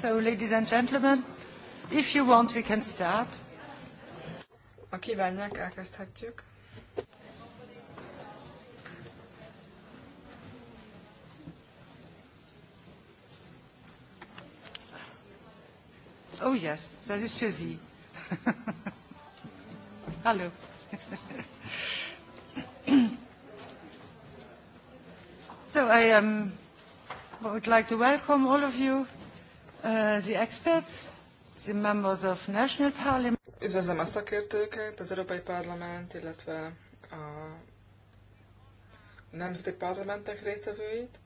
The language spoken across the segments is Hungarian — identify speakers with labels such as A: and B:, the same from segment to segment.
A: So, ladies and gentlemen, if you want, we can start.
B: Ha kívánják, elkezdhetjük.
A: Oh yes, das is für Hello. so I um, would like to welcome all of you Uh, Üdvözlöm a
B: szakértőket, az Európai Parlament, illetve a nemzeti parlamentek résztvevőit.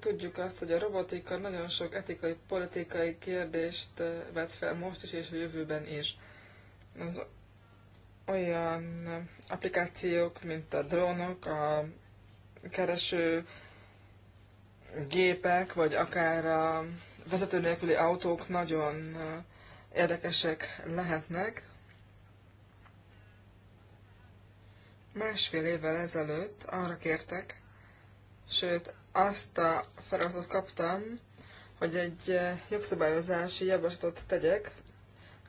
B: Tudjuk azt, hogy a robotika nagyon sok etikai, politikai kérdést uh, vet fel most is és a jövőben is. Az olyan applikációk, mint a drónok, a kereső gépek, vagy akár a vezető nélküli autók nagyon érdekesek lehetnek. Másfél évvel ezelőtt arra kértek, sőt azt a feladatot kaptam, hogy egy jogszabályozási javaslatot tegyek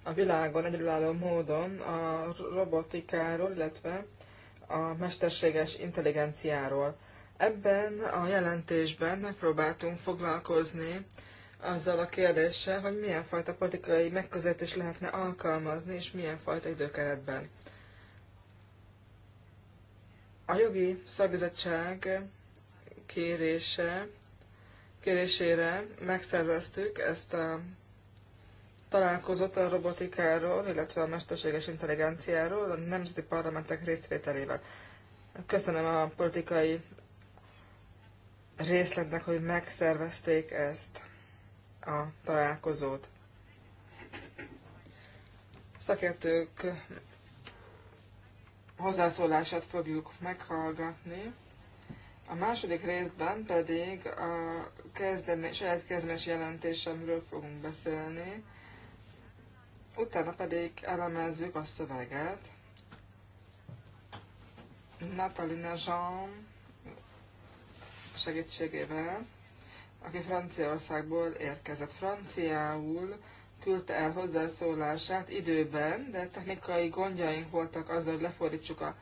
B: a világon egyedülálló módon a robotikáról, illetve a mesterséges intelligenciáról. Ebben a jelentésben megpróbáltunk foglalkozni azzal a kérdéssel, hogy milyen fajta politikai megközelítést lehetne alkalmazni, és milyen fajta időkeretben. A jogi szakbizottság kérése, kérésére megszerveztük ezt a találkozott a robotikáról, illetve a mesterséges intelligenciáról, a nemzeti parlamentek részvételével. Köszönöm a politikai részletnek, hogy megszervezték ezt a találkozót. Szakértők hozzászólását fogjuk meghallgatni. A második részben pedig a kezdem, saját kezdemes jelentésemről fogunk beszélni, utána pedig elemezzük a szöveget. Natalina, Jean segítségével, aki Franciaországból érkezett. Franciául küldte el hozzászólását időben, de technikai gondjaink voltak azzal, hogy lefordítsuk a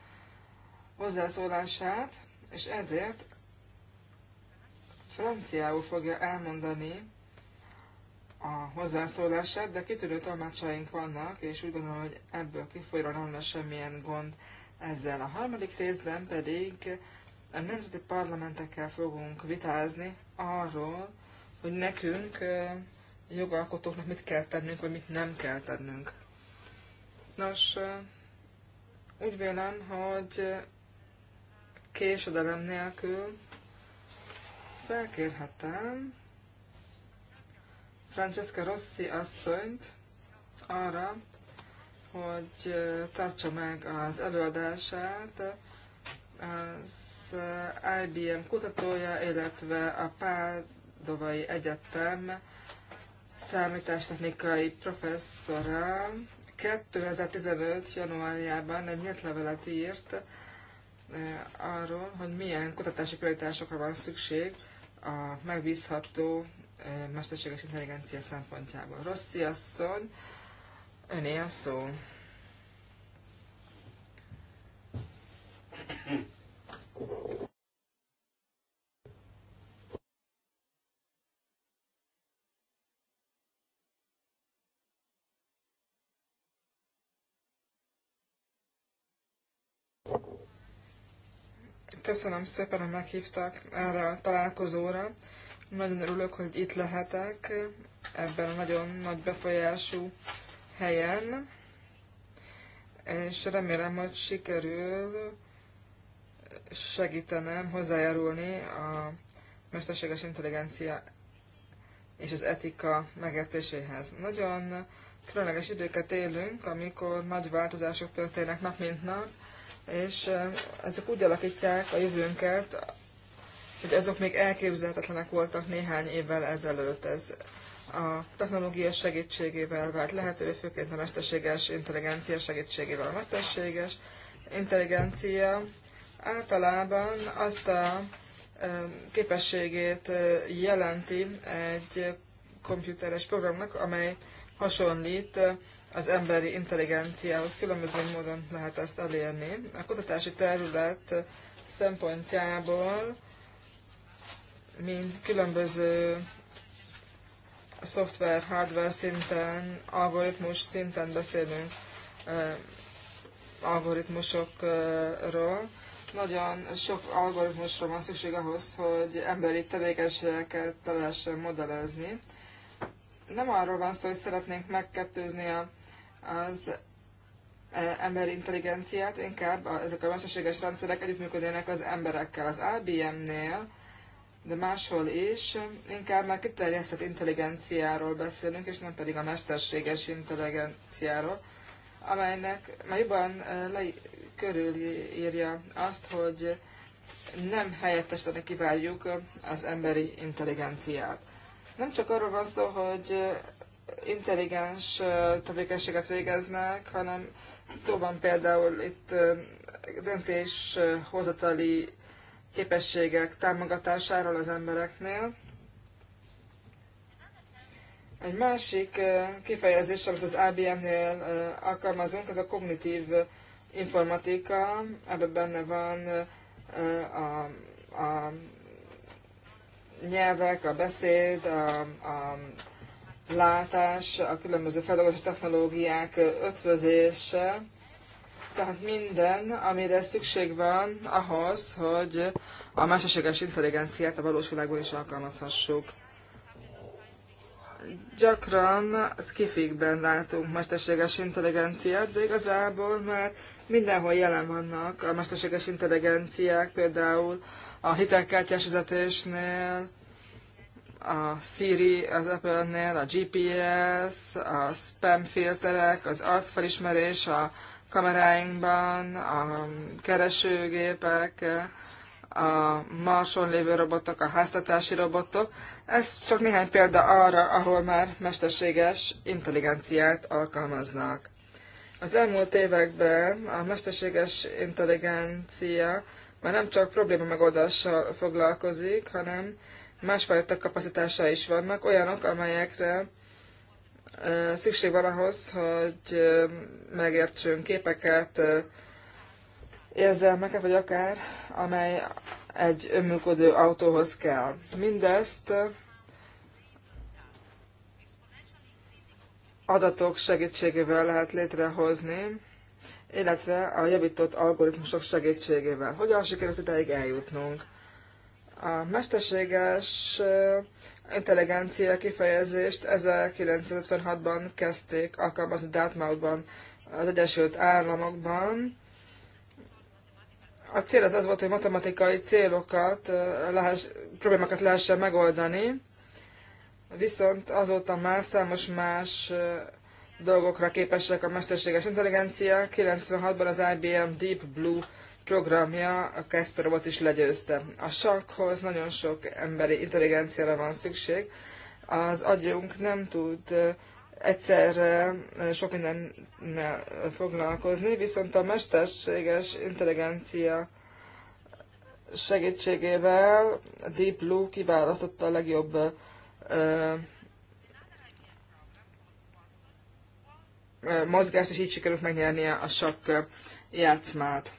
B: hozzászólását, és ezért franciául fogja elmondani a hozzászólását, de kitűnő tanácsaink vannak, és úgy gondolom, hogy ebből kifolyólag nem lesz semmilyen gond ezzel. A harmadik részben pedig a nemzeti parlamentekkel fogunk vitázni arról, hogy nekünk jogalkotóknak mit kell tennünk, vagy mit nem kell tennünk. Nos, úgy vélem, hogy késedelem nélkül felkérhetem Francesca Rossi asszonyt arra, hogy tartsa meg az előadását az Eh, IBM kutatója, illetve a Pádovai Egyetem számítástechnikai professzora 2015. januárjában egy nyílt levelet írt eh, arról, hogy milyen kutatási prioritásokra van szükség a megbízható eh, mesterséges intelligencia szempontjából. Rosszi asszony, öné a szó. Köszönöm szépen, hogy meghívtak erre a találkozóra. Nagyon örülök, hogy itt lehetek ebben a nagyon nagy befolyású helyen, és remélem, hogy sikerül segítenem hozzájárulni a mesterséges intelligencia és az etika megértéséhez. Nagyon különleges időket élünk, amikor nagy változások történnek nap mint nap, és ezek úgy alakítják a jövőnket, hogy azok még elképzelhetetlenek voltak néhány évvel ezelőtt. Ez a technológia segítségével vált lehetővé, főként a mesterséges intelligencia segítségével. A mesterséges intelligencia általában azt a képességét jelenti egy komputeres programnak, amely hasonlít az emberi intelligenciához. Különböző módon lehet ezt elérni. A kutatási terület szempontjából mint különböző szoftver, hardware szinten, algoritmus szinten beszélünk algoritmusokról, nagyon sok algoritmusra van szükség ahhoz, hogy emberi tevékenységeket be lehessen modellezni. Nem arról van szó, hogy szeretnénk megkettőzni a, az e, emberi intelligenciát, inkább a, ezek a mesterséges rendszerek együttműködnének az emberekkel. Az IBM-nél, de máshol is, inkább már kiterjesztett intelligenciáról beszélünk, és nem pedig a mesterséges intelligenciáról, amelynek már jobban e, le, körülírja azt, hogy nem helyettesíteni kiváljuk az emberi intelligenciát. Nem csak arról van szó, hogy intelligens tevékenységet végeznek, hanem szó van például itt döntéshozatali képességek támogatásáról az embereknél. Egy másik kifejezés, amit az ABM-nél alkalmazunk, az a kognitív informatika, ebben benne van a, a nyelvek, a beszéd, a, a látás, a különböző feldolgozási technológiák ötvözése, tehát minden, amire szükség van ahhoz, hogy a mesterséges intelligenciát a valós világban is alkalmazhassuk. Gyakran skifikben látunk mesterséges intelligenciát, de igazából már mindenhol jelen vannak a mesterséges intelligenciák, például a hitelkártyás vezetésnél, a Siri az Apple-nél, a GPS, a spam filterek, az arcfelismerés a kameráinkban, a keresőgépek, a Marson lévő robotok, a háztatási robotok. Ez csak néhány példa arra, ahol már mesterséges intelligenciát alkalmaznak. Az elmúlt években a mesterséges intelligencia már nem csak probléma megoldással foglalkozik, hanem másfajta kapacitása is vannak, olyanok, amelyekre szükség van ahhoz, hogy megértsünk képeket, érzelmeket, vagy akár, amely egy önműködő autóhoz kell. Mindezt adatok segítségével lehet létrehozni, illetve a javított algoritmusok segítségével. Hogyan sikerült ideig eljutnunk? A mesterséges intelligencia kifejezést 1956-ban kezdték alkalmazni Dartmouthban, az Egyesült Államokban. A cél az az volt, hogy matematikai célokat, lehess, problémákat lehessen megoldani, viszont azóta már számos más dolgokra képesek a mesterséges intelligencia. 96-ban az IBM Deep Blue programja a Kasparovot is legyőzte. A sakhoz nagyon sok emberi intelligenciára van szükség. Az agyunk nem tud egyszerre sok mindennel foglalkozni, viszont a mesterséges intelligencia segítségével Deep Blue kiválasztotta a legjobb mozgást, és így sikerült megnyernie a sok játszmát.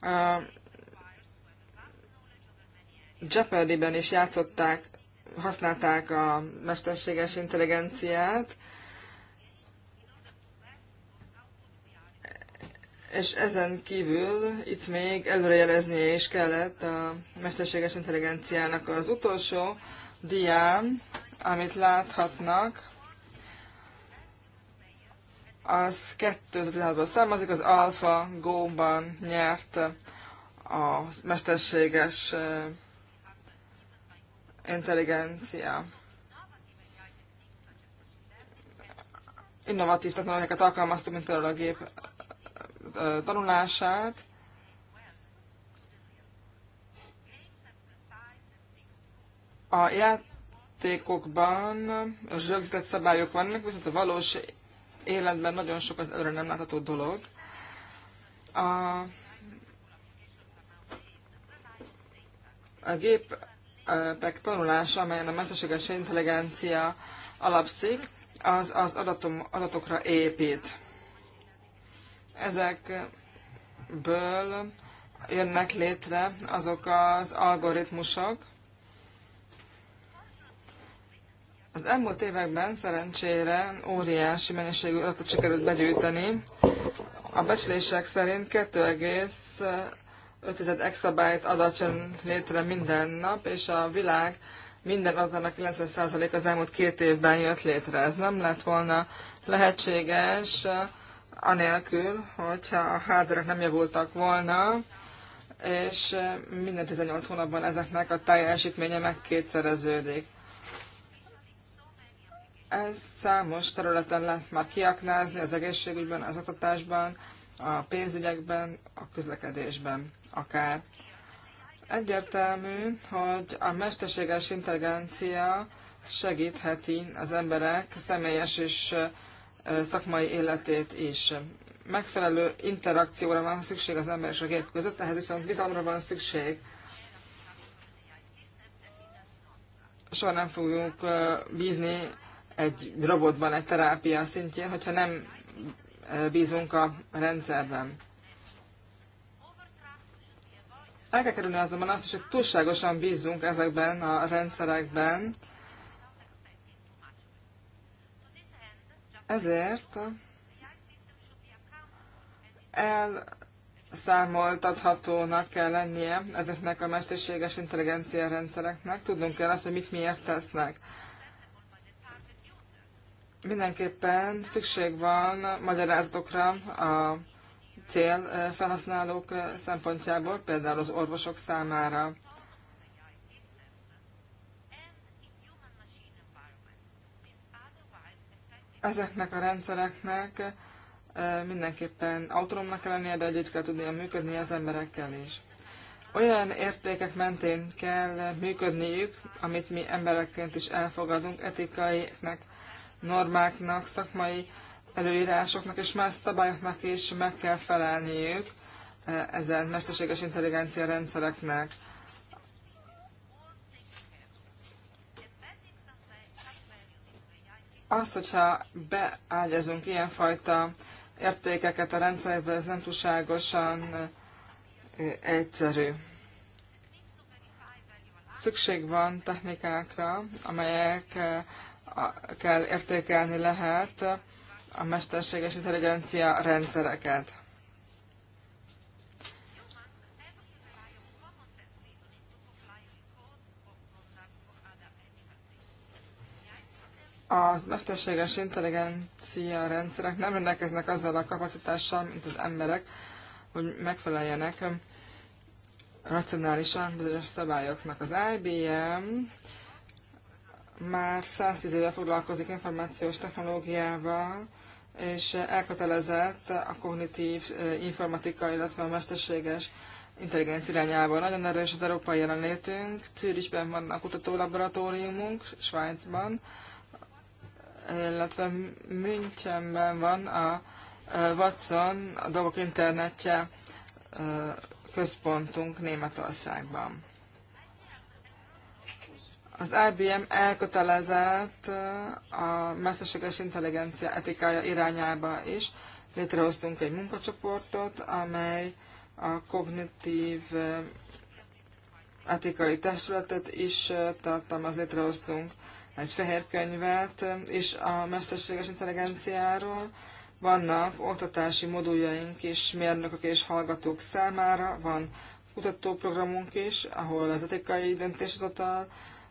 B: A Jeopardy-ben is játszották, használták a mesterséges intelligenciát, és ezen kívül itt még előrejeleznie is kellett a mesterséges intelligenciának az utolsó diám, amit láthatnak, az 2016-ban származik, az Alpha Go-ban nyert a mesterséges intelligencia. Innovatív technológiákat alkalmaztuk, mint például a gép tanulását, a játékokban rögzített szabályok vannak, viszont a valós életben nagyon sok az előre nem látható dolog. A, a gépek tanulása, amelyen a mesterséges intelligencia alapszik, az az adatom, adatokra épít ezekből jönnek létre azok az algoritmusok. Az elmúlt években szerencsére óriási mennyiségű adatot sikerült begyűjteni. A becslések szerint 2,5 exabyte adat jön létre minden nap, és a világ minden adatának 90% az elmúlt két évben jött létre. Ez nem lett volna lehetséges anélkül, hogyha a hátterek nem javultak volna, és eh, minden 18 hónapban ezeknek a teljesítménye megkétszereződik. Ez számos területen lehet már kiaknázni, az egészségügyben, az oktatásban, a pénzügyekben, a közlekedésben akár. Egyértelmű, hogy a mesterséges intelligencia segítheti az emberek személyes és eh, szakmai életét is. Megfelelő interakcióra van szükség az ember és a gép között, ehhez viszont bizalomra van szükség. Soha nem fogjuk bízni egy robotban, egy terápia szintjén, hogyha nem bízunk a rendszerben. El kell kerülni azonban azt is, hogy túlságosan bízzunk ezekben a rendszerekben, Ezért elszámoltathatónak kell lennie ezeknek a mesterséges intelligencia rendszereknek. Tudnunk kell azt, hogy mit miért tesznek. Mindenképpen szükség van magyarázatokra a cél felhasználók szempontjából, például az orvosok számára. Ezeknek a rendszereknek mindenképpen autonómnak kell lennie, de együtt kell tudnia működni az emberekkel is. Olyan értékek mentén kell működniük, amit mi emberekként is elfogadunk, etikaiknek, normáknak, szakmai előírásoknak és más szabályoknak is meg kell felelniük ezen mesterséges intelligencia rendszereknek. az, hogyha beágyazunk ilyenfajta értékeket a rendszerbe, ez nem túlságosan egyszerű. Szükség van technikákra, amelyekkel értékelni lehet a mesterséges intelligencia rendszereket. A mesterséges intelligencia rendszerek nem rendelkeznek azzal a kapacitással, mint az emberek, hogy megfeleljenek racionálisan bizonyos szabályoknak. Az IBM már 110 éve foglalkozik információs technológiával, és elkötelezett a kognitív eh, informatika, illetve a mesterséges intelligencia irányában. Nagyon erős az európai jelenlétünk. Zürichben van a kutatólaboratóriumunk, Svájcban, illetve Münchenben van a Watson, a dolgok internetje központunk Németországban. Az IBM elkötelezett a mesterséges intelligencia etikája irányába is. Létrehoztunk egy munkacsoportot, amely a kognitív etikai testületet is tartalmaz, létrehoztunk egy fehér könyvet és a mesterséges intelligenciáról. Vannak oktatási moduljaink is mérnökök és hallgatók számára, van kutatóprogramunk is, ahol az etikai döntéshozatal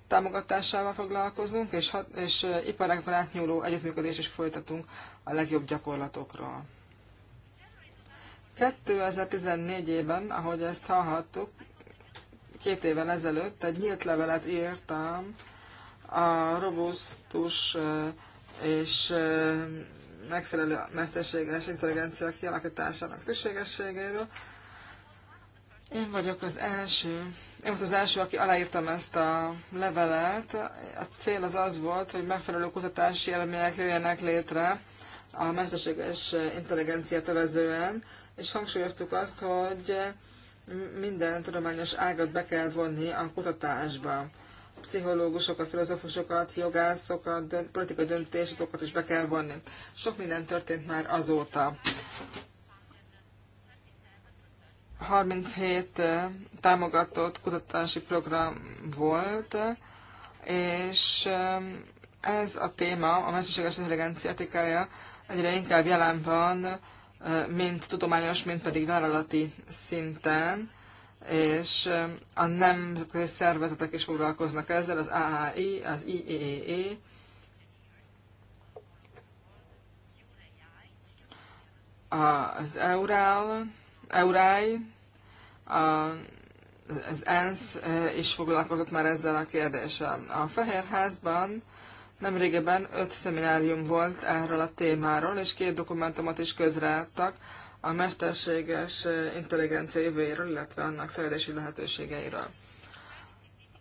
B: támogatásával foglalkozunk, és, és iparákban átnyúló együttműködés is folytatunk a legjobb gyakorlatokról. 2014-ben, ahogy ezt hallhattuk, két évvel ezelőtt egy nyílt levelet írtam a robusztus és megfelelő mesterséges intelligencia kialakításának szükségességéről. Én vagyok az első, én volt az első, aki aláírtam ezt a levelet. A cél az az volt, hogy megfelelő kutatási elemények jöjjenek létre a mesterséges intelligenciát övezően, és hangsúlyoztuk azt, hogy minden tudományos ágat be kell vonni a kutatásba pszichológusokat, filozófusokat, jogászokat, dönt, politikai döntéshozókat is be kell vonni. Sok minden történt már azóta. 37 támogatott kutatási program volt, és ez a téma, a mesterséges intelligencia etikája egyre inkább jelen van, mint tudományos, mint pedig vállalati szinten és eh, a nemzetközi szervezetek is foglalkoznak ezzel, az AAI, az IEEE, e e. az Eurál, Eurái, az ENSZ eh, is foglalkozott már ezzel a kérdéssel. A Fehérházban nemrégiben öt szeminárium volt erről a témáról, és két dokumentumot is közreadtak a mesterséges eh, intelligencia jövőjéről, illetve annak fejlődési lehetőségeiről.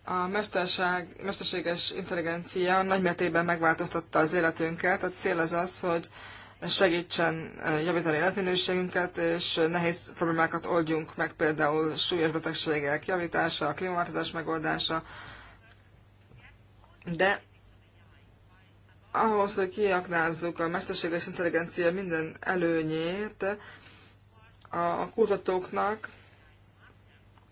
B: A mesterség, mesterséges intelligencia nagymértékben megváltoztatta az életünket. A cél az az, hogy segítsen eh, javítani életminőségünket, és nehéz problémákat oldjunk meg, például súlyos betegségek javítása, a klímaváltozás megoldása. De ahhoz, hogy kiaknázzuk a mesterséges intelligencia minden előnyét, a kutatóknak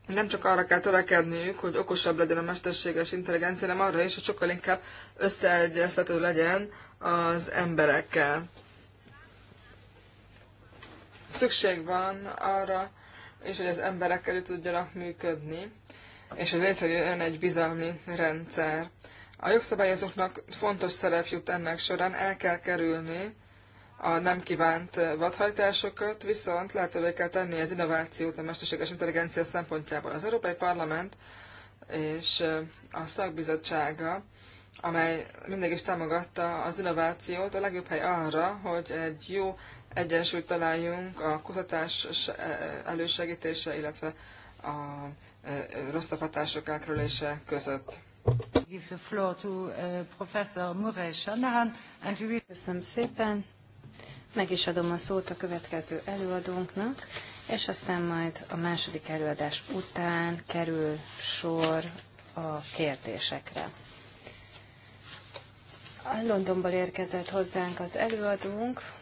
B: nem csak arra kell törekedniük, hogy okosabb legyen a mesterséges intelligencia, hanem arra is, hogy sokkal inkább összeegyeztető legyen az emberekkel. Szükség van arra és hogy az emberekkel együtt tudjanak működni, és hogy létrejön egy bizalmi rendszer. A jogszabályozóknak fontos szerep jut ennek során, el kell kerülni, a nem kívánt vadhajtásokat, viszont lehetővé kell tenni az innovációt a mesterséges intelligencia szempontjából. Az Európai Parlament és a szakbizottsága, amely mindig is támogatta az innovációt, a legjobb hely arra, hogy egy jó egyensúlyt találjunk a kutatás elősegítése, illetve a rosszabb hatások elkerülése között.
A: Köszönöm szépen.
C: Meg is adom a szót a következő előadónknak, és aztán majd a második előadás után kerül sor a kérdésekre. A Londonból érkezett hozzánk az előadónk,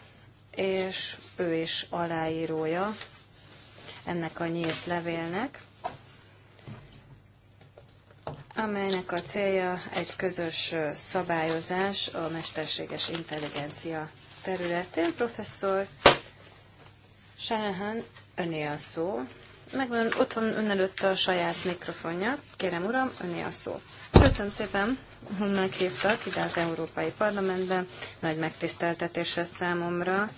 C: és ő is aláírója ennek a nyílt levélnek, amelynek a célja egy közös szabályozás a mesterséges intelligencia területén. Professzor Shanahan, öné a szó. Megvan, ott van ön előtt a saját mikrofonja. Kérem uram, öné a szó. Köszönöm szépen, hogy meghívtak ide az Európai Parlamentben. Nagy megtiszteltetés ez számomra.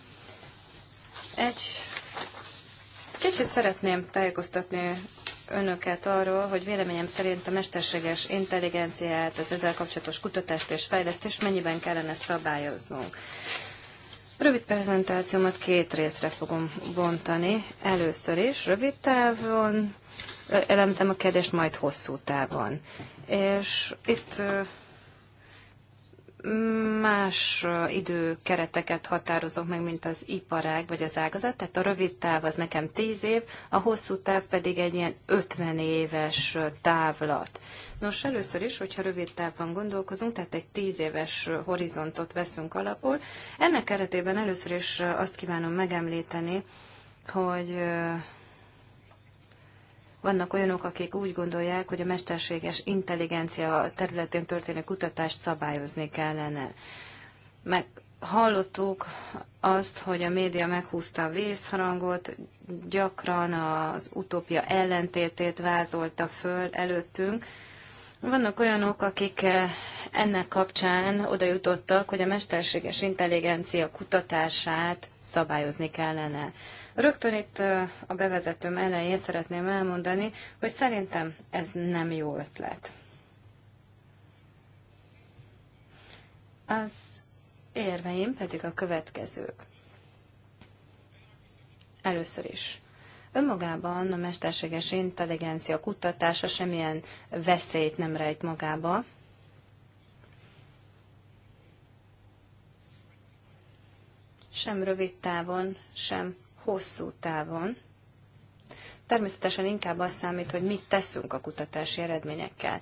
C: Egy kicsit szeretném tájékoztatni önöket arról, hogy véleményem szerint a mesterséges intelligenciát, az ezzel kapcsolatos kutatást és fejlesztést mennyiben kellene szabályoznunk. Rövid prezentációmat két részre fogom bontani. Először is rövid távon elemzem a kérdést, majd hosszú távon. És itt más időkereteket határozok meg, mint az iparág vagy az ágazat, tehát a rövid táv az nekem 10 év, a hosszú táv pedig egy ilyen 50 éves távlat. Nos, először is, hogyha rövid távban gondolkozunk, tehát egy 10 éves horizontot veszünk alapul, ennek keretében először is azt kívánom megemlíteni, hogy vannak olyanok, akik úgy gondolják, hogy a mesterséges intelligencia területén történő kutatást szabályozni kellene. Meg hallottuk azt, hogy a média meghúzta a vészharangot, gyakran az utópia ellentétét vázolta föl előttünk. Vannak olyanok, akik eh, ennek kapcsán oda jutottak, hogy a mesterséges intelligencia kutatását szabályozni kellene. Rögtön itt a bevezetőm elején szeretném elmondani, hogy szerintem ez nem jó ötlet. Az érveim pedig a következők. Először is. Önmagában a mesterséges intelligencia kutatása semmilyen veszélyt nem rejt magába. Sem rövid távon, sem hosszú távon. Természetesen inkább az számít, hogy mit teszünk a kutatási eredményekkel.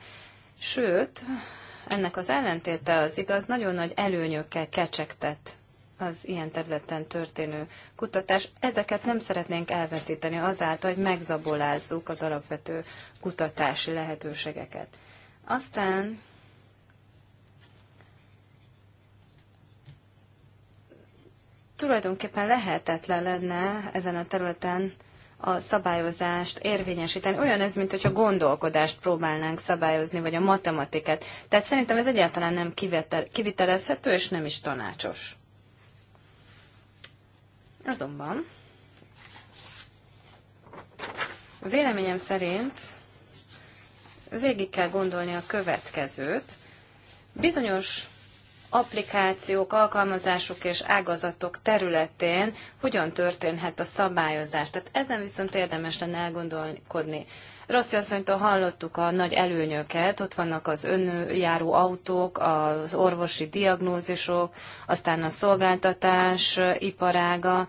C: Sőt, ennek az ellentéte az igaz, nagyon nagy előnyökkel kecsegtet az ilyen területen történő kutatás. Ezeket nem szeretnénk elveszíteni azáltal, hogy megzabolázzuk az alapvető kutatási lehetőségeket. Aztán tulajdonképpen lehetetlen lenne ezen a területen a szabályozást érvényesíteni. Olyan ez, mint hogyha gondolkodást próbálnánk szabályozni, vagy a matematikát. Tehát szerintem ez egyáltalán nem kivitelezhető, és nem is tanácsos. Azonban véleményem szerint végig kell gondolni a következőt. Bizonyos applikációk, alkalmazások és ágazatok területén hogyan történhet a szabályozás. Tehát ezen viszont érdemes lenne elgondolkodni. Rossz asszonytól hallottuk a nagy előnyöket, ott vannak az önjáró autók, az orvosi diagnózisok, aztán a szolgáltatás iparága.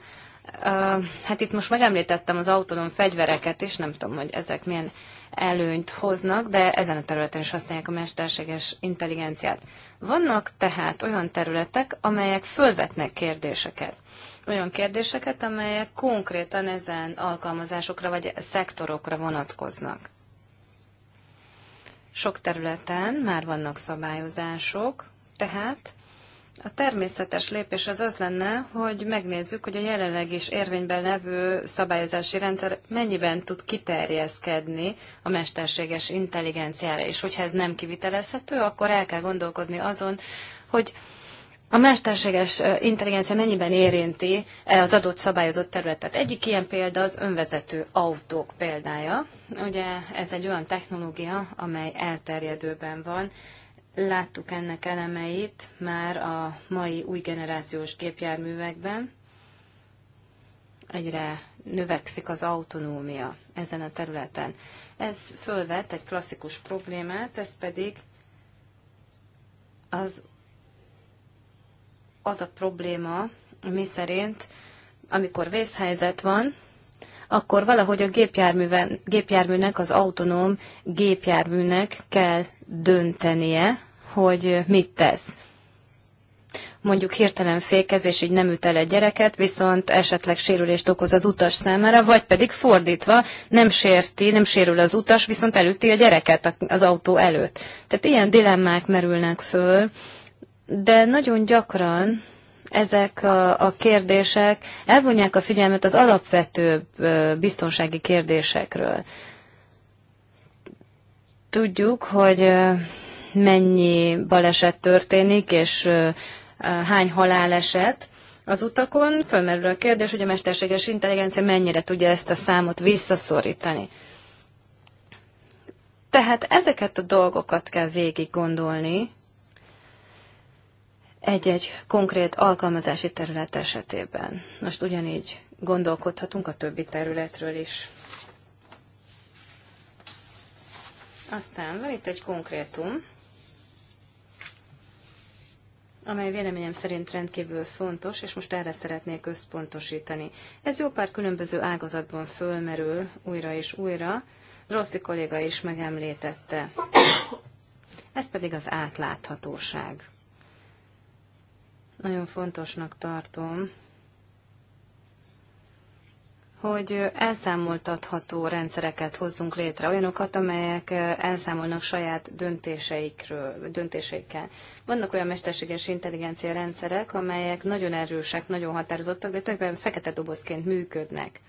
C: Hát itt most megemlítettem az autonóm fegyvereket, és nem tudom, hogy ezek milyen előnyt hoznak, de ezen a területen is használják a mesterséges intelligenciát. Vannak tehát olyan területek, amelyek fölvetnek kérdéseket. Olyan kérdéseket, amelyek konkrétan ezen alkalmazásokra vagy szektorokra vonatkoznak. Sok területen már vannak szabályozások, tehát a természetes lépés az az lenne, hogy megnézzük, hogy a jelenleg is érvényben levő szabályozási rendszer mennyiben tud kiterjeszkedni a mesterséges intelligenciára, és hogyha ez nem kivitelezhető, akkor el kell gondolkodni azon, hogy a mesterséges intelligencia mennyiben érinti e az adott szabályozott területet? Egyik ilyen példa az önvezető autók példája. Ugye ez egy olyan technológia, amely elterjedőben van, Láttuk ennek elemeit már a mai új generációs gépjárművekben. Egyre növekszik az autonómia ezen a területen. Ez fölvet egy klasszikus problémát, ez pedig az, az a probléma, mi szerint, amikor vészhelyzet van, akkor valahogy a gépjárműnek, az autonóm gépjárműnek kell döntenie hogy mit tesz. Mondjuk hirtelen fékezés, így nem üt el egy gyereket, viszont esetleg sérülést okoz az utas számára, vagy pedig fordítva, nem sérti, nem sérül az utas, viszont elütti a gyereket az autó előtt. Tehát ilyen dilemmák merülnek föl, de nagyon gyakran ezek a, a kérdések elvonják a figyelmet az alapvetőbb biztonsági kérdésekről. Tudjuk, hogy mennyi baleset történik, és hány haláleset az utakon, fölmerül a kérdés, hogy a mesterséges intelligencia mennyire tudja ezt a számot visszaszorítani. Tehát ezeket a dolgokat kell végig gondolni egy-egy konkrét alkalmazási terület esetében. Most ugyanígy gondolkodhatunk a többi területről is. Aztán van itt egy konkrétum amely véleményem szerint rendkívül fontos, és most erre szeretnék központosítani. Ez jó pár különböző ágazatban fölmerül újra és újra, Rossi kolléga is megemlítette. Ez pedig az átláthatóság. Nagyon fontosnak tartom, hogy elszámoltatható rendszereket hozzunk létre, olyanokat, amelyek elszámolnak saját döntéseikről, döntéseikkel. Vannak olyan mesterséges intelligencia rendszerek, amelyek nagyon erősek, nagyon határozottak, de tulajdonképpen fekete dobozként működnek.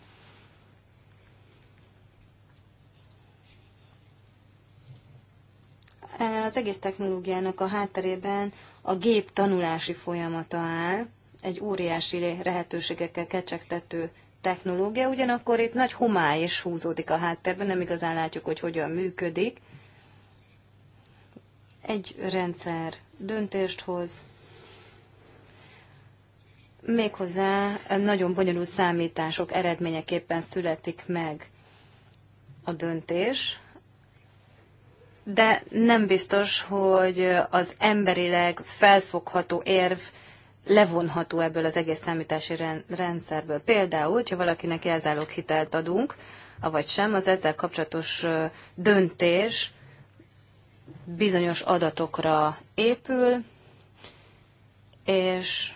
C: Az egész technológiának a hátterében a gép tanulási folyamata áll, egy óriási lehetőségekkel kecsegtető technológia, ugyanakkor itt nagy homály is húzódik a háttérben, nem igazán látjuk, hogy hogyan működik. Egy rendszer döntést hoz, méghozzá nagyon bonyolult számítások eredményeképpen születik meg a döntés, de nem biztos, hogy az emberileg felfogható érv levonható ebből az egész számítási rendszerből. Például, hogyha valakinek jelzálók hitelt adunk, avagy sem, az ezzel kapcsolatos döntés bizonyos adatokra épül, és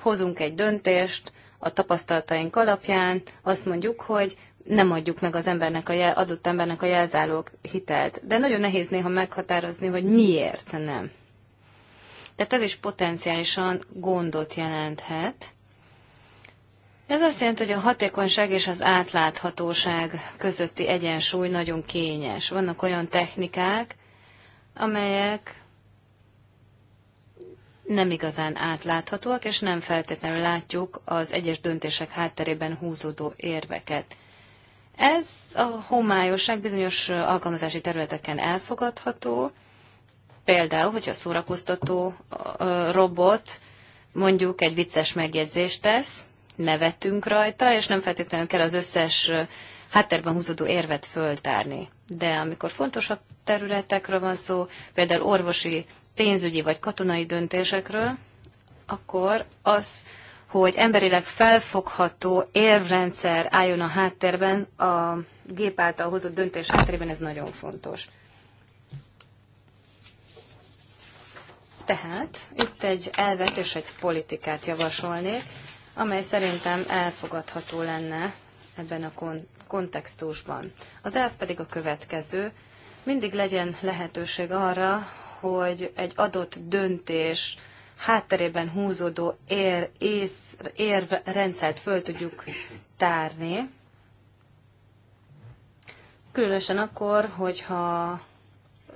C: hozunk egy döntést a tapasztalataink alapján, azt mondjuk, hogy nem adjuk meg az embernek a jel, adott embernek a jelzálók hitelt. De nagyon nehéz néha meghatározni, hogy miért nem. Tehát ez is potenciálisan gondot jelenthet. Ez azt jelenti, hogy a hatékonyság és az átláthatóság közötti egyensúly nagyon kényes. Vannak olyan technikák, amelyek nem igazán átláthatóak, és nem feltétlenül látjuk az egyes döntések hátterében húzódó érveket. Ez a homályosság bizonyos alkalmazási területeken elfogadható, Például, hogyha a szórakoztató robot mondjuk egy vicces megjegyzést tesz, nevetünk rajta, és nem feltétlenül kell az összes háttérben húzódó érvet föltárni. De amikor fontosabb területekről van szó, például orvosi, pénzügyi vagy katonai döntésekről, akkor az, hogy emberileg felfogható érvrendszer álljon a háttérben, a gép által hozott döntés hátterében, ez nagyon fontos. Tehát itt egy elvet és egy politikát javasolnék, amely szerintem elfogadható lenne ebben a kon- kontextusban. Az elv pedig a következő. Mindig legyen lehetőség arra, hogy egy adott döntés hátterében húzódó ér, ész, érrendszert föl tudjuk tárni. Különösen akkor, hogyha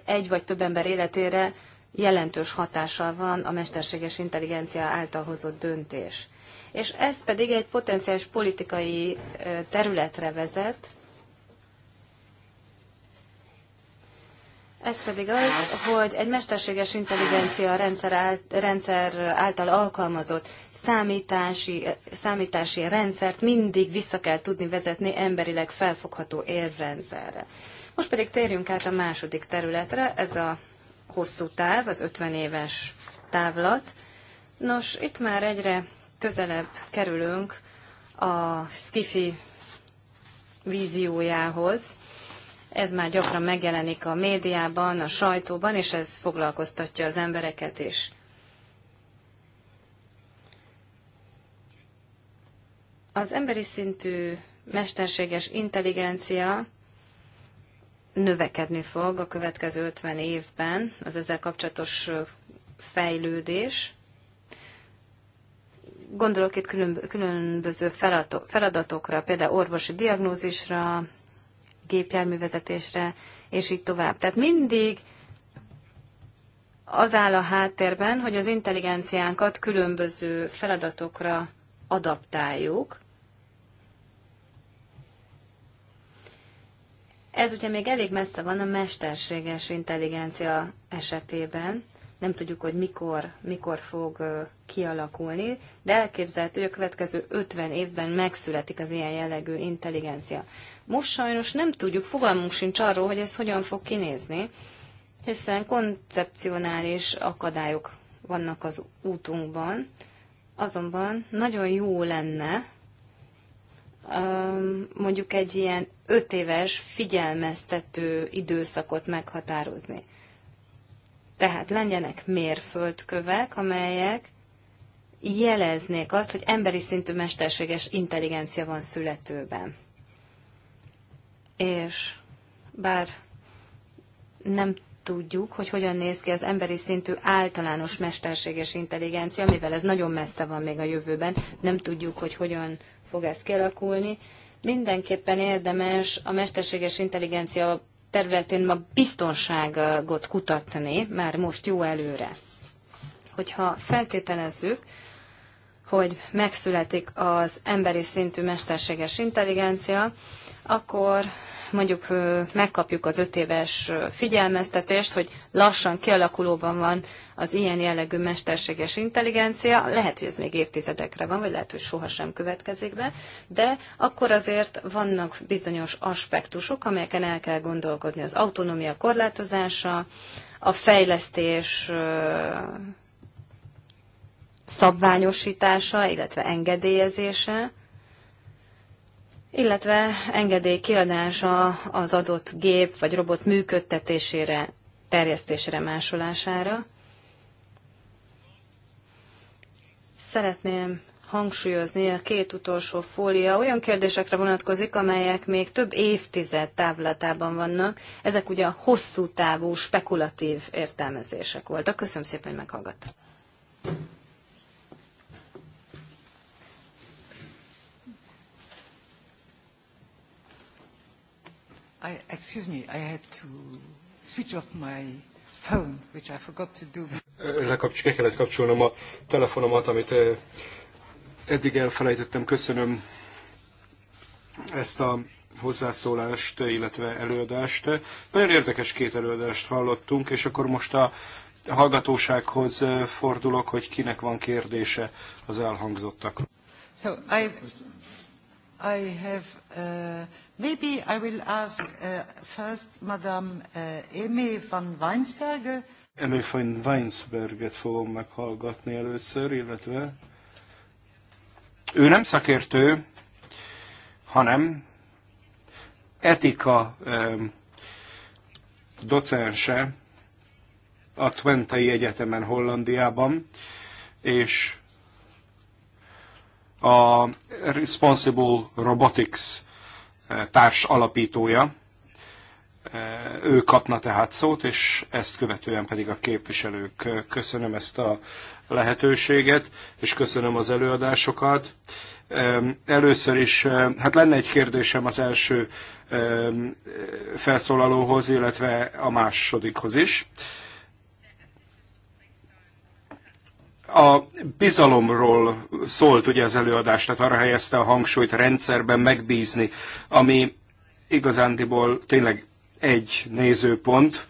C: egy vagy több ember életére jelentős hatással van a mesterséges intelligencia által hozott döntés. És ez pedig egy potenciális politikai területre vezet, Ez pedig az, hogy egy mesterséges intelligencia rendszer, ált, rendszer által alkalmazott számítási, számítási rendszert mindig vissza kell tudni vezetni emberileg felfogható érrendszerre. Most pedig térjünk át a második területre, ez a hosszú táv, az 50 éves távlat. Nos, itt már egyre közelebb kerülünk a skifi víziójához. Ez már gyakran megjelenik a médiában, a sajtóban, és ez foglalkoztatja az embereket is. Az emberi szintű mesterséges intelligencia növekedni fog a következő 50 évben az ezzel kapcsolatos fejlődés. Gondolok itt különböző feladatokra, például orvosi diagnózisra, gépjárművezetésre, és így tovább. Tehát mindig az áll a háttérben, hogy az intelligenciánkat különböző feladatokra adaptáljuk, Ez ugye még elég messze van a mesterséges intelligencia esetében. Nem tudjuk, hogy mikor, mikor fog kialakulni, de elképzelhető, hogy a következő 50 évben megszületik az ilyen jellegű intelligencia. Most sajnos nem tudjuk, fogalmunk sincs arról, hogy ez hogyan fog kinézni, hiszen koncepcionális akadályok vannak az útunkban, azonban nagyon jó lenne, mondjuk egy ilyen öt éves figyelmeztető időszakot meghatározni. Tehát legyenek mérföldkövek, amelyek jeleznék azt, hogy emberi szintű mesterséges intelligencia van születőben. És bár nem tudjuk, hogy hogyan néz ki az emberi szintű általános mesterséges intelligencia, mivel ez nagyon messze van még a jövőben, nem tudjuk, hogy hogyan fog ez kialakulni. Mindenképpen érdemes a mesterséges intelligencia területén ma biztonságot kutatni, már most jó előre. Hogyha feltételezzük, hogy megszületik az emberi szintű mesterséges intelligencia, akkor mondjuk megkapjuk az öt éves figyelmeztetést, hogy lassan kialakulóban van az ilyen jellegű mesterséges intelligencia, lehet, hogy ez még évtizedekre van, vagy lehet, hogy sohasem következik be, de akkor azért vannak bizonyos aspektusok, amelyeken el kell gondolkodni. Az autonómia korlátozása, a fejlesztés szabványosítása, illetve engedélyezése, illetve engedély kiadása az adott gép vagy robot működtetésére, terjesztésére, másolására. Szeretném hangsúlyozni, a két utolsó fólia olyan kérdésekre vonatkozik, amelyek még több évtized távlatában vannak. Ezek ugye a hosszú távú, spekulatív értelmezések voltak. Köszönöm szépen, hogy meghallgattam.
A: I, excuse me, I had to switch off my phone, which I forgot to do.
D: Lekapcs, kellett kapcsolnom a telefonomat, amit eddig elfelejtettem. Köszönöm ezt a hozzászólást, illetve előadást. Nagyon érdekes két előadást hallottunk, és akkor most a hallgatósághoz fordulok, hogy kinek van kérdése az elhangzottak.
A: So I, I have, uh... Maybe I will ask uh, first Madame uh, Amy van Weinsberger. Amy
D: van Weinsberget fogom meghallgatni először, illetve ő nem szakértő, hanem etika um, docense a Twentei Egyetemen Hollandiában, és a Responsible Robotics társ alapítója. Ő kapna tehát szót, és ezt követően pedig a képviselők. Köszönöm ezt a lehetőséget, és köszönöm az előadásokat. Először is, hát lenne egy kérdésem az első felszólalóhoz, illetve a másodikhoz is. A bizalomról szólt ugye az előadás, tehát arra helyezte a hangsúlyt rendszerben megbízni, ami igazándiból tényleg egy nézőpont,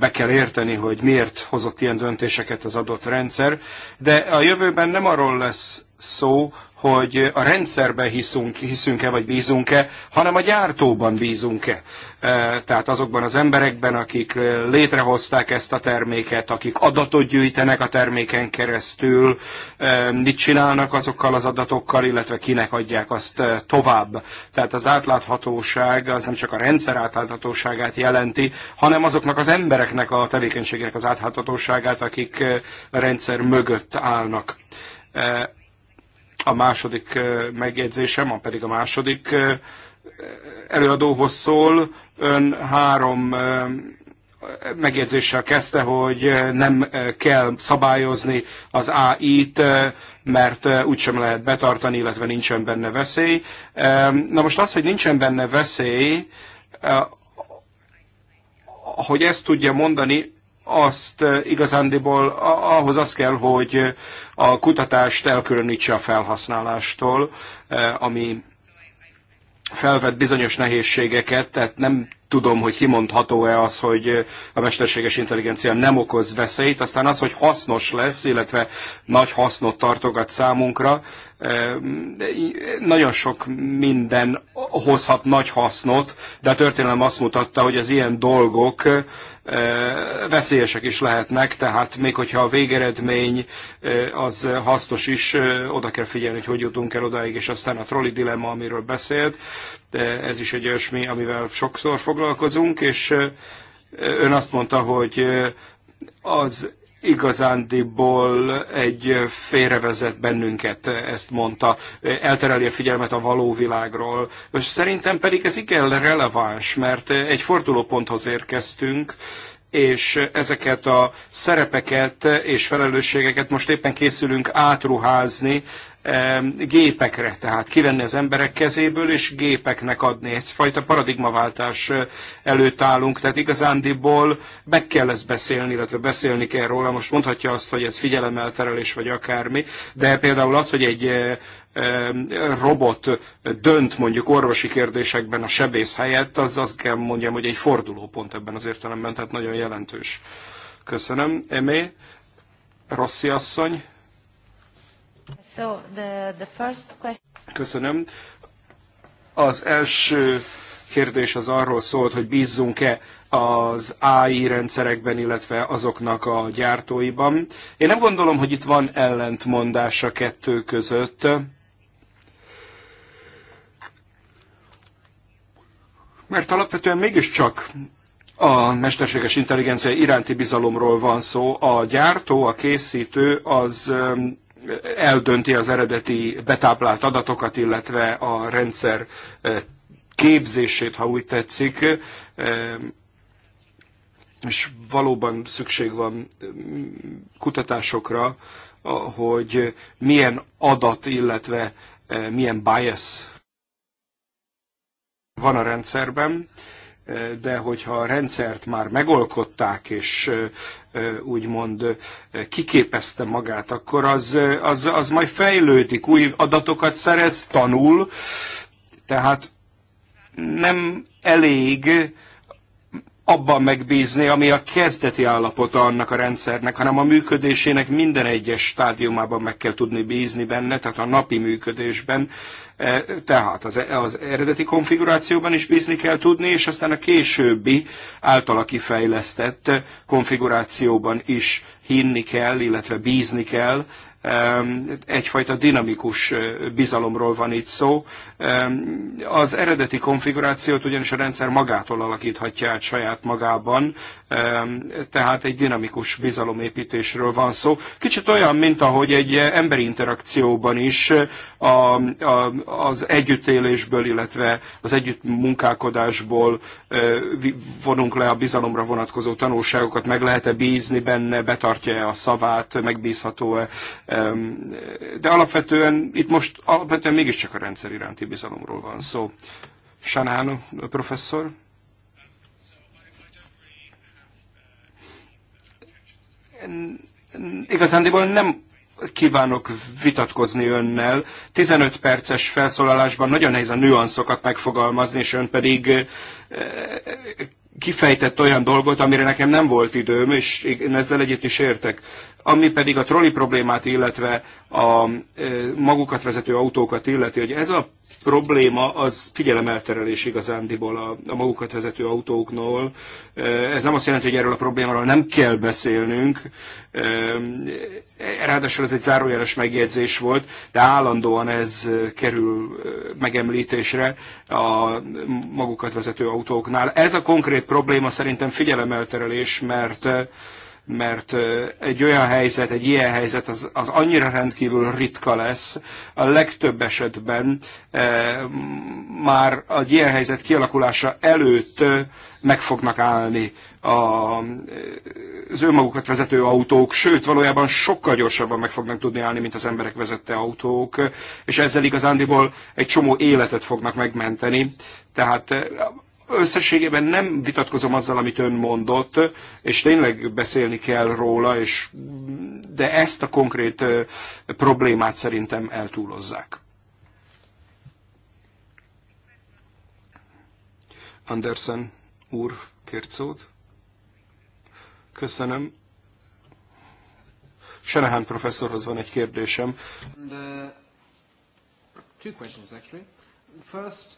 D: be kell érteni, hogy miért hozott ilyen döntéseket az adott rendszer, de a jövőben nem arról lesz szó, hogy a rendszerben hiszünk, hiszünk-e vagy bízunk-e, hanem a gyártóban bízunk-e. E, tehát azokban az emberekben, akik létrehozták ezt a terméket, akik adatot gyűjtenek a terméken keresztül, e, mit csinálnak azokkal az adatokkal, illetve kinek adják azt e, tovább. Tehát az átláthatóság az nem csak a rendszer átláthatóságát jelenti, hanem azoknak az embereknek a tevékenységének az átláthatóságát, akik a rendszer mögött állnak a második megjegyzésem, a pedig a második előadóhoz szól. Ön három megjegyzéssel kezdte, hogy nem kell szabályozni az AI-t, mert úgysem lehet betartani, illetve nincsen benne veszély. Na most az, hogy nincsen benne veszély, hogy ezt tudja mondani, azt eh, igazándiból ahhoz az kell, hogy eh, a kutatást elkülönítse a felhasználástól, eh, ami felvet bizonyos nehézségeket, tehát nem tudom, hogy kimondható-e az, hogy a mesterséges intelligencia nem okoz veszélyt, aztán az, hogy hasznos lesz, illetve nagy hasznot tartogat számunkra, nagyon sok minden hozhat nagy hasznot, de a történelem azt mutatta, hogy az ilyen dolgok veszélyesek is lehetnek, tehát még hogyha a végeredmény az hasznos is, oda kell figyelni, hogy hogy jutunk el odáig, és aztán a trolli dilemma, amiről beszélt, ez is egy olyasmi, amivel sokszor foglalkozunk, és ön azt mondta, hogy az igazándiból egy félrevezet bennünket, ezt mondta, eltereli a figyelmet a való világról. És szerintem pedig ez igen releváns, mert egy fordulóponthoz érkeztünk, és ezeket a szerepeket és felelősségeket most éppen készülünk átruházni gépekre, tehát kivenni az emberek kezéből és gépeknek adni. Egyfajta paradigmaváltás előtt állunk, tehát igazándiból meg kell ezt beszélni, illetve beszélni kell róla. Most mondhatja azt, hogy ez figyelemelterelés vagy akármi, de például az, hogy egy robot dönt mondjuk orvosi kérdésekben a sebész helyett, az azt kell mondjam, hogy egy fordulópont ebben az értelemben, tehát nagyon jelentős. Köszönöm, Emé. Rossi asszony. Köszönöm. Az első kérdés az arról szólt, hogy bízzunk-e az AI rendszerekben, illetve azoknak a gyártóiban. Én nem gondolom, hogy itt van ellentmondás a kettő között. Mert alapvetően mégiscsak a mesterséges intelligencia iránti bizalomról van szó. A gyártó, a készítő az eldönti az eredeti betáplált adatokat, illetve a rendszer eh, képzését, ha úgy tetszik, eh, és valóban szükség van mm, kutatásokra, hogy milyen adat, illetve eh, milyen bias van a rendszerben de hogyha a rendszert már megolkották, és úgymond kiképezte magát, akkor az, az, az majd fejlődik, új adatokat szerez, tanul, tehát nem elég abban megbízni, ami a kezdeti állapota annak a rendszernek, hanem a működésének minden egyes stádiumában meg kell tudni bízni benne, tehát a napi működésben E, tehát az, az eredeti konfigurációban is bízni kell tudni, és aztán a későbbi általa kifejlesztett konfigurációban is hinni kell, illetve bízni kell egyfajta dinamikus bizalomról van itt szó. Az eredeti konfigurációt ugyanis a rendszer magától alakíthatja át saját magában, tehát egy dinamikus bizalomépítésről van szó. Kicsit olyan, mint ahogy egy emberi interakcióban is a, a, az együttélésből, illetve az együttmunkálkodásból vonunk le a bizalomra vonatkozó tanulságokat, meg lehet-e bízni benne, betartja-e a szavát, megbízható-e de alapvetően itt most alapvetően mégiscsak a rendszer iránti bizalomról van szó. Sanán professzor. Igazándiból nem kívánok vitatkozni önnel. 15 perces felszólalásban nagyon nehéz a nüanszokat megfogalmazni, és ön pedig eh, kifejtett olyan dolgot, amire nekem nem volt időm, és én ezzel együtt is értek. Ami pedig a trolli problémát, illetve a magukat vezető autókat illeti, hogy ez a probléma az figyelemelterelés igazándiból a, a magukat vezető autóknól. Ez nem azt jelenti, hogy erről a problémáról nem kell beszélnünk. Ráadásul ez egy zárójeles megjegyzés volt, de állandóan ez kerül megemlítésre a magukat vezető autóknál. Ez a konkrét probléma szerintem figyelemelterelés, mert mert egy olyan helyzet, egy ilyen helyzet az, az annyira rendkívül ritka lesz. A legtöbb esetben e, már a ilyen helyzet kialakulása előtt meg fognak állni a, az önmagukat vezető autók, sőt, valójában sokkal gyorsabban meg fognak tudni állni, mint az emberek vezette autók, és ezzel igazándiból egy csomó életet fognak megmenteni. Tehát összességében nem vitatkozom azzal, amit ön mondott, és tényleg beszélni kell róla, és, de ezt a konkrét problémát szerintem eltúlozzák. Andersen úr kért szót. Köszönöm. Senehán professzorhoz van egy kérdésem. And, uh, two questions actually. First,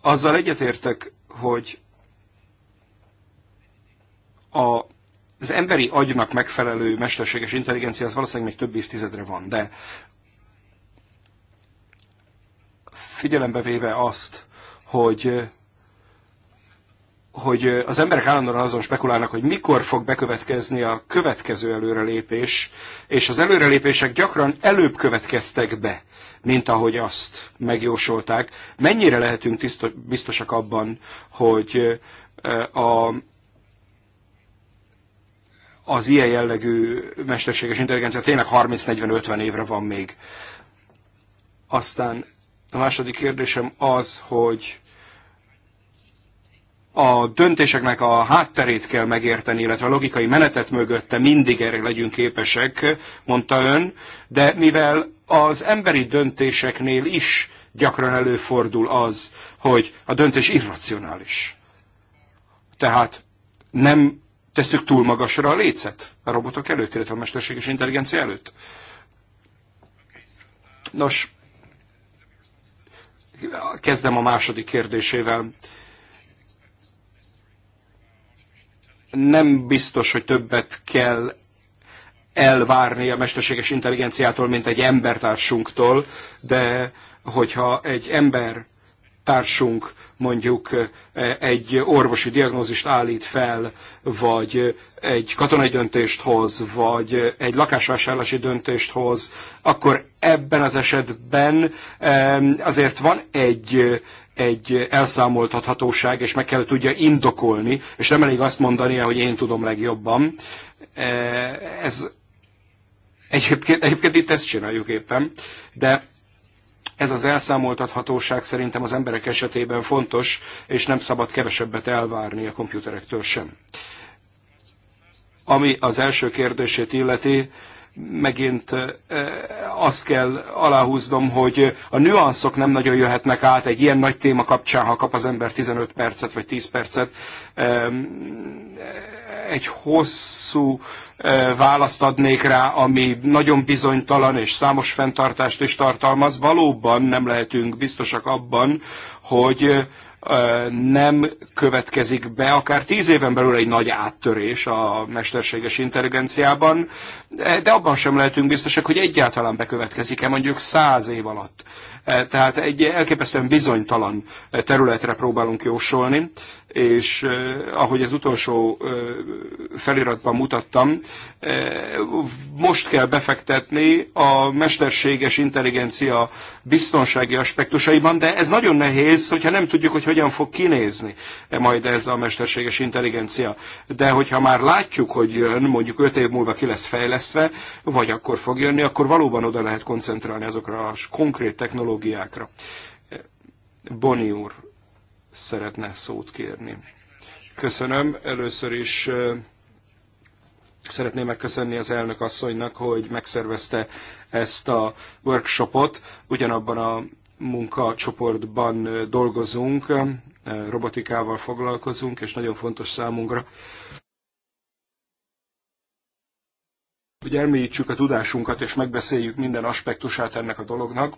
D: azzal egyetértek, hogy a, az emberi agynak megfelelő mesterséges intelligencia az valószínűleg még több évtizedre van, de figyelembe véve azt, hogy hogy az emberek állandóan azon spekulálnak, hogy mikor fog bekövetkezni a következő előrelépés, és az előrelépések gyakran előbb következtek be, mint ahogy azt megjósolták. Mennyire lehetünk tiszta, biztosak abban, hogy a, az ilyen jellegű mesterséges intelligencia tényleg 30-40-50 évre van még. Aztán a második kérdésem az, hogy a döntéseknek a hátterét kell megérteni, illetve a logikai menetet mögötte mindig erre legyünk képesek, mondta ön, de mivel az emberi döntéseknél is gyakran előfordul az, hogy a döntés irracionális. Tehát nem tesszük túl magasra a lécet a robotok előtt, illetve a mesterséges intelligencia előtt. Nos, kezdem a második kérdésével nem biztos, hogy többet kell elvárni a mesterséges intelligenciától, mint egy embertársunktól, de hogyha egy ember társunk mondjuk eh, egy orvosi diagnózist állít fel, vagy eh, egy katonai döntést hoz, vagy eh, egy lakásvásárlási döntést hoz, akkor ebben az esetben azért van egy egy elszámoltathatóság, és meg kell tudja indokolni, és nem elég azt mondani, hogy én tudom legjobban. E, ez egyébként, egyébként itt ezt csináljuk éppen, de ez az elszámoltathatóság szerintem az emberek esetében fontos, és nem szabad kevesebbet elvárni a komputerektől sem. Ami az első kérdését illeti, megint azt kell aláhúznom, hogy a nüanszok nem nagyon jöhetnek át egy ilyen nagy téma kapcsán, ha kap az ember 15 percet vagy 10 percet. Egy hosszú választ adnék rá, ami nagyon bizonytalan és számos fenntartást is tartalmaz. Valóban nem lehetünk biztosak abban, hogy nem következik be, akár tíz éven belül egy nagy áttörés a mesterséges intelligenciában, e, de abban sem lehetünk biztosak, hogy egyáltalán bekövetkezik-e mondjuk száz év alatt. E, tehát egy elképesztően bizonytalan e, területre próbálunk jósolni és ahogy az utolsó feliratban mutattam, most kell befektetni a mesterséges intelligencia biztonsági aspektusaiban, de ez nagyon nehéz, hogyha nem tudjuk, hogy hogyan fog kinézni majd ez a mesterséges intelligencia. De hogyha már látjuk, hogy mondjuk 5 év múlva ki lesz fejlesztve, vagy akkor fog jönni, akkor valóban oda lehet koncentrálni azokra a konkrét technológiákra. Boni úr, szeretne szót kérni. Köszönöm. Először is szeretném megköszönni az elnök asszonynak, hogy megszervezte ezt a workshopot. Ugyanabban a munkacsoportban dolgozunk, robotikával foglalkozunk, és nagyon fontos számunkra, hogy elmélyítsük a tudásunkat, és megbeszéljük minden aspektusát ennek a dolognak.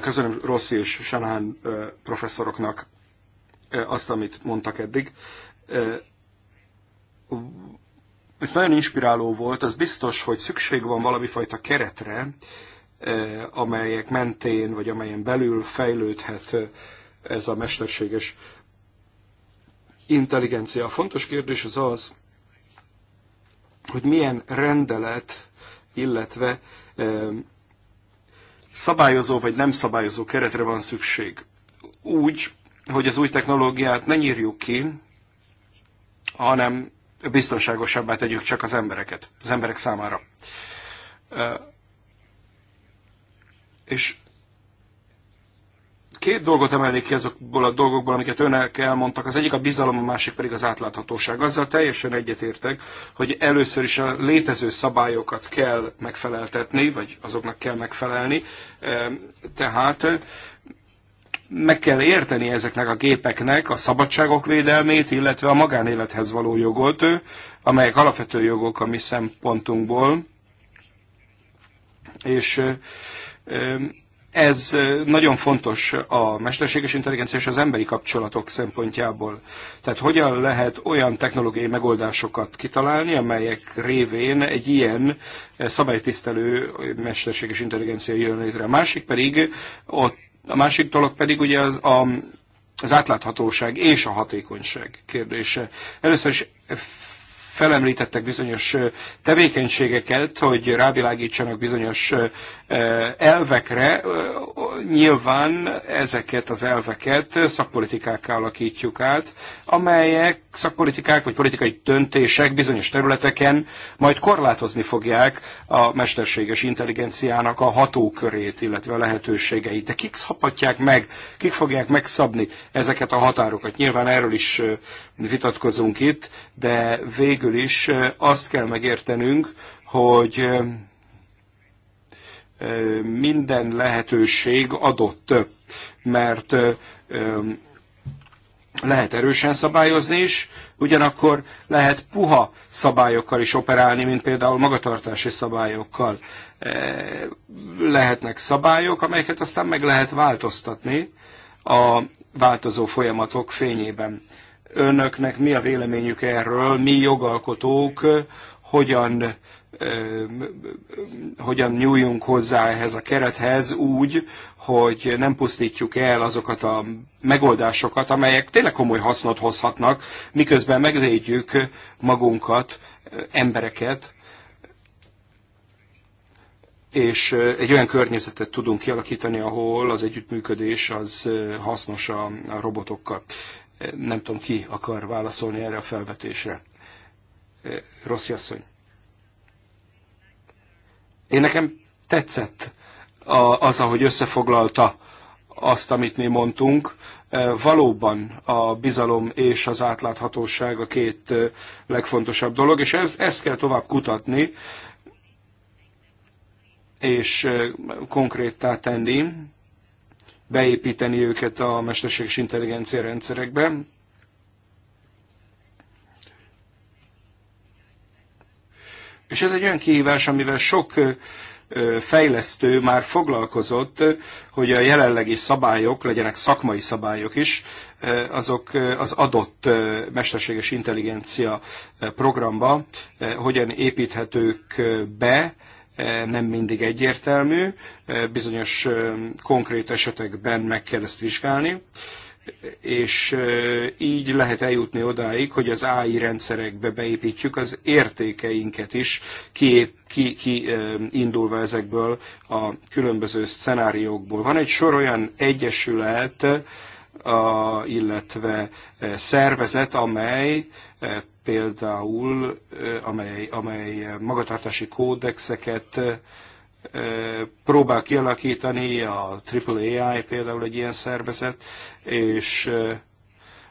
D: Köszönöm Rossi és Sanán professzoroknak azt, amit mondtak eddig. Ez nagyon inspiráló volt, az biztos, hogy szükség van valami fajta keretre, amelyek mentén, vagy amelyen belül fejlődhet ez a mesterséges intelligencia. A fontos kérdés az az, hogy milyen rendelet, illetve szabályozó vagy nem szabályozó keretre van szükség. Úgy, hogy az új technológiát ne nyírjuk ki, hanem biztonságosabbá tegyük csak az embereket, az emberek számára. És Két dolgot emelnék ki azokból a dolgokból, amiket ön elmondtak. Az egyik a bizalom, a másik pedig az átláthatóság. Azzal teljesen egyetértek, hogy először is a létező szabályokat kell megfeleltetni, vagy azoknak kell megfelelni. Ehm, tehát ehm, meg kell érteni ezeknek a gépeknek a szabadságok védelmét, illetve a magánélethez való jogot, amelyek alapvető jogok a mi szempontunkból. És ehm, ez nagyon fontos a mesterséges intelligencia és az emberi kapcsolatok szempontjából. Tehát hogyan lehet olyan technológiai megoldásokat kitalálni, amelyek révén egy ilyen szabálytisztelő mesterséges intelligencia jön létre. A másik pedig, ott, a másik dolog pedig ugye az a az átláthatóság és a hatékonyság kérdése. Először is felemlítettek bizonyos tevékenységeket, hogy rávilágítsanak bizonyos elvekre. Nyilván ezeket az elveket szakpolitikákkal alakítjuk át, amelyek szakpolitikák vagy politikai döntések bizonyos területeken majd korlátozni fogják a mesterséges intelligenciának a hatókörét, illetve a lehetőségeit. De kik szabhatják meg, kik fogják megszabni ezeket a határokat? Nyilván erről is vitatkozunk itt, de vég végül is azt kell megértenünk, hogy minden lehetőség adott, mert lehet erősen szabályozni is, ugyanakkor lehet puha szabályokkal is operálni, mint például magatartási szabályokkal. Lehetnek szabályok, amelyeket aztán meg lehet változtatni a változó folyamatok fényében önöknek mi a véleményük erről, mi jogalkotók hogyan hogyan nyúljunk hozzá ehhez a kerethez úgy, hogy nem pusztítjuk el azokat a megoldásokat, amelyek tényleg komoly hasznot hozhatnak, miközben megvédjük magunkat, embereket, és egy olyan környezetet tudunk kialakítani, ahol az együttműködés az hasznos a robotokkal. Nem tudom, ki akar válaszolni erre a felvetésre. Eh, Rossz asszony. Én nekem tetszett az, ahogy összefoglalta azt, amit mi mondtunk. Eh, valóban a bizalom és az átláthatóság a két eh, legfontosabb dolog, és ezt kell tovább kutatni, és konkrétá tenni beépíteni őket a mesterséges intelligencia rendszerekbe. És ez egy olyan kihívás, amivel sok fejlesztő már foglalkozott, hogy a jelenlegi szabályok, legyenek szakmai szabályok is, azok az adott mesterséges intelligencia programba hogyan építhetők be, E, nem mindig egyértelmű, e, bizonyos e, konkrét esetekben meg kell ezt vizsgálni, és így lehet eljutni odáig, hogy az AI rendszerekbe beépítjük az értékeinket is, ki, ki, ki indulva ezekből a különböző szenáriókból. Van egy sor olyan egyesület, a, illetve szervezet, amely például, amely, amely magatartási kódexeket próbál kialakítani, a AAAI például egy ilyen szervezet, és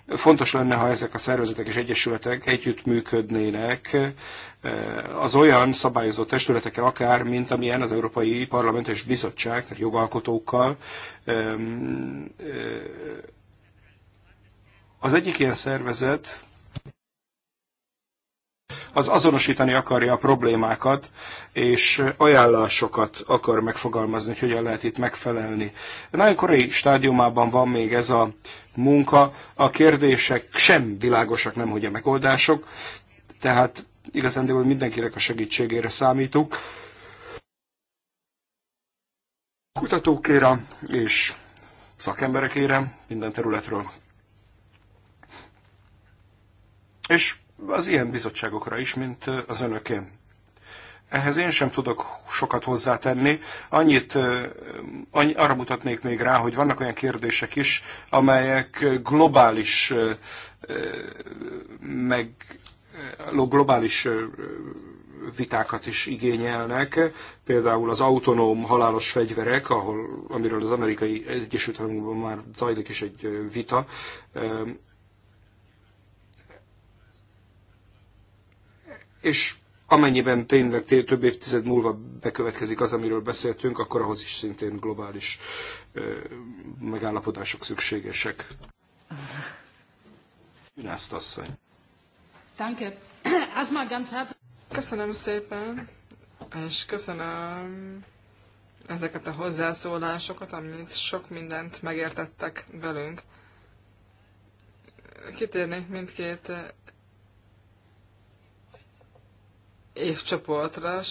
D: fontos lenne, ha ezek a szervezetek és egyesületek együttműködnének az olyan szabályozó testületekkel akár, mint amilyen az Európai Parlament és Bizottság, tehát jogalkotókkal. Az egyik ilyen szervezet az azonosítani akarja a problémákat, és ajánlásokat akar megfogalmazni, hogy hogyan lehet itt megfelelni. Nagyon korai stádiumában van még ez a munka, a kérdések sem világosak, nem hogy a megoldások, tehát igazán de mindenkinek a segítségére számítunk. Kutatókére és szakemberekére minden területről. És az ilyen bizottságokra is, mint az önöké. Ehhez én sem tudok sokat hozzátenni. Annyit annyi, arra mutatnék még rá, hogy vannak olyan kérdések is, amelyek globális meg globális vitákat is igényelnek, például az autonóm halálos fegyverek, ahol, amiről az amerikai Egyesült Államokban már zajlik is egy vita, és amennyiben tényleg több évtized múlva bekövetkezik az, amiről beszéltünk, akkor ahhoz is szintén globális megállapodások szükségesek. Ünász asszony.
B: Danke. Erstmal ganz herzlich. Köszönöm szépen, és köszönöm ezeket a hozzászólásokat, amit sok mindent megértettek velünk. Kitérnék mindkét évcsoportra.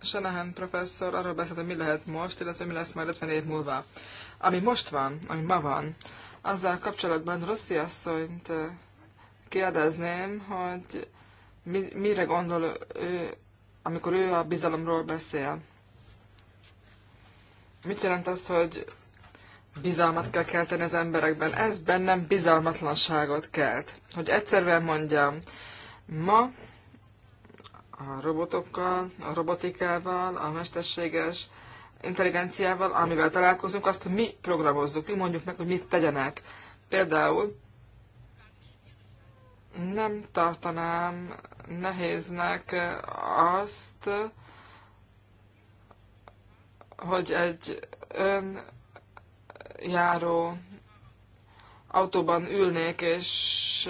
B: Senehen professzor arról beszélt, hogy mi lehet most, illetve mi lesz majd 50 év múlva. Ami most van, ami ma van, azzal kapcsolatban Rossi asszonyt kérdezném, hogy mi, mire gondol ő, amikor ő a bizalomról beszél. Mit jelent az, hogy bizalmat kell kelteni az emberekben? Ez bennem bizalmatlanságot kelt. Hogy egyszerűen mondjam, ma a robotokkal, a robotikával, a mesterséges intelligenciával, amivel találkozunk, azt mi programozzuk, mi mondjuk meg, hogy mit tegyenek. Például nem tartanám nehéznek azt, hogy egy járó autóban ülnék, és,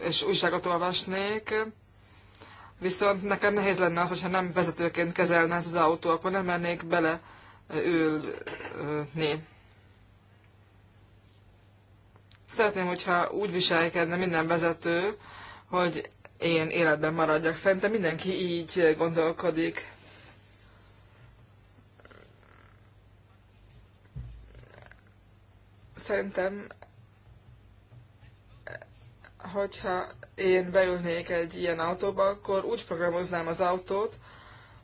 B: és újságot olvasnék, Viszont nekem nehéz lenne az, hogyha nem vezetőként kezelne ez az autó, akkor nem mennék bele ülni. Szeretném, hogyha úgy viselkedne minden vezető, hogy én életben maradjak. Szerintem mindenki így gondolkodik. Szerintem hogyha én beülnék egy ilyen autóba, akkor úgy programoznám az autót,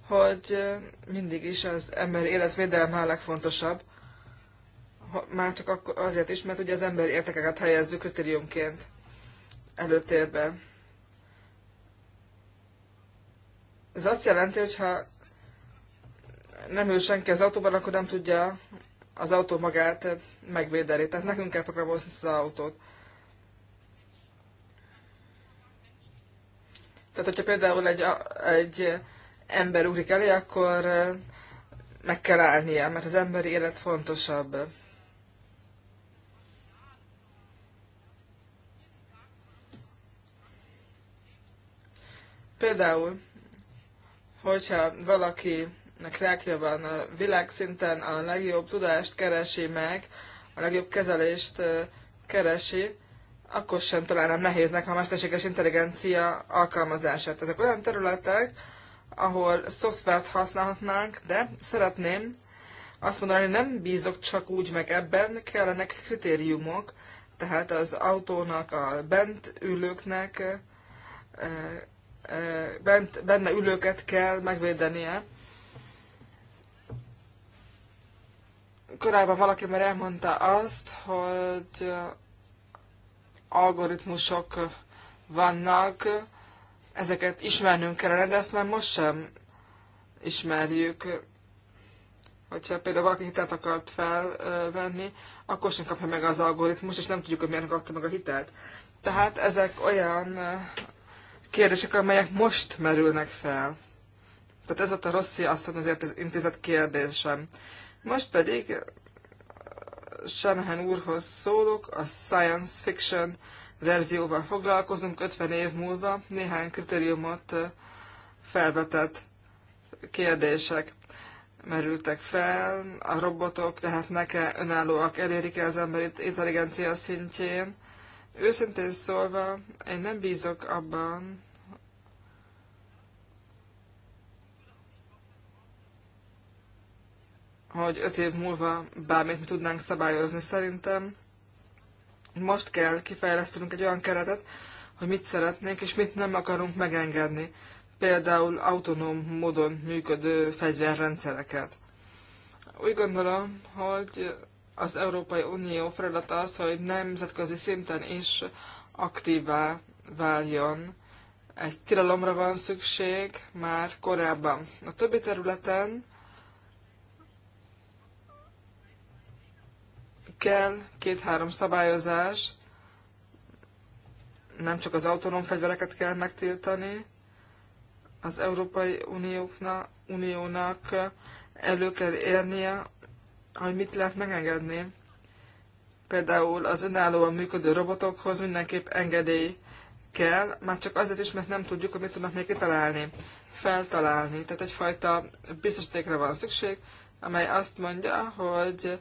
B: hogy mindig is az emberi életvédelme a legfontosabb. Már csak azért is, mert ugye az emberi értekeket helyezzük kritériumként előtérbe. Ez azt jelenti, hogy ha nem ül senki az autóban, akkor nem tudja az autó magát megvédeni. Tehát nekünk kell programozni az autót. Tehát, hogyha például egy, egy ember ugrik elé, akkor meg kell állnia, mert az emberi élet fontosabb. Például, hogyha valakinek rákja van a világszinten, a legjobb tudást keresi meg, a legjobb kezelést keresi, akkor sem találnám nehéznek a mesterséges intelligencia alkalmazását. Ezek olyan területek, ahol szoftvert használhatnánk, de szeretném azt mondani, hogy nem bízok csak úgy meg ebben, kellenek kritériumok, tehát az autónak, a bent ülőknek, e, e, bent, benne ülőket kell megvédenie. Korábban valaki már elmondta azt, hogy algoritmusok vannak, ezeket ismernünk kellene, de ezt már most sem ismerjük. Hogyha például valaki hitelt akart felvenni, akkor sem kapja meg az algoritmus, és nem tudjuk, hogy miért kapta meg a hitelt. Tehát ezek olyan kérdések, amelyek most merülnek fel. Tehát ez volt a Rossi asszony azért az intézet kérdésem. Most pedig Shanahan úrhoz szólok, a science fiction verzióval foglalkozunk 50 év múlva, néhány kritériumot felvetett kérdések merültek fel, a robotok lehetnek-e önállóak, elérik-e az emberi intelligencia szintjén. Őszintén szólva, én nem bízok abban, hogy öt év múlva bármit mi tudnánk szabályozni. Szerintem most kell kifejlesztenünk egy olyan keretet, hogy mit szeretnénk és mit nem akarunk megengedni. Például autonóm módon működő fegyverrendszereket. Úgy gondolom, hogy az Európai Unió feladata az, hogy nemzetközi szinten is aktívá váljon. Egy tilalomra van szükség már korábban. A többi területen kell két-három szabályozás, nem csak az autonóm fegyvereket kell megtiltani, az Európai Unióknak, Uniónak elő kell érnie, hogy mit lehet megengedni. Például az önállóan működő robotokhoz mindenképp engedély kell, már csak azért is, mert nem tudjuk, hogy mit tudnak még kitalálni, feltalálni. Tehát egyfajta biztosítékra van szükség, amely azt mondja, hogy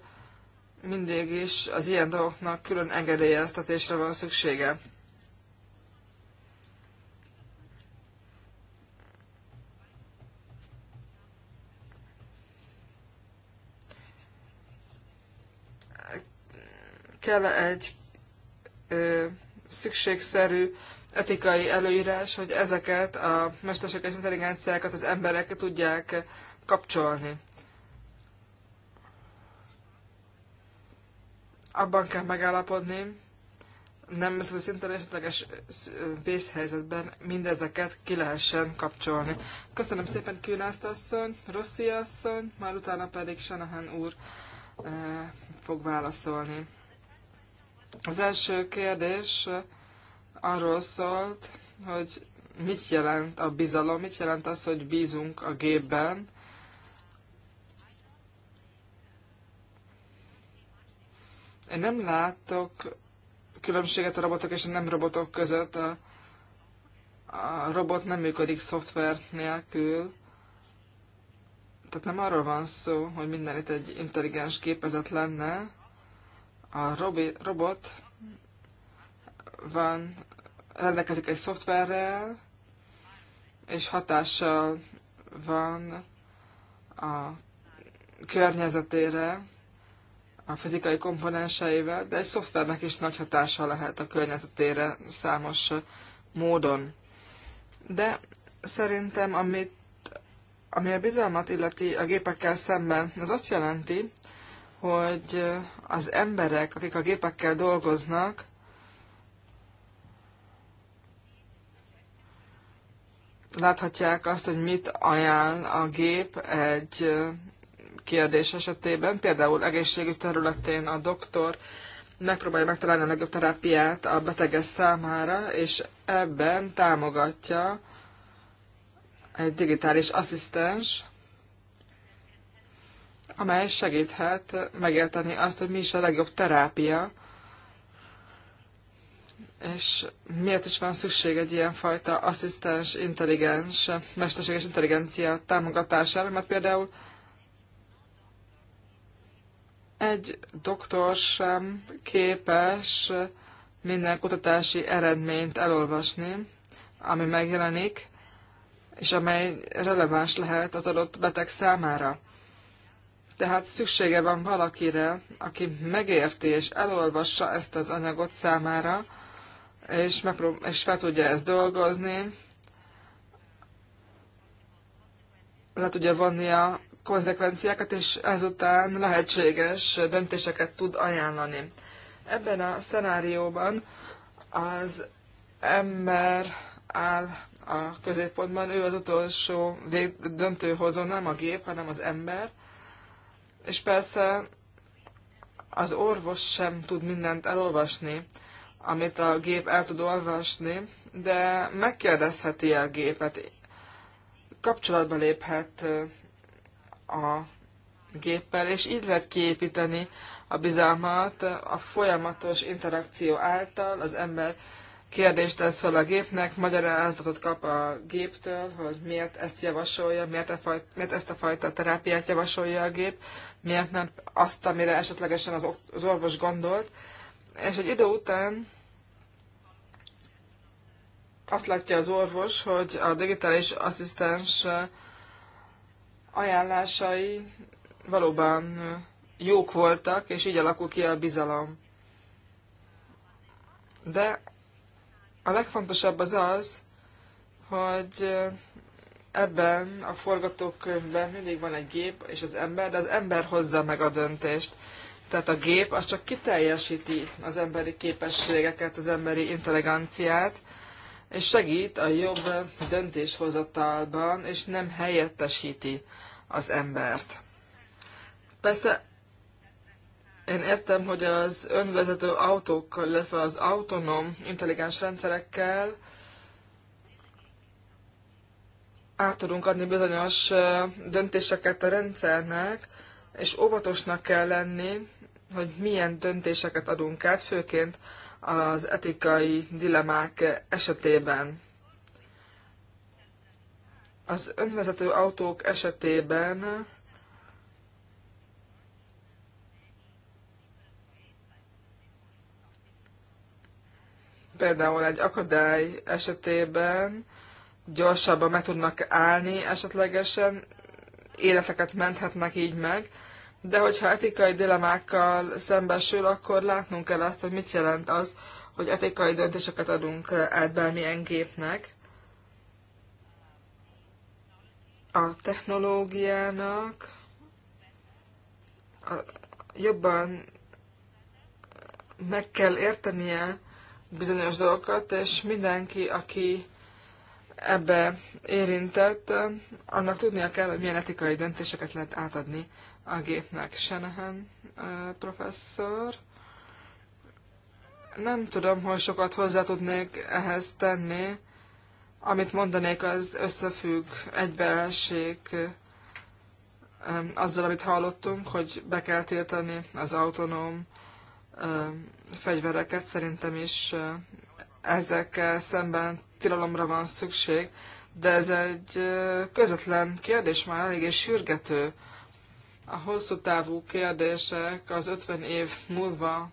B: mindig is az ilyen dolgoknak külön engedélyeztetésre van szüksége. kell egy ö, szükségszerű etikai előírás, hogy ezeket a mesterséges intelligenciákat az emberek tudják kapcsolni abban kell megállapodni, nem nemzetközi szinten esetleges vészhelyzetben mindezeket ki lehessen kapcsolni. Köszönöm szépen Kűnászt asszony, Rosszi asszony, már utána pedig Sanahan úr eh, fog válaszolni. Az első kérdés arról szólt, hogy mit jelent a bizalom, mit jelent az, hogy bízunk a gépben, Én nem látok különbséget a robotok és a nem robotok között. A, a robot nem működik szoftver nélkül. Tehát nem arról van szó, hogy minden itt egy intelligens képezet lenne. A robi, robot van, rendelkezik egy szoftverrel, és hatással van a környezetére, a fizikai komponenseivel, de egy szoftvernek is nagy hatása lehet a környezetére számos módon. De szerintem, amit, ami a bizalmat illeti a gépekkel szemben, az azt jelenti, hogy az emberek, akik a gépekkel dolgoznak, láthatják azt, hogy mit ajánl a gép egy kérdés esetében, például egészségügy területén a doktor megpróbálja megtalálni a legjobb terápiát a beteges számára, és ebben támogatja egy digitális asszisztens, amely segíthet megérteni azt, hogy mi is a legjobb terápia, és miért is van szükség egy ilyenfajta asszisztens, intelligens, mesterséges intelligencia támogatására, mert például egy doktor sem képes minden kutatási eredményt elolvasni, ami megjelenik, és amely releváns lehet az adott beteg számára. Tehát szüksége van valakire, aki megérti és elolvassa ezt az anyagot számára, és, megprób- és fel tudja ezt dolgozni, le tudja vonni a konzekvenciákat, és ezután lehetséges döntéseket tud ajánlani. Ebben a szenárióban az ember áll a középpontban, ő az utolsó döntőhozó, nem a gép, hanem az ember, és persze az orvos sem tud mindent elolvasni, amit a gép el tud olvasni, de megkérdezheti a gépet, kapcsolatba léphet a géppel, és így lehet kiépíteni a bizalmat a folyamatos interakció által. Az ember kérdést tesz fel a gépnek, magyarázatot kap a géptől, hogy miért ezt javasolja, miért, e fajt, miért ezt a fajta terápiát javasolja a gép, miért nem azt, amire esetlegesen az, az orvos gondolt. És egy idő után azt látja az orvos, hogy a digitális asszisztens ajánlásai valóban jók voltak, és így alakul ki a bizalom. De a legfontosabb az az, hogy ebben a forgatókönyvben mindig van egy gép és az ember, de az ember hozza meg a döntést. Tehát a gép az csak kiteljesíti az emberi képességeket, az emberi intelligenciát, és segít a jobb döntéshozatalban, és nem helyettesíti az embert. Persze én értem, hogy az önvezető autókkal, illetve az autonóm intelligens rendszerekkel át tudunk adni bizonyos döntéseket a rendszernek, és óvatosnak kell lenni, hogy milyen döntéseket adunk át, főként az etikai dilemák esetében. Az önvezető autók esetében például egy akadály esetében gyorsabban meg tudnak állni esetlegesen, életeket menthetnek így meg, de hogyha etikai dilemákkal szembesül, akkor látnunk kell azt, hogy mit jelent az, hogy etikai döntéseket adunk át bármilyen gépnek. A technológiának a, jobban meg kell értenie bizonyos dolgokat, és mindenki, aki ebbe érintett, annak tudnia kell, hogy milyen etikai döntéseket lehet átadni a gépnek Senehen professzor. Nem tudom, hogy sokat hozzá tudnék ehhez tenni. Amit mondanék, az összefügg, egybeesik azzal, amit hallottunk, hogy be kell tiltani az autonóm fegyvereket. Szerintem is ezekkel szemben tilalomra van szükség, de ez egy közvetlen kérdés már és sürgető a hosszú távú kérdések az 50 év múlva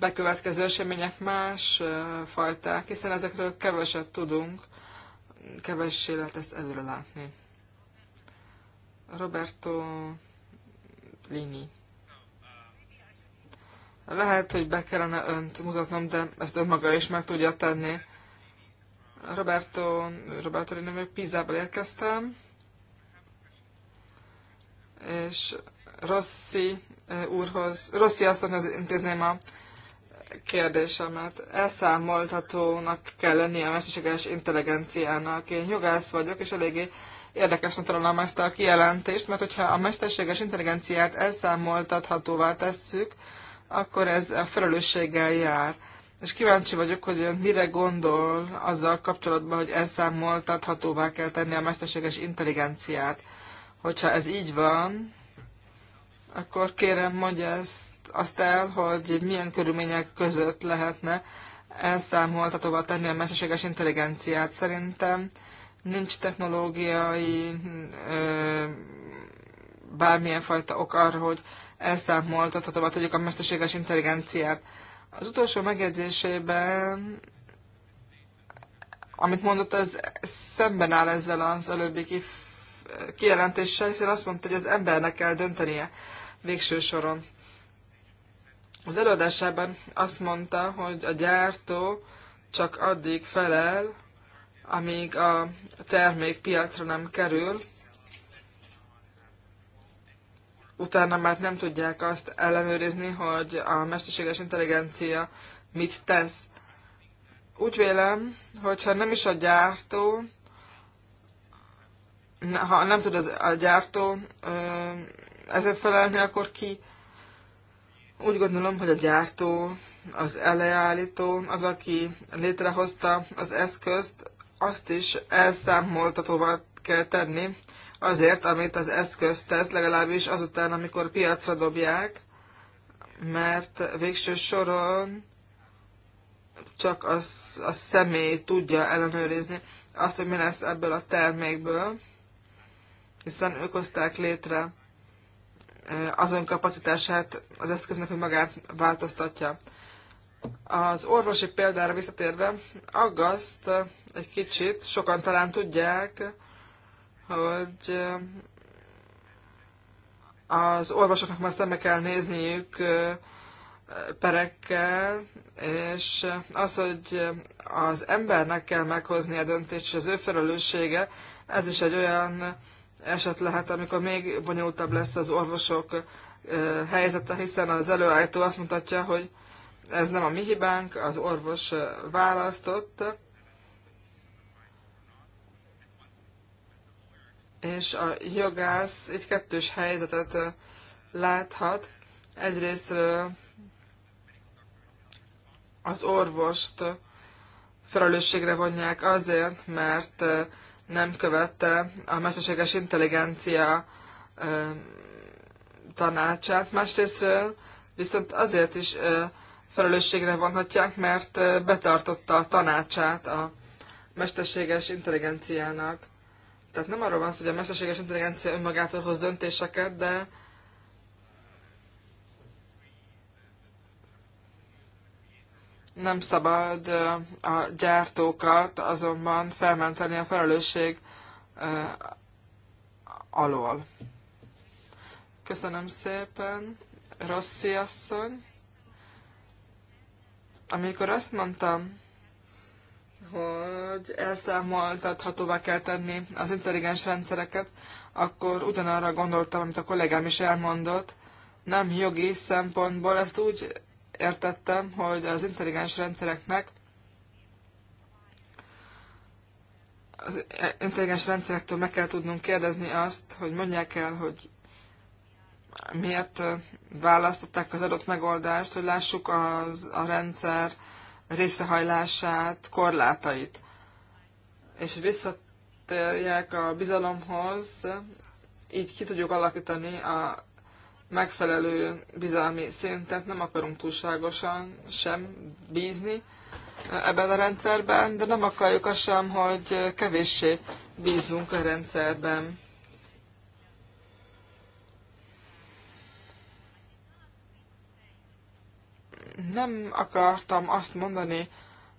B: bekövetkező események más fajták, hiszen ezekről keveset tudunk, kevessé lehet ezt előre látni. Roberto Lini. Lehet, hogy be kellene önt mutatnom, de ezt ön maga is meg tudja tenni. Roberto, Roberto Lini, még Pizából érkeztem és Rossi eh, úrhoz, Rossi asszonyhoz intézném a kérdésemet. Elszámoltatónak kell lenni a mesterséges intelligenciának. Én jogász vagyok, és eléggé érdekesnek találom ezt a kijelentést, mert hogyha a mesterséges intelligenciát elszámoltathatóvá tesszük, akkor ez a felelősséggel jár. És kíváncsi vagyok, hogy ön mire gondol azzal kapcsolatban, hogy elszámoltathatóvá kell tenni a mesterséges intelligenciát. Hogyha ez így van, akkor kérem mondja ezt, azt el, hogy milyen körülmények között lehetne elszámoltatóval tenni a mesterséges intelligenciát. Szerintem nincs technológiai ö, bármilyen fajta ok arra, hogy elszámoltatóval tegyük a mesterséges intelligenciát. Az utolsó megjegyzésében, amit mondott, az szemben áll ezzel az előbbi kif kijelentéssel, hiszen azt mondta, hogy az embernek kell döntenie végső soron. Az előadásában azt mondta, hogy a gyártó csak addig felel, amíg a termék piacra nem kerül, utána már nem tudják azt ellenőrizni, hogy a mesterséges intelligencia mit tesz. Úgy vélem, hogyha nem is a gyártó, ha nem tud az, a gyártó ezért felelni, akkor ki? Úgy gondolom, hogy a gyártó, az elejállító, az, aki létrehozta az eszközt, azt is elszámoltatóvá kell tenni azért, amit az eszköz tesz, legalábbis azután, amikor piacra dobják, mert végső soron csak az, a személy tudja ellenőrizni azt, hogy mi lesz ebből a termékből hiszen ők hozták létre azon kapacitását az eszköznek, hogy magát változtatja. Az orvosi példára visszatérve, aggaszt egy kicsit, sokan talán tudják, hogy az orvosoknak már szembe kell nézniük perekkel, és az, hogy az embernek kell meghozni a döntést, és az ő felelőssége, ez is egy olyan eset lehet, amikor még bonyolultabb lesz az orvosok helyzete, hiszen az előállító azt mutatja, hogy ez nem a mi hibánk, az orvos választott, és a jogász itt kettős helyzetet láthat. Egyrészt az orvost felelősségre vonják azért, mert nem követte a mesterséges intelligencia ö, tanácsát. Másrésztről viszont azért is ö, felelősségre vonhatják, mert ö, betartotta a tanácsát a mesterséges intelligenciának. Tehát nem arról van szó, hogy a mesterséges intelligencia önmagától hoz döntéseket, de Nem szabad a gyártókat azonban felmenteni a felelősség alól. Köszönöm szépen, Rosszi asszony. Amikor azt mondtam, hogy elszámoltathatóvá kell tenni az intelligens rendszereket, akkor ugyanarra gondoltam, amit a kollégám is elmondott, nem jogi szempontból, ezt úgy értettem, hogy az intelligens rendszereknek az intelligens rendszerektől meg kell tudnunk kérdezni azt, hogy mondják el, hogy miért választották az adott megoldást, hogy lássuk az, a rendszer részrehajlását, korlátait. És hogy visszatérjek a bizalomhoz, így ki tudjuk alakítani a megfelelő bizalmi szintet, nem akarunk túlságosan sem bízni ebben a rendszerben, de nem akarjuk azt sem, hogy kevéssé bízunk a rendszerben. Nem akartam azt mondani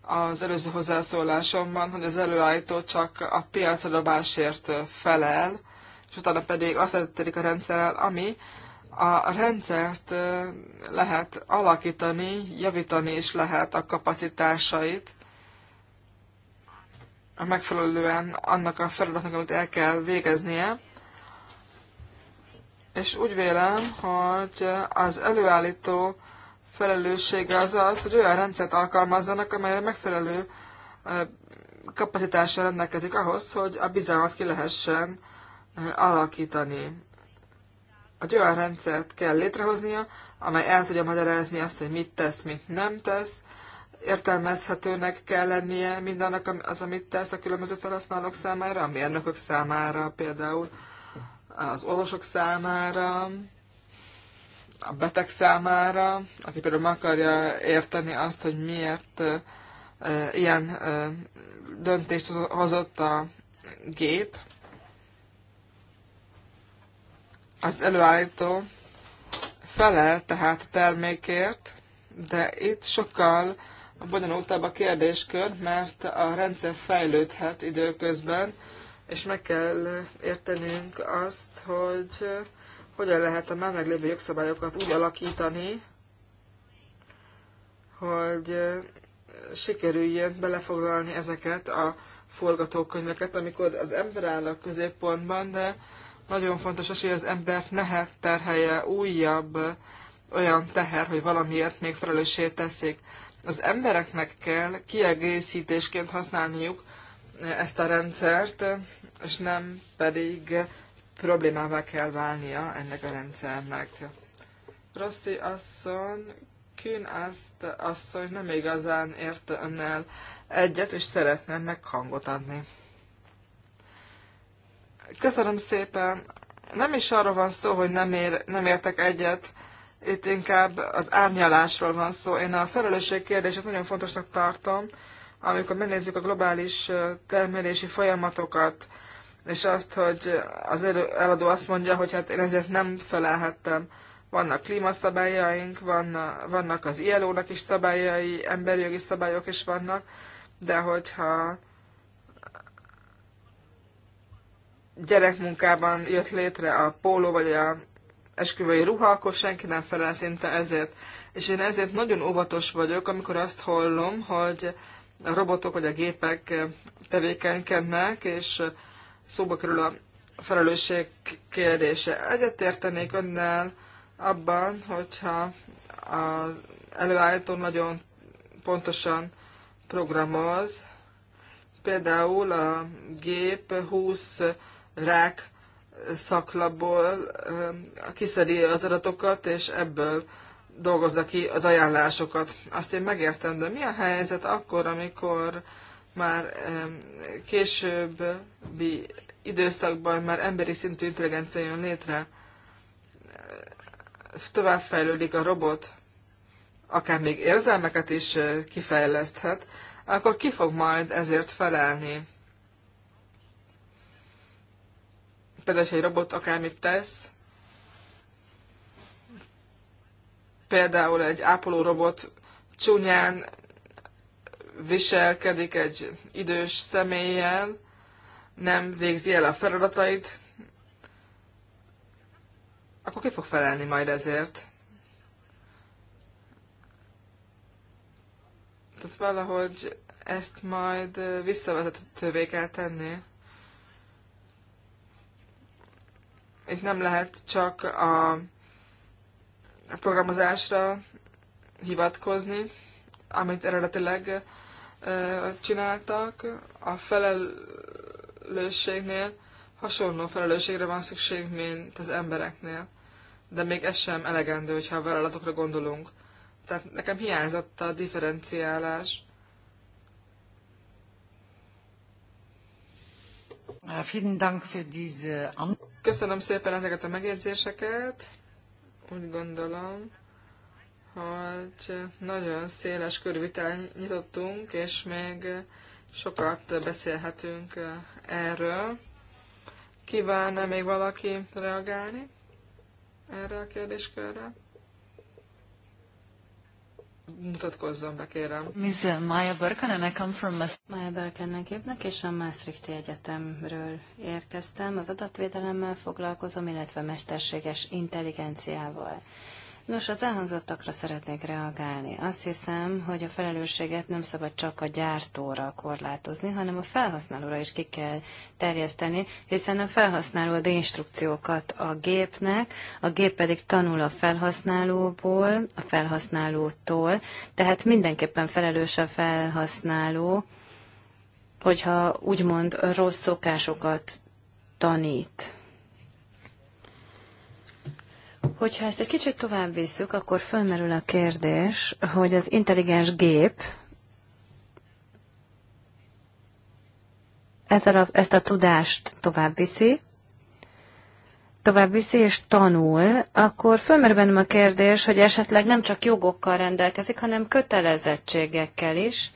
B: az előző hozzászólásomban, hogy az előállító csak a piacra dobásért felel, és utána pedig azt a rendszerrel, ami a rendszert lehet alakítani, javítani is lehet a kapacitásait, megfelelően annak a feladatnak, amit el kell végeznie. És úgy vélem, hogy az előállító felelőssége az az, hogy olyan rendszert alkalmazzanak, amelyre megfelelő kapacitással rendelkezik ahhoz, hogy a bizalmat ki lehessen alakítani egy olyan rendszert kell létrehoznia, amely el tudja magyarázni azt, hogy mit tesz, mit nem tesz, értelmezhetőnek kell lennie mindannak az, amit tesz a különböző felhasználók számára, a mérnökök számára például, az orvosok számára, a beteg számára, aki például meg akarja érteni azt, hogy miért ilyen döntést hozott a gép, az előállító felel tehát a termékért, de itt sokkal bonyolultabb a kérdéskör, mert a rendszer fejlődhet időközben, és meg kell értenünk azt, hogy hogyan lehet a már meglévő jogszabályokat úgy alakítani, hogy sikerüljön belefoglalni ezeket a forgatókönyveket, amikor az ember áll a középpontban, de nagyon fontos az, hogy az embert ne terhelje újabb olyan teher, hogy valamiért még felelőssé teszik. Az embereknek kell kiegészítésként használniuk eh, ezt a rendszert, és nem pedig problémává kell válnia ennek a rendszernek. Rossi asszony, Kün azt asszony nem igazán érte önnel egyet, és szeretne ennek hangot adni. Köszönöm szépen. Nem is arra van szó, hogy nem, ér, nem értek egyet. Itt inkább az árnyalásról van szó. Én a felelősség kérdését nagyon fontosnak tartom, amikor megnézzük a globális termelési folyamatokat, és azt, hogy az eladó azt mondja, hogy hát én ezért nem felelhettem. Vannak klímaszabályaink, vannak az ILO-nak is szabályai, emberi jogi szabályok is vannak, de hogyha gyerekmunkában jött létre a póló vagy a esküvői ruha, akkor senki nem felel szinte ezért. És én ezért nagyon óvatos vagyok, amikor azt hallom, hogy a robotok vagy a gépek tevékenykednek, és szóba kerül a felelősség kérdése. Egyetértenék önnel abban, hogyha az előállító nagyon pontosan programoz, például a gép 20 rák szaklapból kiszedi az adatokat, és ebből dolgozza ki az ajánlásokat. Azt én megértem, de mi a helyzet akkor, amikor már későbbi időszakban már emberi szintű intelligencia jön létre, továbbfejlődik a robot, akár még érzelmeket is kifejleszthet, akkor ki fog majd ezért felelni? Például, egy robot akármit tesz, például egy ápoló robot csúnyán viselkedik egy idős személyen, nem végzi el a feladatait, akkor ki fog felelni majd ezért? Tehát valahogy ezt majd visszavezetővé kell tenni. itt nem lehet csak a programozásra hivatkozni, amit eredetileg csináltak. A felelősségnél hasonló felelősségre van szükség, mint az embereknél. De még ez sem elegendő, hogyha a vállalatokra gondolunk. Tehát nekem hiányzott a differenciálás. Ah, Köszönöm szépen ezeket a megjegyzéseket. Úgy gondolom, hogy nagyon széles körvitel nyitottunk, és még sokat beszélhetünk eh, erről. Kívánna még valaki reagálni erre a kérdéskörre? mutatkozzon be, kérem.
C: Ms. Maya Berkan and I come from... Maya Berkan képnek, és a Maastrichti Egyetemről érkeztem. Az adatvédelemmel foglalkozom, illetve mesterséges intelligenciával. Nos, az elhangzottakra szeretnék reagálni. Azt hiszem, hogy a felelősséget nem szabad csak a gyártóra korlátozni, hanem a felhasználóra is ki kell terjeszteni, hiszen a felhasználó ad instrukciókat a gépnek, a gép pedig tanul a felhasználóból, a felhasználótól, tehát mindenképpen felelős a felhasználó, hogyha úgymond rossz szokásokat tanít. Hogyha ezt egy kicsit tovább visszük, akkor fölmerül a kérdés, hogy az intelligens gép ezzel a, ezt a tudást tovább viszi, tovább viszi és tanul, akkor fölmerül bennem a kérdés, hogy esetleg nem csak jogokkal rendelkezik, hanem kötelezettségekkel is.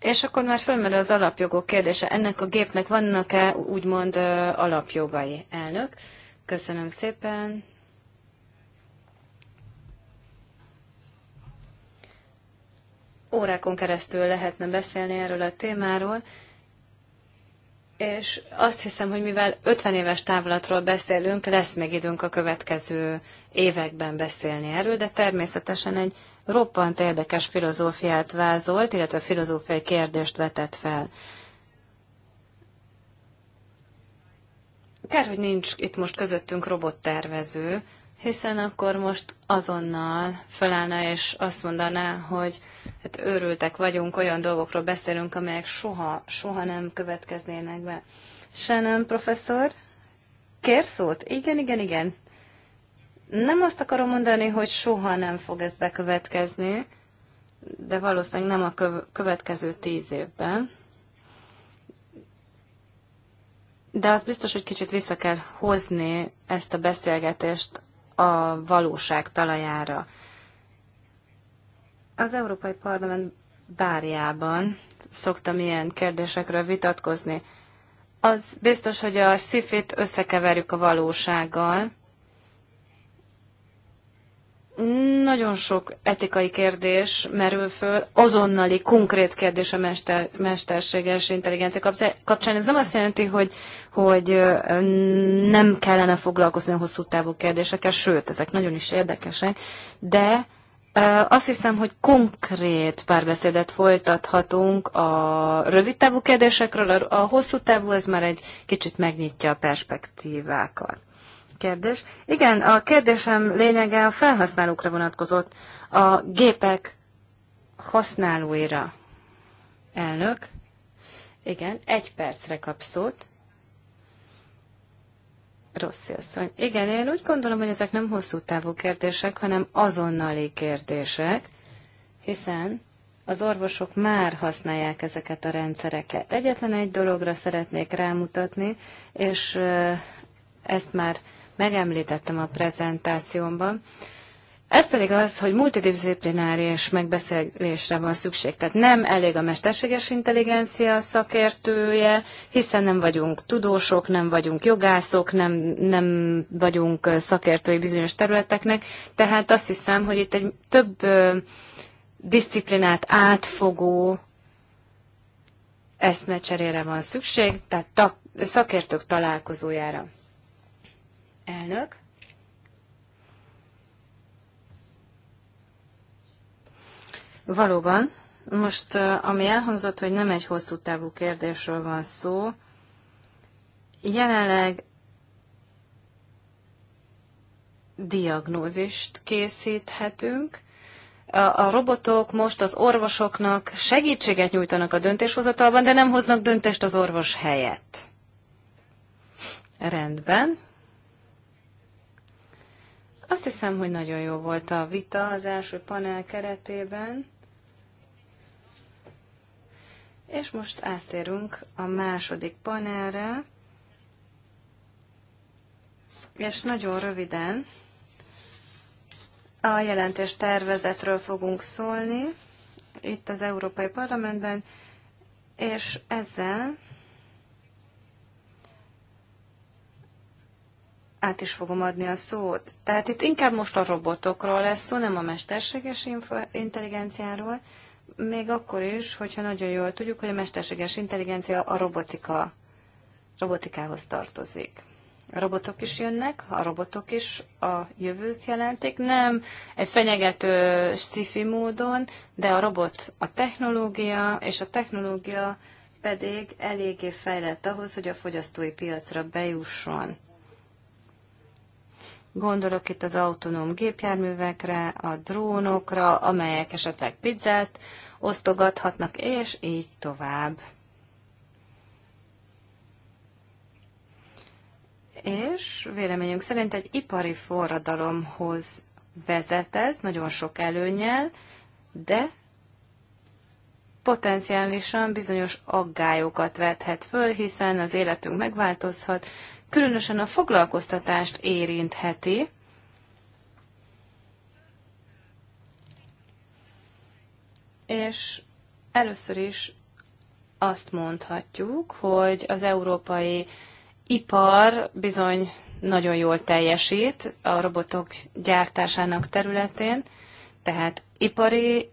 C: És akkor már fölmerül az alapjogok kérdése. Ennek a gépnek vannak-e úgymond alapjogai, elnök? Köszönöm szépen. Órákon keresztül lehetne beszélni erről a témáról, és azt hiszem, hogy mivel 50 éves távlatról beszélünk, lesz még időnk a következő években beszélni erről, de természetesen egy roppant érdekes filozófiát vázolt, illetve filozófiai kérdést vetett fel. Kár, hogy nincs itt most közöttünk robottervező, hiszen akkor most azonnal felállna és azt mondaná, hogy hát őrültek vagyunk, olyan dolgokról beszélünk, amelyek soha, soha nem következnének be. Shannon professzor, kér szót? Igen, igen, igen. Nem azt akarom mondani, hogy soha nem fog ez bekövetkezni, de valószínűleg nem a következő tíz évben. de az biztos, hogy kicsit vissza kell hozni ezt a beszélgetést a valóság talajára. Az Európai Parlament bárjában szoktam ilyen kérdésekről vitatkozni. Az biztos, hogy a szifét összekeverjük a valósággal, nagyon sok etikai kérdés merül föl, azonnali, konkrét kérdés a mester, mesterséges intelligencia kapcsán. Ez nem azt jelenti, hogy, hogy nem kellene foglalkozni a hosszú távú kérdésekkel, sőt, ezek nagyon is érdekesek, de azt hiszem, hogy konkrét párbeszédet folytathatunk a rövid távú kérdésekről, a hosszú távú ez már egy kicsit megnyitja a perspektívákat kérdés. Igen, a kérdésem lényege a felhasználókra vonatkozott, a gépek használóira. Elnök, igen, egy percre kap szót. Rossz asszony. Igen, én úgy gondolom, hogy ezek nem hosszú távú kérdések, hanem azonnali kérdések, hiszen az orvosok már használják ezeket a rendszereket. Egyetlen egy dologra szeretnék rámutatni, és ezt már megemlítettem a prezentációmban. Ez pedig az, hogy multidisziplináris megbeszélésre van szükség. Tehát nem elég a mesterséges intelligencia szakértője, hiszen nem vagyunk tudósok, nem vagyunk jogászok, nem, nem vagyunk szakértői bizonyos területeknek. Tehát azt hiszem, hogy itt egy több disziplinát átfogó eszmecserére van szükség, tehát szakértők találkozójára. Elnök. Valóban, most ami elhangzott, hogy nem egy hosszú távú kérdésről van szó, jelenleg diagnózist készíthetünk. A, a robotok most az orvosoknak segítséget nyújtanak a döntéshozatalban, de nem hoznak döntést az orvos helyett. Rendben, azt hiszem, hogy nagyon jó volt a vita az első panel keretében. És most áttérünk a második panelre. És nagyon röviden a jelentés tervezetről fogunk szólni itt az Európai Parlamentben, és ezzel át is fogom adni a szót. Tehát itt inkább most a robotokról lesz szó, nem a mesterséges intelligenciáról, még akkor is, hogyha nagyon jól tudjuk, hogy a mesterséges intelligencia a robotika, robotikához tartozik. A robotok is jönnek, a robotok is a jövőt jelentik, nem egy fenyegető sci módon, de a robot a technológia, és a technológia pedig eléggé fejlett ahhoz, hogy a fogyasztói piacra bejusson. Gondolok itt az autonóm gépjárművekre, a drónokra, amelyek esetleg pizzát osztogathatnak, és így tovább. És véleményünk szerint egy ipari forradalomhoz vezet ez, nagyon sok előnyel, de potenciálisan bizonyos aggályokat vethet föl, hiszen az életünk megváltozhat, különösen a foglalkoztatást érintheti. És először is azt mondhatjuk, hogy az európai ipar bizony nagyon jól teljesít a robotok gyártásának területén, tehát ipari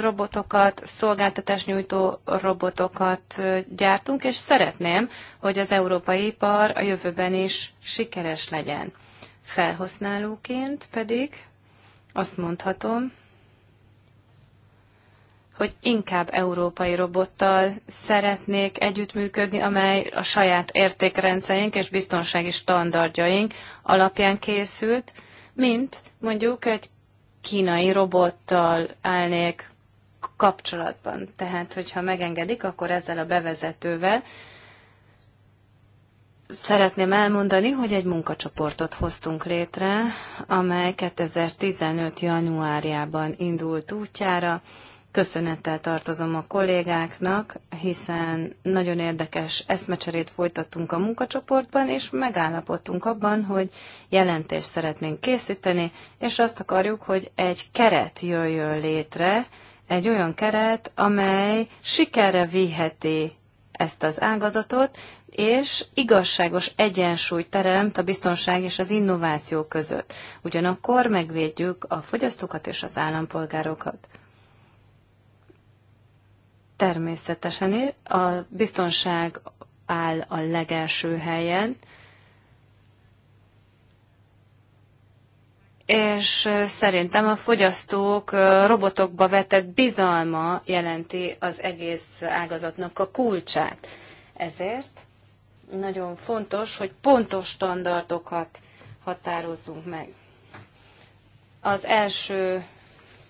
C: robotokat, szolgáltatásnyújtó robotokat gyártunk, és szeretném, hogy az európai ipar a jövőben is sikeres legyen. Felhasználóként pedig azt mondhatom, hogy inkább európai robottal szeretnék együttműködni, amely a saját értékrendszerünk és biztonsági standardjaink alapján készült, mint mondjuk egy kínai robottal állnék kapcsolatban. Tehát, hogyha megengedik, akkor ezzel a bevezetővel szeretném elmondani, hogy egy munkacsoportot hoztunk létre, amely 2015. januárjában indult útjára, Köszönettel tartozom a kollégáknak, hiszen nagyon érdekes eszmecserét folytattunk a munkacsoportban, és megállapodtunk abban, hogy jelentést szeretnénk készíteni, és azt akarjuk, hogy egy keret jöjjön létre, egy olyan keret, amely sikerre viheti ezt az ágazatot, és igazságos egyensúly teremt a biztonság és az innováció között. Ugyanakkor megvédjük a fogyasztókat és az állampolgárokat. Természetesen a biztonság áll a legelső helyen, és szerintem a fogyasztók robotokba vetett bizalma jelenti az egész ágazatnak a kulcsát. Ezért nagyon fontos, hogy pontos standardokat határozzunk meg. Az első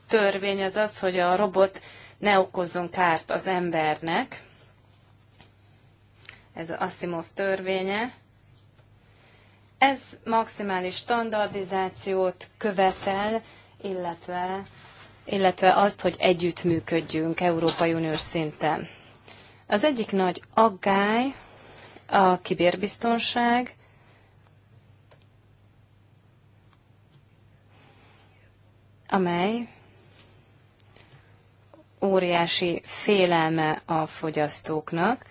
C: törvény az az, hogy a robot ne okozzon kárt az embernek. Ez az Asimov törvénye. Ez maximális standardizációt követel, illetve, illetve azt, hogy együttműködjünk Európai Uniós szinten. Az egyik nagy aggály a kibérbiztonság, amely óriási félelme a fogyasztóknak.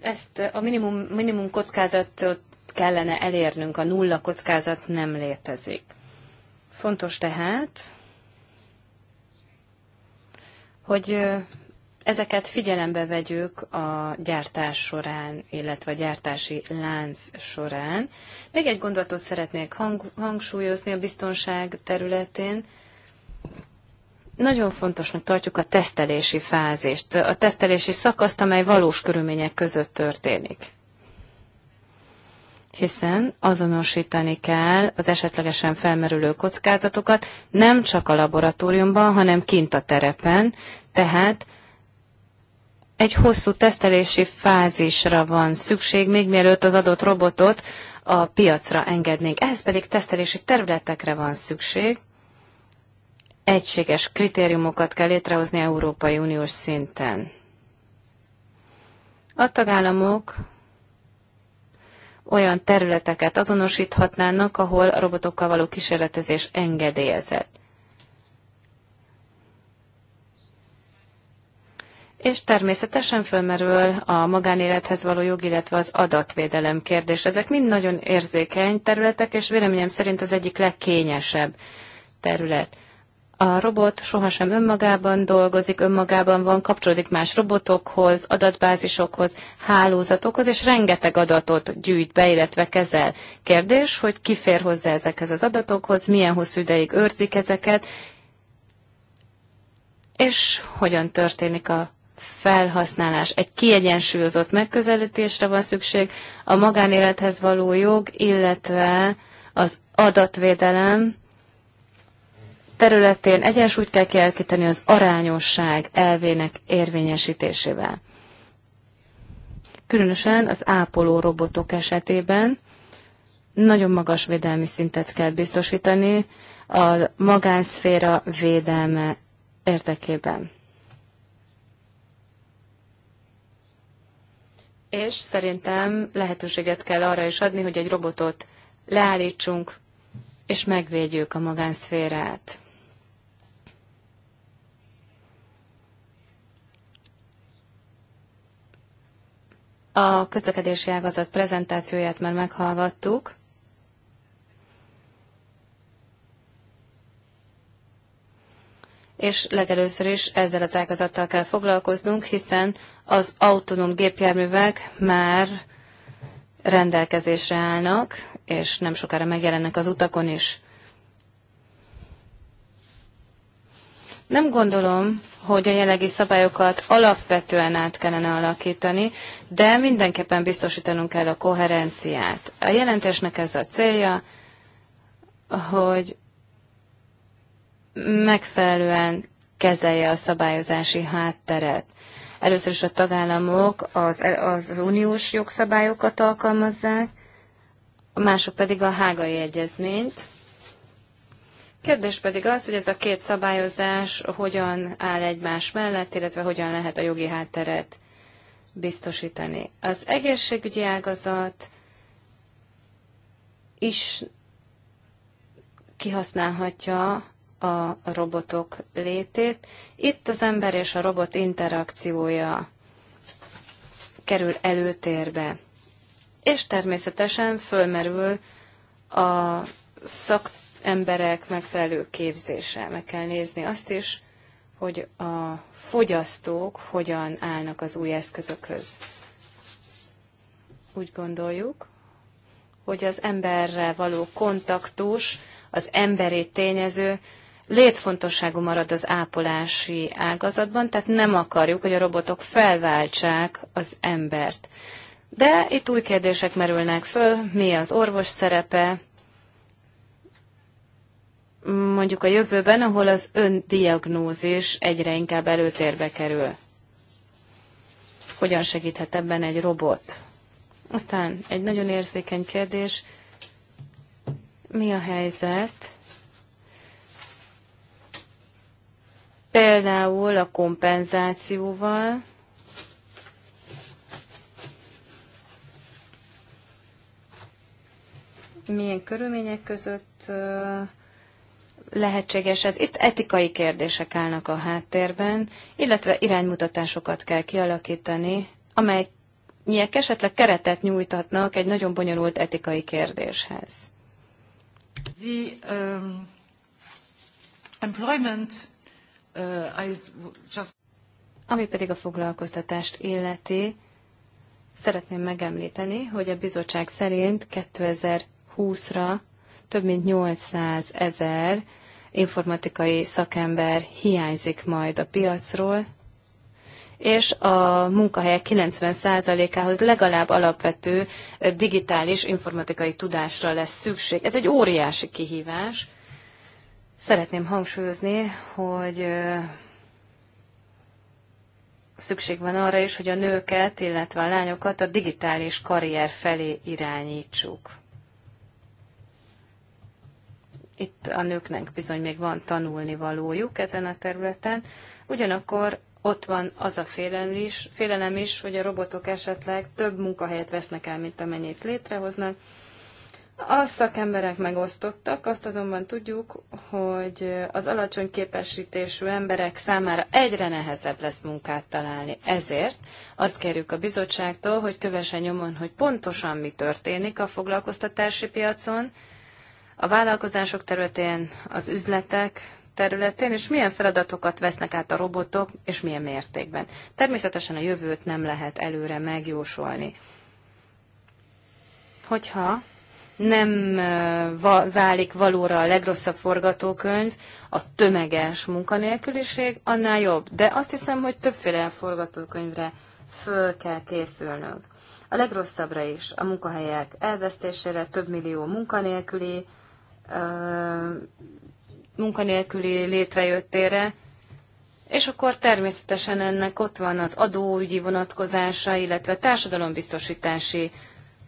C: Ezt a minimum, minimum kockázatot kellene elérnünk, a nulla kockázat nem létezik. Fontos tehát, hogy ezeket figyelembe vegyük a gyártás során, illetve a gyártási lánc során. Még egy gondolatot szeretnék hang, hangsúlyozni a biztonság területén. Nagyon fontosnak tartjuk a tesztelési fázist, a tesztelési szakaszt, amely valós körülmények között történik. Hiszen azonosítani kell az esetlegesen felmerülő kockázatokat nem csak a laboratóriumban, hanem kint a terepen, tehát egy hosszú tesztelési fázisra van szükség, még mielőtt az adott robotot a piacra engednénk. Ehhez pedig tesztelési területekre van szükség. Egységes kritériumokat kell létrehozni Európai Uniós szinten. A tagállamok olyan területeket azonosíthatnának, ahol robotokkal való kísérletezés engedélyezett. és természetesen fölmerül a magánélethez való jog, illetve az adatvédelem kérdés. Ezek mind nagyon érzékeny területek, és véleményem szerint az egyik legkényesebb terület. A robot sohasem önmagában dolgozik, önmagában van, kapcsolódik más robotokhoz, adatbázisokhoz, hálózatokhoz, és rengeteg adatot gyűjt be, illetve kezel. Kérdés, hogy ki fér hozzá ezekhez az adatokhoz, milyen hosszú ideig őrzik ezeket, és hogyan történik a felhasználás. Egy kiegyensúlyozott megközelítésre van szükség, a magánélethez való jog, illetve az adatvédelem területén egyensúlyt kell kialakítani az arányosság elvének érvényesítésével. Különösen az ápoló robotok esetében nagyon magas védelmi szintet kell biztosítani a magánszféra védelme érdekében. és szerintem lehetőséget kell arra is adni, hogy egy robotot leállítsunk, és megvédjük a magánszférát. A közlekedési ágazat prezentációját már meghallgattuk. és legelőször is ezzel az ágazattal kell foglalkoznunk, hiszen az autonóm gépjárművek már rendelkezésre állnak, és nem sokára megjelennek az utakon is. Nem gondolom, hogy a jelenlegi szabályokat alapvetően át kellene alakítani, de mindenképpen biztosítanunk kell a koherenciát. A jelentésnek ez a célja, hogy megfelelően kezelje a szabályozási hátteret. Először is a tagállamok az, az uniós jogszabályokat alkalmazzák, a mások pedig a hágai egyezményt. Kérdés pedig az, hogy ez a két szabályozás hogyan áll egymás mellett, illetve hogyan lehet a jogi hátteret biztosítani. Az egészségügyi ágazat is kihasználhatja a robotok létét. Itt az ember és a robot interakciója kerül előtérbe. És természetesen fölmerül a szakemberek megfelelő képzése. Meg kell nézni azt is, hogy a fogyasztók hogyan állnak az új eszközökhöz. Úgy gondoljuk, hogy az emberre való kontaktus, az emberi tényező létfontosságú marad az ápolási ágazatban, tehát nem akarjuk, hogy a robotok felváltsák az embert. De itt új kérdések merülnek föl, mi az orvos szerepe, mondjuk a jövőben, ahol az öndiagnózis egyre inkább előtérbe kerül. Hogyan segíthet ebben egy robot? Aztán egy nagyon érzékeny kérdés, mi a helyzet például a kompenzációval, milyen körülmények között lehetséges ez. Itt etikai kérdések állnak a háttérben, illetve iránymutatásokat kell kialakítani, amelyek esetleg keretet nyújtatnak egy nagyon bonyolult etikai kérdéshez.
A: The um, employment
C: Uh, Ami pedig a foglalkoztatást illeti, szeretném megemlíteni, hogy a bizottság szerint 2020-ra több mint 800 ezer informatikai szakember hiányzik majd a piacról, és a munkahelyek 90%-ához legalább alapvető digitális informatikai tudásra lesz szükség. Ez egy óriási kihívás, Szeretném hangsúlyozni, hogy szükség van arra is, hogy a nőket, illetve a lányokat a digitális karrier felé irányítsuk. Itt a nőknek bizony még van tanulni valójuk ezen a területen, ugyanakkor ott van az a félelem is, félelem is, hogy a robotok esetleg több munkahelyet vesznek el, mint amennyit létrehoznak, a szakemberek megosztottak, azt azonban tudjuk, hogy az alacsony képesítésű emberek számára egyre nehezebb lesz munkát találni. Ezért azt kérjük a bizottságtól, hogy kövesen nyomon, hogy pontosan mi történik a foglalkoztatási piacon, a vállalkozások területén, az üzletek területén, és milyen feladatokat vesznek át a robotok, és milyen mértékben. Természetesen a jövőt nem lehet előre megjósolni. Hogyha nem válik valóra a legrosszabb forgatókönyv, a tömeges munkanélküliség, annál jobb. De azt hiszem, hogy többféle forgatókönyvre föl kell készülnünk. A legrosszabbra is, a munkahelyek elvesztésére, több millió munkanélküli, munkanélküli létrejöttére, és akkor természetesen ennek ott van az adóügyi vonatkozása, illetve társadalombiztosítási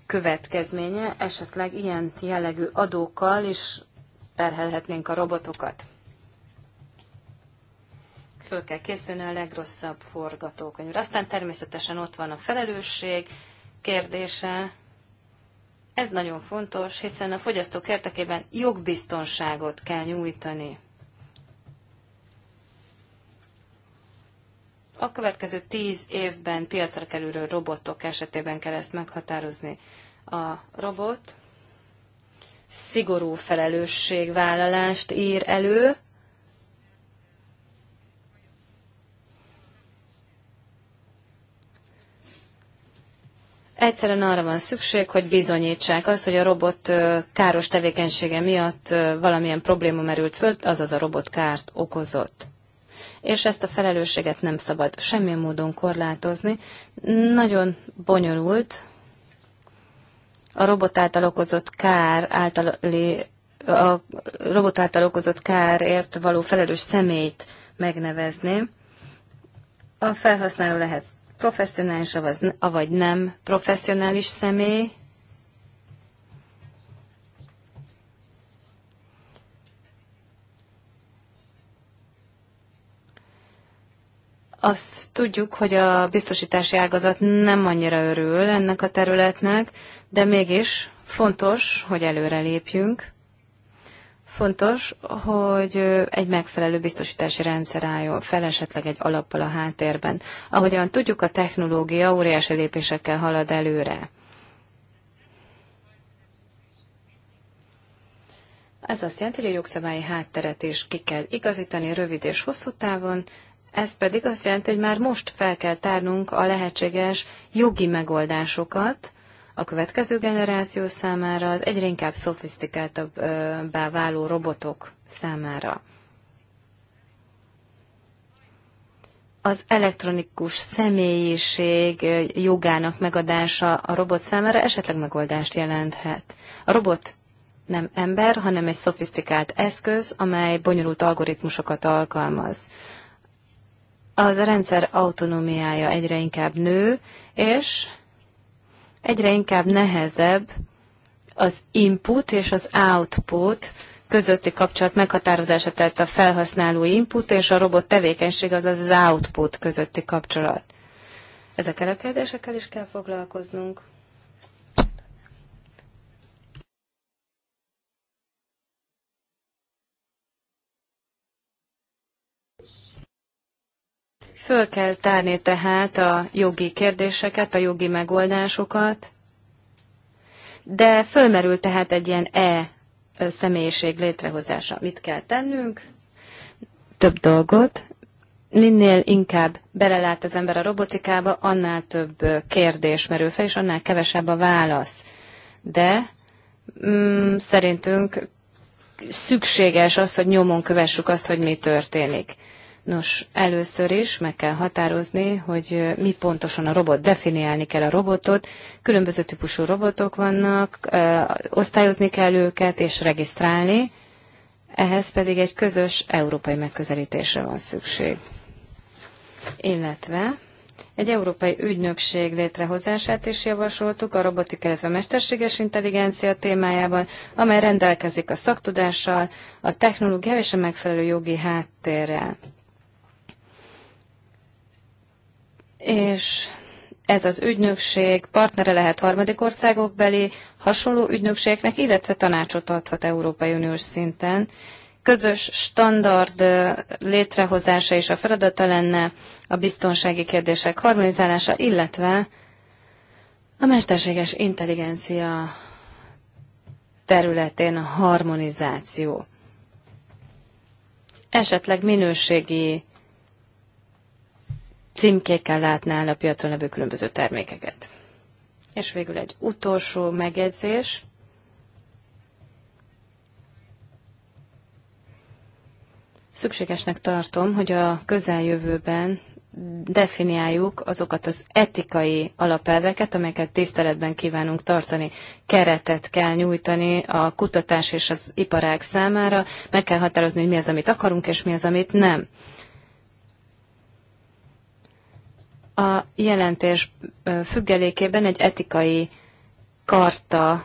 C: következménye, esetleg ilyen jellegű adókkal is terhelhetnénk a robotokat. Föl kell készülni a legrosszabb forgatókönyv. Aztán természetesen ott van a felelősség kérdése. Ez nagyon fontos, hiszen a fogyasztók érdekében jogbiztonságot kell nyújtani. a következő tíz évben piacra kerülő robotok esetében kell ezt meghatározni. A robot szigorú felelősségvállalást ír elő, Egyszerűen arra van szükség, hogy bizonyítsák azt, hogy a robot káros tevékenysége miatt valamilyen probléma merült föl, azaz a robot kárt okozott és ezt a felelősséget nem szabad semmilyen módon korlátozni. Nagyon bonyolult a robot által okozott kár általi, a robot által okozott kárért való felelős személyt megnevezni. A felhasználó lehet professzionális, avagy nem professzionális személy, Azt tudjuk, hogy a biztosítási ágazat nem annyira örül ennek a területnek, de mégis fontos, hogy előre lépjünk. Fontos, hogy egy megfelelő biztosítási rendszer álljon fel, esetleg egy alappal a háttérben. Ahogyan tudjuk, a technológia óriási lépésekkel halad előre. Ez azt jelenti, hogy a jogszabályi hátteret is ki kell igazítani rövid és hosszú távon, ez pedig azt jelenti, hogy már most fel kell tárnunk a lehetséges jogi megoldásokat a következő generáció számára, az egyre inkább szofisztikáltabbá váló robotok számára. az elektronikus személyiség jogának megadása a robot számára esetleg megoldást jelenthet. A robot nem ember, hanem egy szofisztikált eszköz, amely bonyolult algoritmusokat alkalmaz az a rendszer autonómiája egyre inkább nő, és egyre inkább nehezebb az input és az output közötti kapcsolat meghatározása, tehát a felhasználó input és a robot tevékenység, azaz az output közötti kapcsolat. Ezekkel a kérdésekkel is kell foglalkoznunk. Föl kell tárni tehát a jogi kérdéseket, a jogi megoldásokat, de fölmerül tehát egy ilyen E személyiség létrehozása. Mit kell tennünk? Több dolgot. Minél inkább belelát az ember a robotikába, annál több kérdés merül fel, és annál kevesebb a válasz. De mm, szerintünk szükséges az, hogy nyomon kövessük azt, hogy mi történik. Nos, először is meg kell határozni, hogy mi pontosan a robot, definiálni kell a robotot. Különböző típusú robotok vannak, osztályozni kell őket és regisztrálni, ehhez pedig egy közös európai megközelítésre van szükség. Illetve egy európai ügynökség létrehozását is javasoltuk a robotika, illetve mesterséges intelligencia témájában, amely rendelkezik a szaktudással, a technológia és a megfelelő jogi háttérrel. és ez az ügynökség partnere lehet harmadik országokbeli hasonló ügynökségnek, illetve tanácsot adhat Európai Uniós szinten. Közös standard létrehozása és a feladata lenne a biztonsági kérdések harmonizálása, illetve a mesterséges intelligencia területén a harmonizáció. Esetleg minőségi címkékkel látná el a piacon levő különböző termékeket. És végül egy utolsó megjegyzés. Szükségesnek tartom, hogy a közeljövőben definiáljuk azokat az etikai alapelveket, amelyeket tiszteletben kívánunk tartani. Keretet kell nyújtani a kutatás és az iparág számára, meg kell határozni, hogy mi az, amit akarunk, és mi az, amit nem. A jelentés függelékében egy etikai karta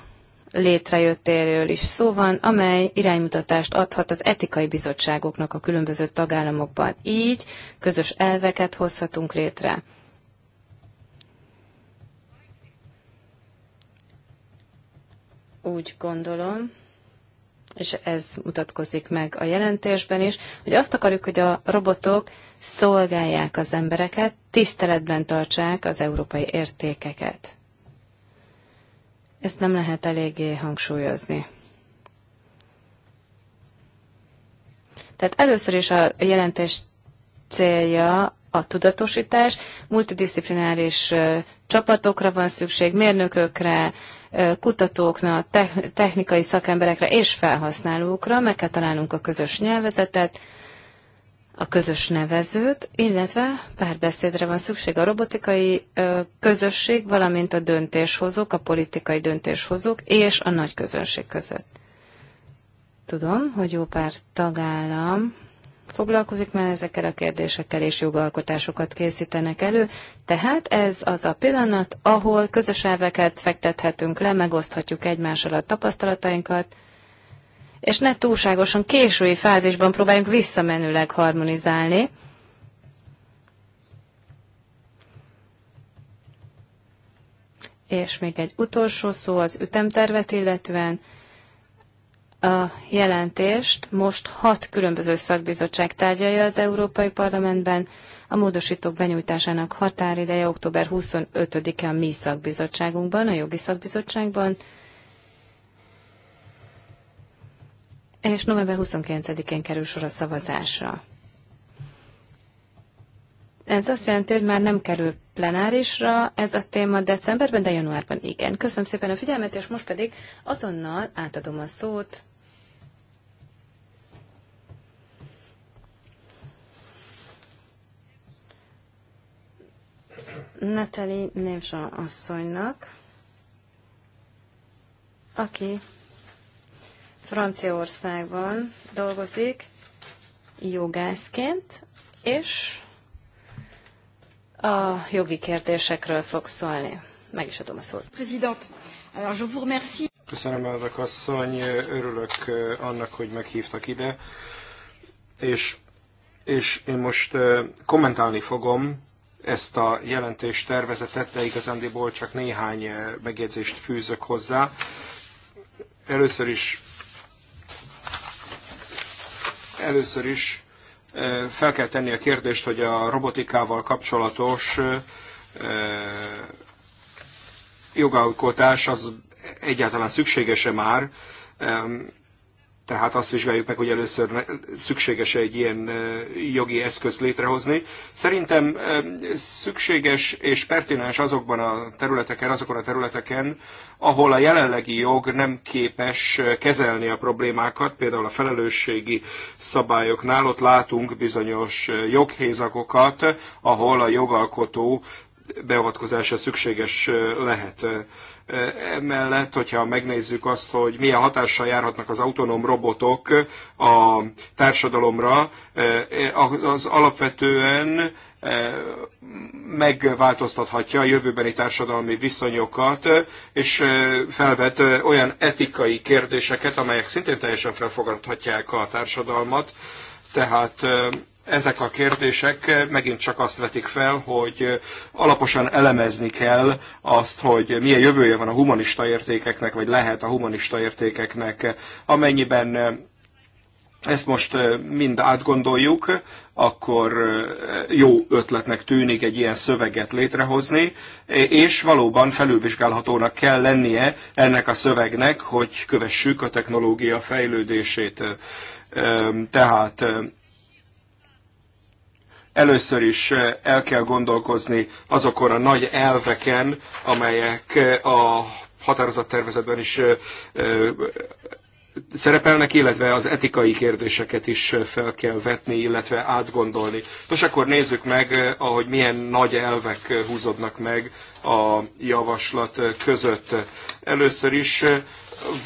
C: létrejöttéről is szó van, amely iránymutatást adhat az etikai bizottságoknak a különböző tagállamokban. Így közös elveket hozhatunk létre. Úgy gondolom, és ez mutatkozik meg a jelentésben is, hogy azt akarjuk, hogy a robotok szolgálják az embereket, tiszteletben tartsák az európai értékeket. Ezt nem lehet eléggé hangsúlyozni. Tehát először is a jelentés célja a tudatosítás, multidisziplináris csapatokra van szükség, mérnökökre, kutatóknak, technikai szakemberekre és felhasználókra, meg kell találnunk a közös nyelvezetet, a közös nevezőt, illetve párbeszédre van szükség a robotikai közösség, valamint a döntéshozók, a politikai döntéshozók és a nagy közönség között. Tudom, hogy jó pár tagállam foglalkozik, már ezekkel a kérdésekkel és jogalkotásokat készítenek elő. Tehát ez az a pillanat, ahol közös elveket fektethetünk le, megoszthatjuk egymással a tapasztalatainkat, és ne túlságosan késői fázisban próbáljunk visszamenőleg harmonizálni. És még egy utolsó szó az ütemtervet illetően a jelentést most hat különböző szakbizottság tárgyalja az Európai Parlamentben, a módosítók benyújtásának határideje október 25-e a mi szakbizottságunkban, a jogi szakbizottságban, és november 29-én kerül sor a szavazásra. Ez azt jelenti, hogy már nem kerül plenárisra ez a téma decemberben, de januárban igen. Köszönöm szépen a figyelmet, és most pedig azonnal átadom a szót Natali Névzsa asszonynak, aki Franciaországban dolgozik jogászként, és a jogi kérdésekről fog szólni. Meg is adom a szót.
E: President, alors je vous remercie.
D: Köszönöm, elnök asszony, örülök annak, hogy meghívtak ide, és, és én most kommentálni fogom ezt a jelentés tervezetet, de igazándiból csak néhány eh, megjegyzést fűzök hozzá. Először is először is eh, fel kell tenni a kérdést, hogy a robotikával kapcsolatos eh, jogalkotás az egyáltalán szükséges-e már, tehát azt vizsgáljuk meg, hogy először szükséges-e egy ilyen jogi eszköz létrehozni. Szerintem szükséges és pertinens azokban a területeken, azokon a területeken, ahol a jelenlegi jog nem képes kezelni a problémákat, például a felelősségi szabályoknál ott látunk bizonyos joghézakokat, ahol a jogalkotó beavatkozása szükséges lehet. Emellett, hogyha megnézzük azt, hogy milyen hatással járhatnak az autonóm robotok a társadalomra, az alapvetően megváltoztathatja a jövőbeni társadalmi viszonyokat, és felvet olyan etikai kérdéseket, amelyek szintén teljesen felfogadhatják a társadalmat. Tehát ezek a kérdések eh, megint csak azt vetik fel, hogy eh, alaposan elemezni kell azt, hogy milyen jövője van a humanista értékeknek, vagy lehet a humanista értékeknek, eh, amennyiben ezt most mind átgondoljuk, akkor jó ötletnek tűnik egy ilyen szöveget létrehozni, és valóban felülvizsgálhatónak kell lennie ennek a szövegnek, hogy kövessük a technológia fejlődését. Ehm, tehát Először is el kell gondolkozni azokon a nagy elveken, amelyek a határozattervezetben is szerepelnek, illetve az etikai kérdéseket is fel kell vetni, illetve átgondolni. Nos, akkor nézzük meg, ahogy milyen nagy elvek húzódnak meg a javaslat között. Először is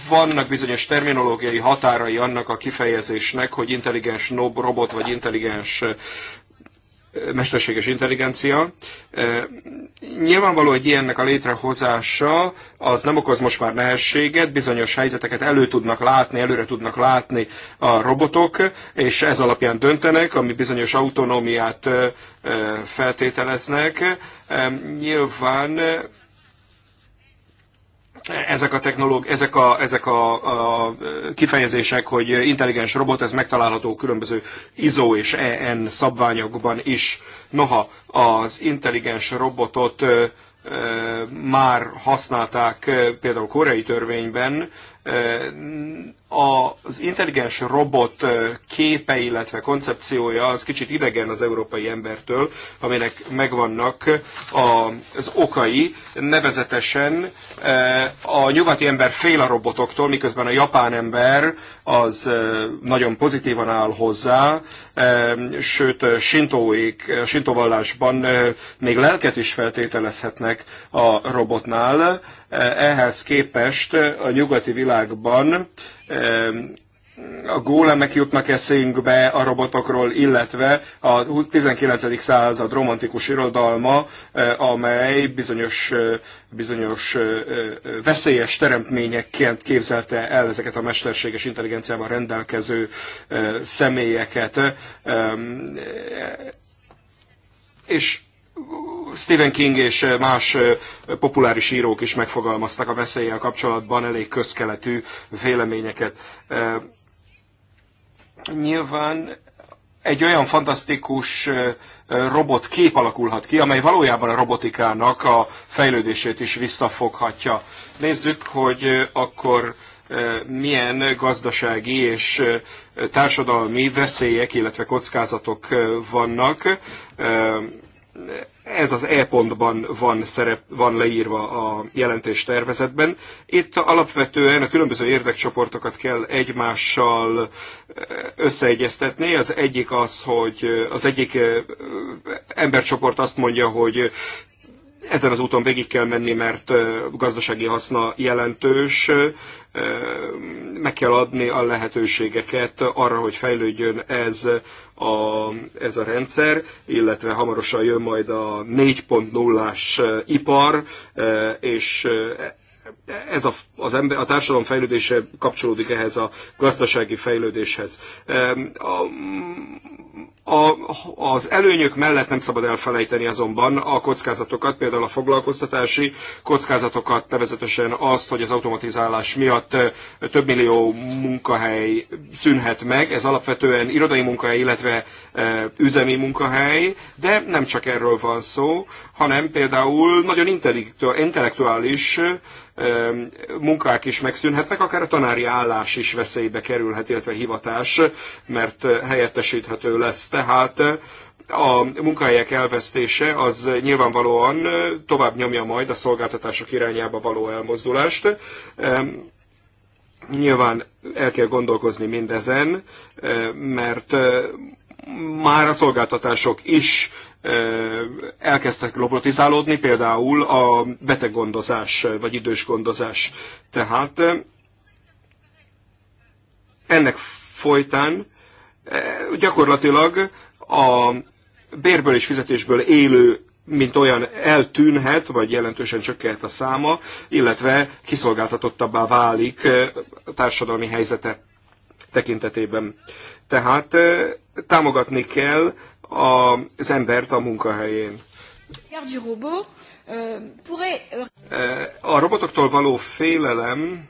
D: vannak bizonyos terminológiai határai annak a kifejezésnek, hogy intelligens nob robot vagy intelligens mesterséges intelligencia. Nyilvánvaló, hogy ilyennek a létrehozása az nem okoz most már nehézséget, bizonyos helyzeteket elő tudnak látni, előre tudnak látni a robotok, és ez alapján döntenek, ami bizonyos autonómiát feltételeznek. Nyilván ezek a technológ, ezek, a, ezek a, a kifejezések, hogy intelligens robot, ez megtalálható különböző ISO és EN szabványokban is. Noha az intelligens robotot ö, ö, már használták például koreai törvényben, ö, az intelligens robot képe, illetve koncepciója az kicsit idegen az európai embertől, aminek megvannak az okai, nevezetesen a nyugati ember fél a robotoktól, miközben a japán ember az nagyon pozitívan áll hozzá, sőt sintóék, sintóvallásban még lelket is feltételezhetnek a robotnál, ehhez képest a nyugati világban a gólemek jutnak eszünkbe a robotokról, illetve a 19. század romantikus irodalma, amely bizonyos, bizonyos veszélyes teremtményekként képzelte el ezeket a mesterséges intelligenciával rendelkező személyeket. És Stephen King és más populáris írók is megfogalmaztak a veszélyel kapcsolatban elég közkeletű véleményeket. Nyilván egy olyan fantasztikus robot kép alakulhat ki, amely valójában a robotikának a fejlődését is visszafoghatja. Nézzük, hogy akkor milyen gazdasági és társadalmi veszélyek, illetve kockázatok vannak ez az E-pontban van, szerep, van leírva a jelentés tervezetben. Itt alapvetően a különböző érdekcsoportokat kell egymással összeegyeztetni. Az egyik az, hogy az egyik embercsoport azt mondja, hogy ezen az úton végig kell menni, mert gazdasági haszna jelentős, meg kell adni a lehetőségeket arra, hogy fejlődjön ez a, ez a rendszer, illetve hamarosan jön majd a 4.0-as ipar, és ez a, az ember, a társadalom fejlődése kapcsolódik ehhez a gazdasági fejlődéshez. A, a, az előnyök mellett nem szabad elfelejteni azonban a kockázatokat, például a foglalkoztatási kockázatokat, nevezetesen azt, hogy az automatizálás miatt több millió munkahely szűnhet meg. Ez alapvetően irodai munkahely, illetve üzemi munkahely, de nem csak erről van szó, hanem például nagyon intellektuális munkák is megszűnhetnek, akár a tanári állás is veszélybe kerülhet, illetve hivatás, mert helyettesíthető lesz. Tehát a munkahelyek elvesztése az nyilvánvalóan tovább nyomja majd a szolgáltatások irányába való elmozdulást. Nyilván el kell gondolkozni mindezen, mert már a szolgáltatások is elkezdtek robotizálódni, például a beteggondozás vagy idősgondozás. Tehát ennek folytán gyakorlatilag a bérből és fizetésből élő mint olyan eltűnhet, vagy jelentősen csökkent a száma, illetve kiszolgáltatottabbá válik a társadalmi helyzete tekintetében. Tehát támogatni kell az embert a munkahelyén. A robotoktól való félelem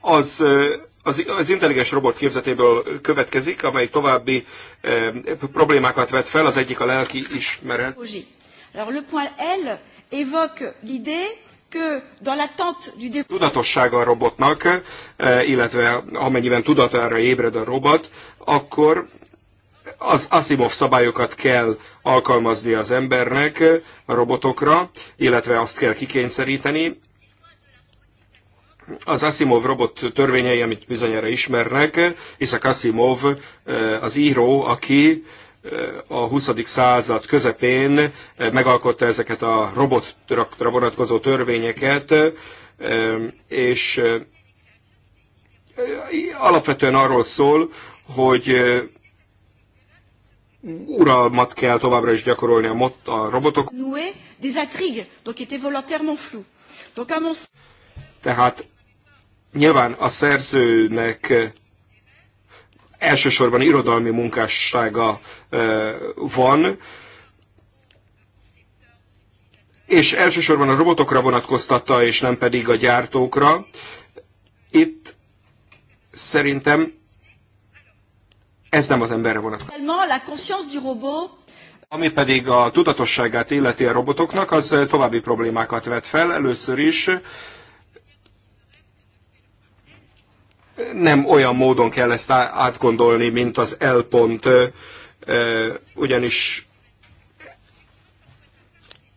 D: az, az, az intelligens robot képzetéből következik, amely további eh, problémákat vet fel, az egyik a lelki ismeret.
E: Alors le point L évoque l'idée
D: tudatossága a robotnak, eh, illetve amennyiben tudatára ébred a robot, akkor az Asimov szabályokat kell alkalmazni az embernek, a robotokra, illetve azt kell kikényszeríteni. Az Asimov robot törvényei, amit bizonyára ismernek, Isaac Asimov eh, az író, aki a 20. század közepén eh, megalkotta ezeket a robotra vonatkozó törvényeket, eh, és eh, alapvetően arról szól, hogy
E: uralmat
D: kell továbbra is gyakorolni a, mot, a robotok. Tehát nyilván a szerzőnek elsősorban irodalmi munkássága van, és elsősorban a robotokra vonatkoztatta, és nem pedig a gyártókra. Itt szerintem ez nem az emberre vonatkozik. Ami pedig a tudatosságát illeti a robotoknak, az további problémákat vet fel. Először is nem olyan módon kell ezt átgondolni, mint az L pont, ugyanis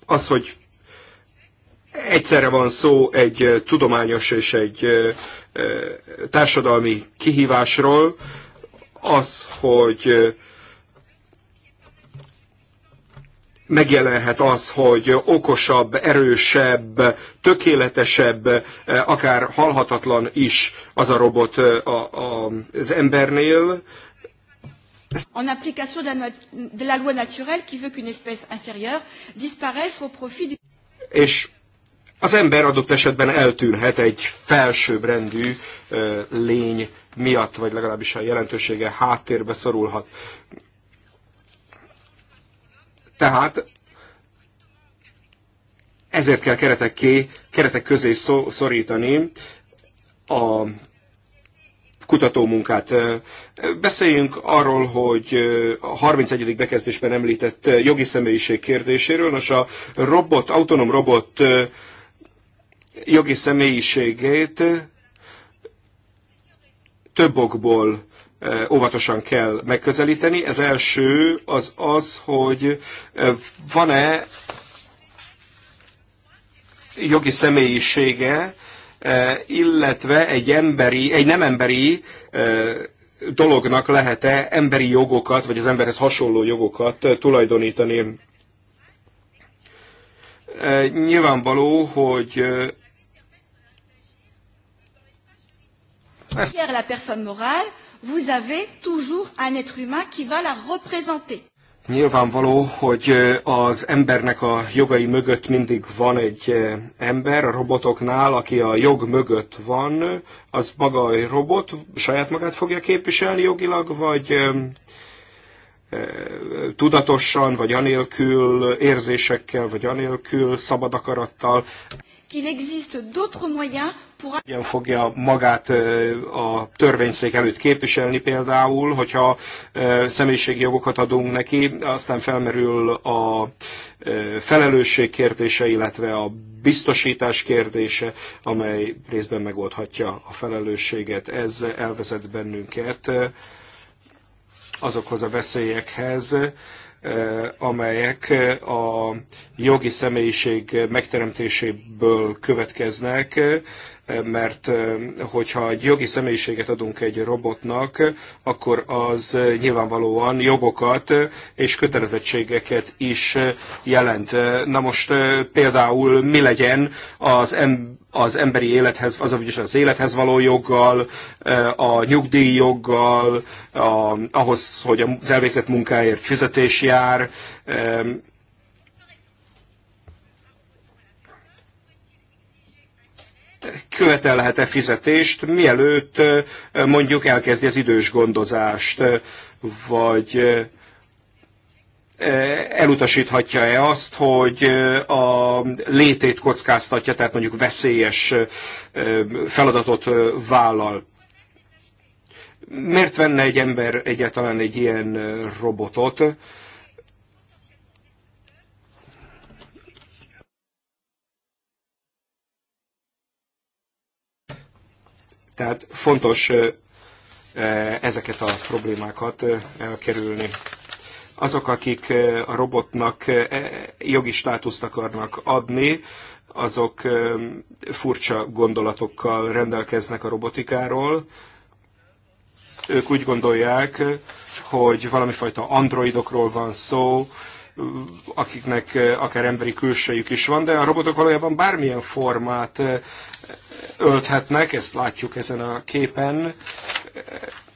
D: az, hogy egyszerre van szó egy tudományos és egy társadalmi kihívásról, az, hogy megjelenhet az, hogy okosabb, erősebb, tökéletesebb, eh, akár halhatatlan is az a robot eh, az embernél.
E: En application de la loi naturelle qui veut qu'une espèce inférieure disparaisse au profit du...
D: És az ember adott esetben eltűnhet egy felsőbbrendű eh, lény miatt, vagy legalábbis a jelentősége háttérbe szorulhat. Tehát ezért kell keretek, ké, keretek közé szorítani a kutatómunkát. Beszéljünk arról, hogy a 31. bekezdésben említett jogi személyiség kérdéséről. Nos, a robot, autonóm robot jogi személyiségét több okból Eh, óvatosan kell megközelíteni. Ez első az az, hogy eh, van-e jogi személyisége, eh, illetve egy emberi, egy nem emberi dolognak lehet-e emberi jogokat, vagy az emberhez hasonló jogokat tulajdonítani. Nyilvánvaló, hogy
E: ezt... la personne morale vous avez toujours un être humain qui va la représenter.
D: Nyilvánvaló, hogy az embernek a jogai mögött mindig van egy ember, a robotoknál, aki a jog mögött van, az maga a robot saját magát fogja képviselni jogilag, vagy tudatosan, vagy anélkül, érzésekkel, vagy anélkül, szabad akarattal.
E: Qu'il existe d'autres moyens
D: hogyan fogja magát a törvényszék előtt képviselni például, hogyha személyiségi jogokat adunk neki, aztán felmerül a felelősség kérdése, illetve a biztosítás kérdése, amely részben megoldhatja a felelősséget. Ez elvezet bennünket azokhoz a veszélyekhez, Eh, amelyek eh, a jogi személyiség megteremtéséből következnek, eh, mert hogyha egy jogi személyiséget adunk egy robotnak, akkor az nyilvánvalóan jogokat és kötelezettségeket is jelent. Na most például mi legyen az em az emberi élethez, az, vagyis az élethez való joggal, a nyugdíjjoggal, a, ahhoz, hogy az elvégzett munkáért fizetés jár. Követelhet-e fizetést, mielőtt mondjuk elkezdi az idős gondozást, vagy Eh, elutasíthatja-e azt, hogy eh, a létét kockáztatja, tehát mondjuk veszélyes eh, feladatot vállal. Miért venne egy ember egyáltalán egy ilyen robotot? Tehát fontos ezeket a problémákat elkerülni. Azok, akik a robotnak e, jogi státuszt akarnak adni, azok furcsa gondolatokkal rendelkeznek a robotikáról. Ők úgy gondolják, hogy valamifajta androidokról van szó, akiknek akár emberi külsejük is van, de a robotok valójában bármilyen formát ölthetnek, ezt látjuk ezen a képen.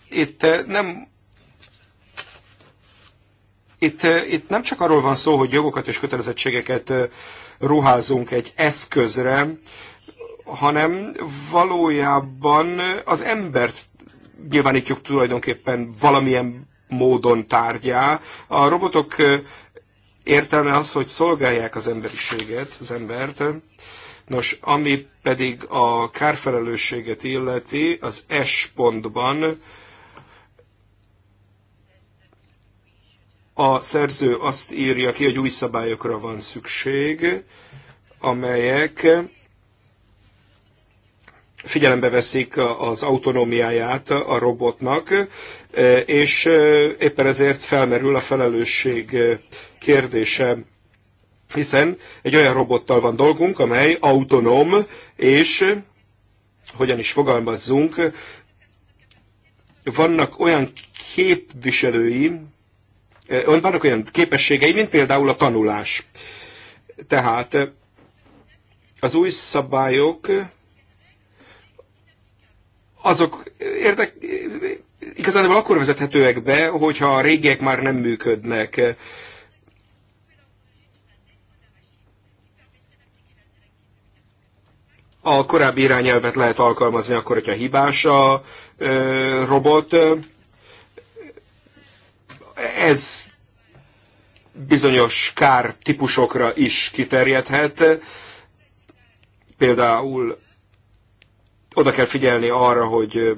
D: Itt nem itt, itt nem csak arról van szó, hogy jogokat és kötelezettségeket ruházunk egy eszközre, hanem valójában az embert nyilvánítjuk tulajdonképpen valamilyen módon tárgyá. A robotok értelme az, hogy szolgálják az emberiséget, az embert. Nos, ami pedig a kárfelelősséget illeti, az S pontban a szerző azt írja ki, hogy új szabályokra van szükség, amelyek figyelembe veszik az autonómiáját a robotnak, és éppen ezért felmerül a felelősség kérdése, hiszen egy olyan robottal van dolgunk, amely autonóm, és hogyan is fogalmazzunk, vannak olyan képviselői vannak olyan képességei, mint például a tanulás. Tehát az új szabályok azok érdek, igazán akkor vezethetőek be, hogyha a régiek már nem működnek. A korábbi irányelvet lehet alkalmazni akkor, hogyha hibás a robot, ez bizonyos kár típusokra is kiterjedhet. Például oda kell figyelni arra, hogy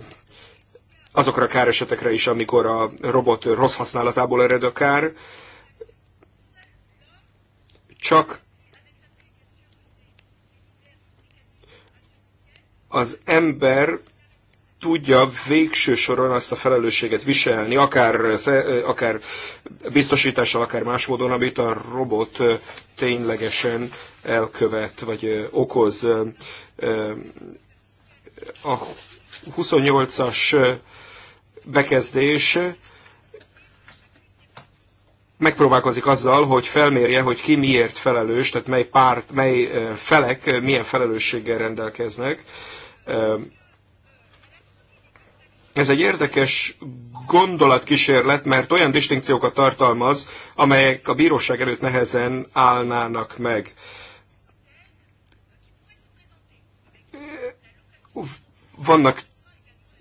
D: azokra a káresetekre is, amikor a robot rossz használatából ered a kár, csak az ember tudja végső soron azt a felelősséget viselni, akár, akár biztosítással, akár más módon, amit a robot ténylegesen elkövet, vagy okoz. A 28-as bekezdés megpróbálkozik azzal, hogy felmérje, hogy ki miért felelős, tehát mely párt, mely felek milyen felelősséggel rendelkeznek ez egy érdekes gondolatkísérlet, mert olyan distinkciókat tartalmaz, amelyek a bíróság előtt nehezen állnának meg. Vannak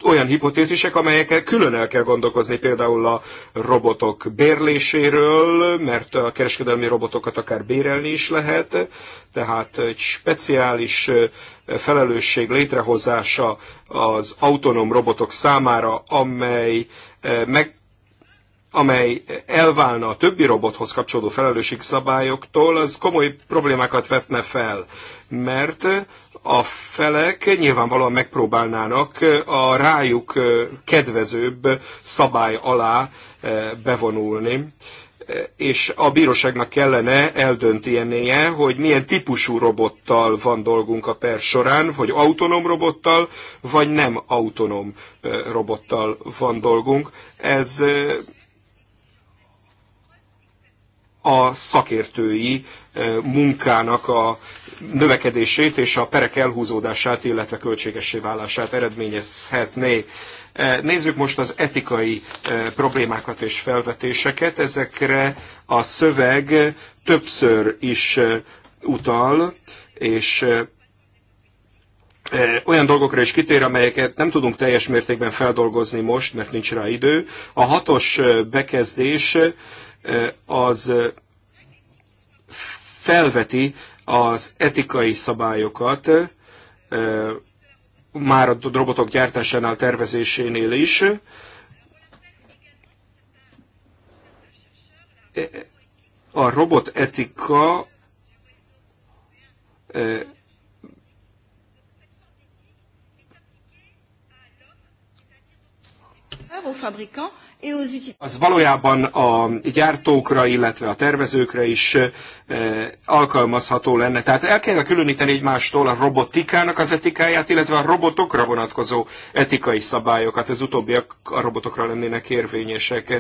D: olyan hipotézisek, amelyekkel külön el kell gondolkozni, például a robotok bérléséről, mert a kereskedelmi robotokat akár bérelni is lehet, tehát egy speciális felelősség létrehozása az autonóm robotok számára, amely meg amely elválna a többi robothoz kapcsolódó felelősségszabályoktól, az komoly problémákat vetne fel, mert a felek nyilvánvalóan megpróbálnának a rájuk kedvezőbb szabály alá eh, bevonulni eh, és a bíróságnak kellene eldöntenie, hogy milyen típusú robottal van dolgunk a per során, hogy autonóm robottal, vagy nem autonóm eh, robottal van dolgunk. Ez a szakértői e, munkának a növekedését és a perek elhúzódását, illetve költségessé válását eredményezhetné. E, nézzük most az etikai e, problémákat és felvetéseket. Ezekre a szöveg többször is utal, és olyan dolgokra is kitér, amelyeket nem tudunk teljes mértékben feldolgozni most, mert nincs rá idő. A hatos bekezdés az felveti az etikai szabályokat, már a robotok gyártásánál, tervezésénél is. A robot etika
E: vos fabricants az valójában
D: a gyártókra, illetve a tervezőkre is eh, alkalmazható lenne. Tehát el kell különíteni egymástól a robotikának az etikáját, illetve a robotokra vonatkozó etikai szabályokat. Ez utóbbiak a robotokra lennének érvényesek.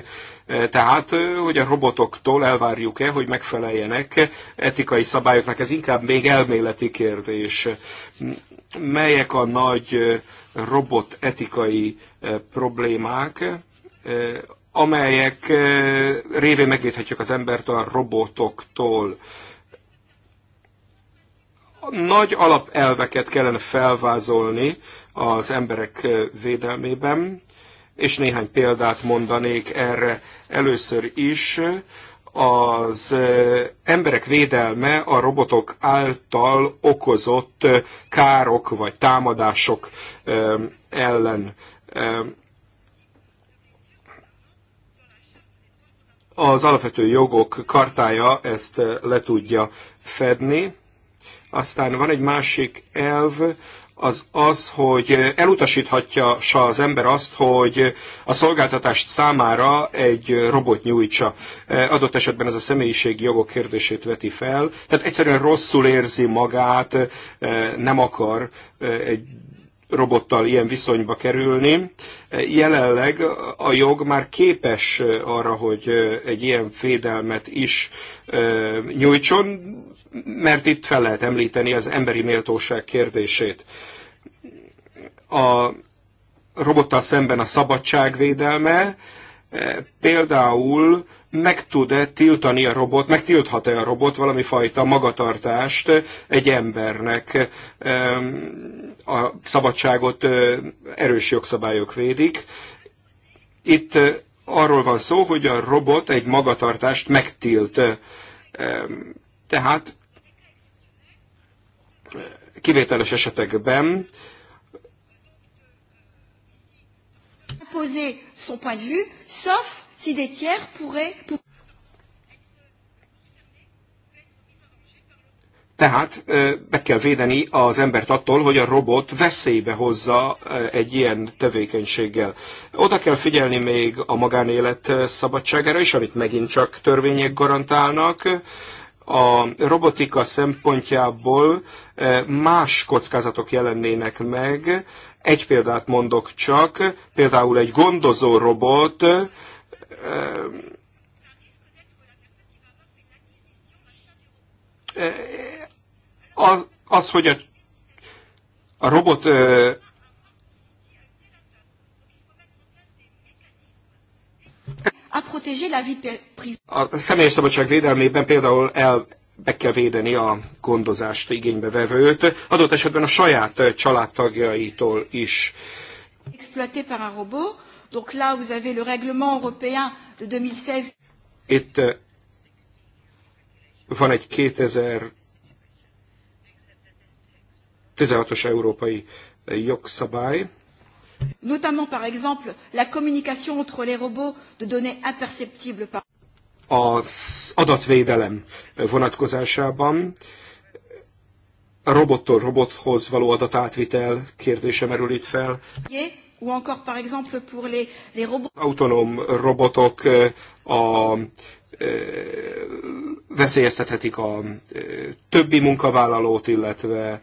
D: Eh, tehát, eh, hogy a robotoktól elvárjuk-e, hogy megfeleljenek etikai szabályoknak, ez inkább még elméleti kérdés. Melyek a nagy robot etikai problémák? Eh, amelyek eh, révén megvédhetjük az embert a robotoktól. Nagy alapelveket kellene felvázolni az emberek eh, védelmében, és néhány példát mondanék erre először is. Az emberek védelme a robotok által okozott károk vagy támadások ellen az alapvető jogok kartája ezt eh, le tudja fedni. Aztán van egy másik elv, az az, hogy elutasíthatja az ember azt, hogy a szolgáltatást számára egy robot nyújtsa. Eh, adott esetben ez a személyiségi jogok kérdését veti fel. Tehát egyszerűen rosszul érzi magát, eh, nem akar egy robottal ilyen viszonyba kerülni. Jelenleg a jog már képes arra, hogy egy ilyen fédelmet is nyújtson, mert itt fel lehet említeni az emberi méltóság kérdését. A robottal szemben a szabadságvédelme, például meg tud-e tiltani a robot, tilthat e a robot valami fajta magatartást egy embernek. A szabadságot erős jogszabályok védik. Itt arról van szó, hogy a robot egy magatartást megtilt. Tehát kivételes esetekben
E: imposer son point de vue, sauf si des tiers pourraient.
D: Tehát be kell védeni az embert attól, hogy a robot veszélybe hozza egy ilyen tevékenységgel. Oda kell figyelni még a magánélet szabadságára is, amit megint csak törvények garantálnak a robotika szempontjából e, más kockázatok jelennének meg. Egy példát mondok csak, például egy gondozó robot e, e, az, hogy a, a robot A személyes szabadság védelmében például el, be kell védeni a gondozást igénybe vevőt, adott esetben a saját családtagjaitól is.
E: Exploité par un robot, donc là vous avez le règlement européen de 2016.
D: Itt van egy 2016-os európai jogszabály,
E: Notamment par exemple la communication entre les robots de données imperceptibles par
D: az adatvédelem vonatkozásában robottól robothoz való adatátvitel kérdése merül itt fel.
E: Ou encore, par exemple, pour les, les robots...
D: Autonóm robotok a, a, veszélyeztethetik a a többi munkavállalót, illetve a,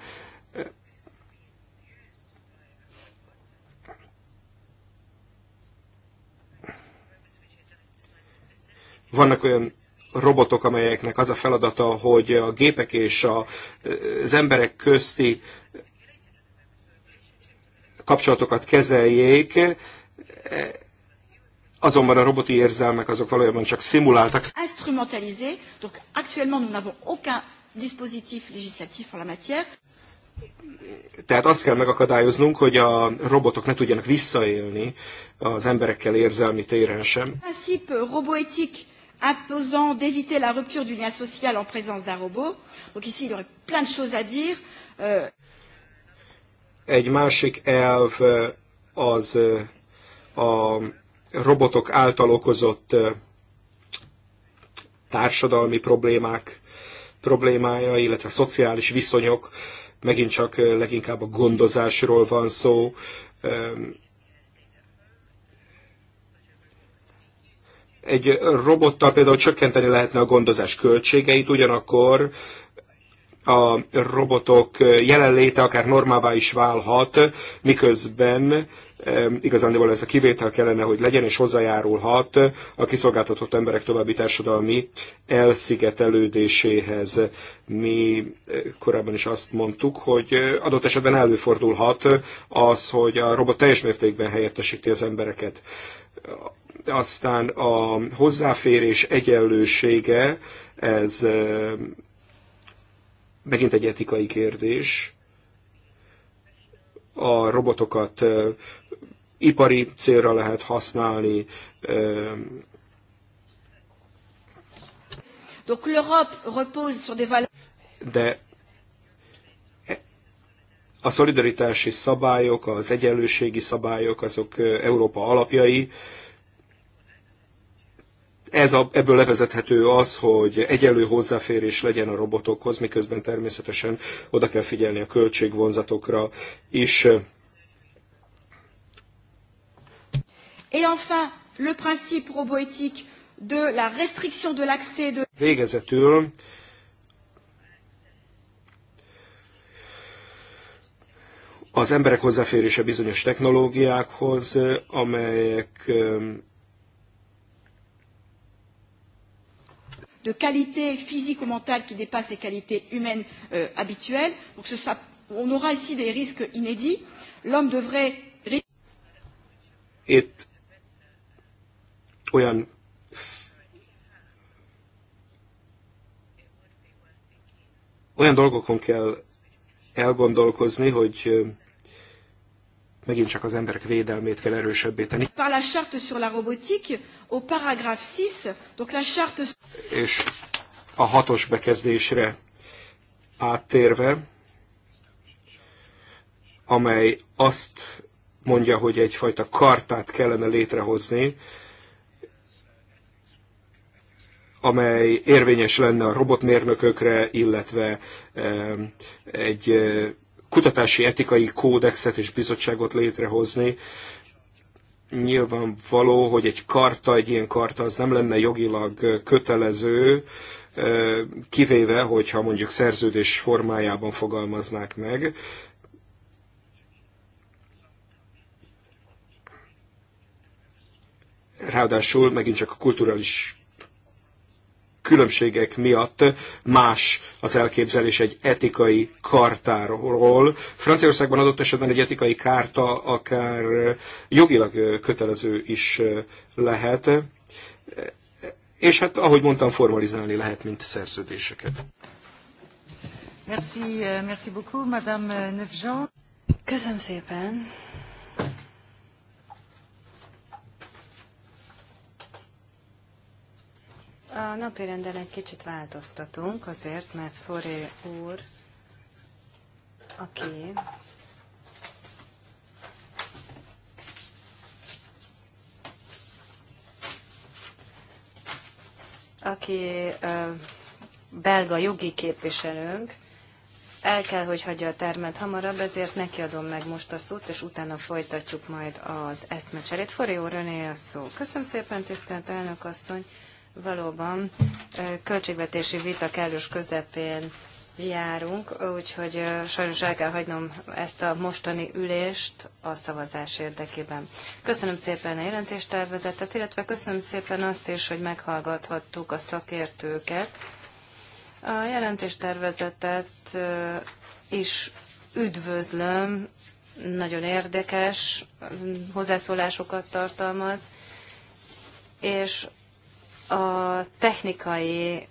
D: Vannak olyan robotok, amelyeknek az a feladata, hogy a gépek és a, az emberek közti kapcsolatokat kezeljék, azonban a roboti érzelmek azok valójában csak szimuláltak.
E: Instrumentalisé, donc actuellement nous n'avons aucun dispositif législatif en la matière.
D: Tehát azt kell megakadályoznunk, hogy a robotok ne tudjanak visszaélni az emberekkel érzelmi téren sem.
E: Principe roboétique imposant d'éviter la rupture du lien social en présence d'un robot. Donc ici, il y aurait plein de choses à dire. Euh,
D: Egy másik elv euh, az euh, a robotok által okozott társadalmi problémák problémája, illetve szociális viszonyok. Megint csak leginkább a gondozásról van szó Egy robottal például csökkenteni lehetne a gondozás költségeit, ugyanakkor a robotok jelenléte akár normává is válhat, miközben igazándiból ez a kivétel kellene, hogy legyen, és hozzájárulhat a kiszolgáltatott emberek további társadalmi elszigetelődéséhez. Mi eh, korábban is azt mondtuk, hogy eh, adott esetben előfordulhat az, hogy a robot teljes mértékben helyettesíti az embereket aztán a hozzáférés egyenlősége, ez megint egy etikai kérdés. A robotokat ipari célra lehet használni. De a szolidaritási szabályok, az egyenlőségi szabályok, azok Európa alapjai. Ez a, ebből levezethető az, hogy egyenlő hozzáférés legyen a robotokhoz, miközben természetesen oda kell figyelni a költségvonzatokra is. Et
E: enfin, le principe robotique de la restriction de l'accès de...
D: Végezetül az emberek hozzáférése bizonyos technológiákhoz, amelyek
E: de qualité physique ou mentale qui dépasse les qualités humaines euh, habituelles. Donc ce sera, on aura ici des risques inédits. L'homme devrait...
D: Itt olyan olyan dolgokon kell elgondolkozni, hogy megint csak az emberek védelmét kell erősebbé tenni.
E: Par la charte sur la robotique, au paragraphe 6, donc la charte...
D: És a hatos bekezdésre áttérve, amely azt mondja, hogy egyfajta kartát kellene létrehozni, amely érvényes lenne a robotmérnökökre, illetve eh, egy eh, kutatási etikai kódexet és bizottságot létrehozni. Nyilvánvaló, hogy egy karta, egy ilyen karta az nem lenne jogilag kötelező, kivéve, hogyha mondjuk szerződés formájában fogalmaznák meg, ráadásul megint csak a kulturális különbségek miatt más az elképzelés egy etikai kartáról. Franciaországban adott esetben egy etikai kárta akár jogilag kötelező is lehet, és hát ahogy mondtam, formalizálni lehet, mint szerződéseket.
A: Merci, euh, merci beaucoup, Madame Neufjean. Köszönöm
C: szépen. A napi renden egy kicsit változtatunk azért, mert Foré úr, aki aki ö, belga jogi képviselőnk, el kell, hogy hagyja a termet hamarabb, ezért neki adom meg most a szót, és utána folytatjuk majd az eszmecserét. Foré úr, öné a szó. Köszönöm szépen, tisztelt elnök asszony valóban költségvetési vita kellős közepén járunk, úgyhogy sajnos el kell hagynom ezt a mostani ülést a szavazás érdekében. Köszönöm szépen a jelentéstervezetet, illetve köszönöm szépen azt is, hogy meghallgathattuk a szakértőket. A jelentéstervezetet is üdvözlöm, nagyon érdekes hozzászólásokat tartalmaz, és a technikai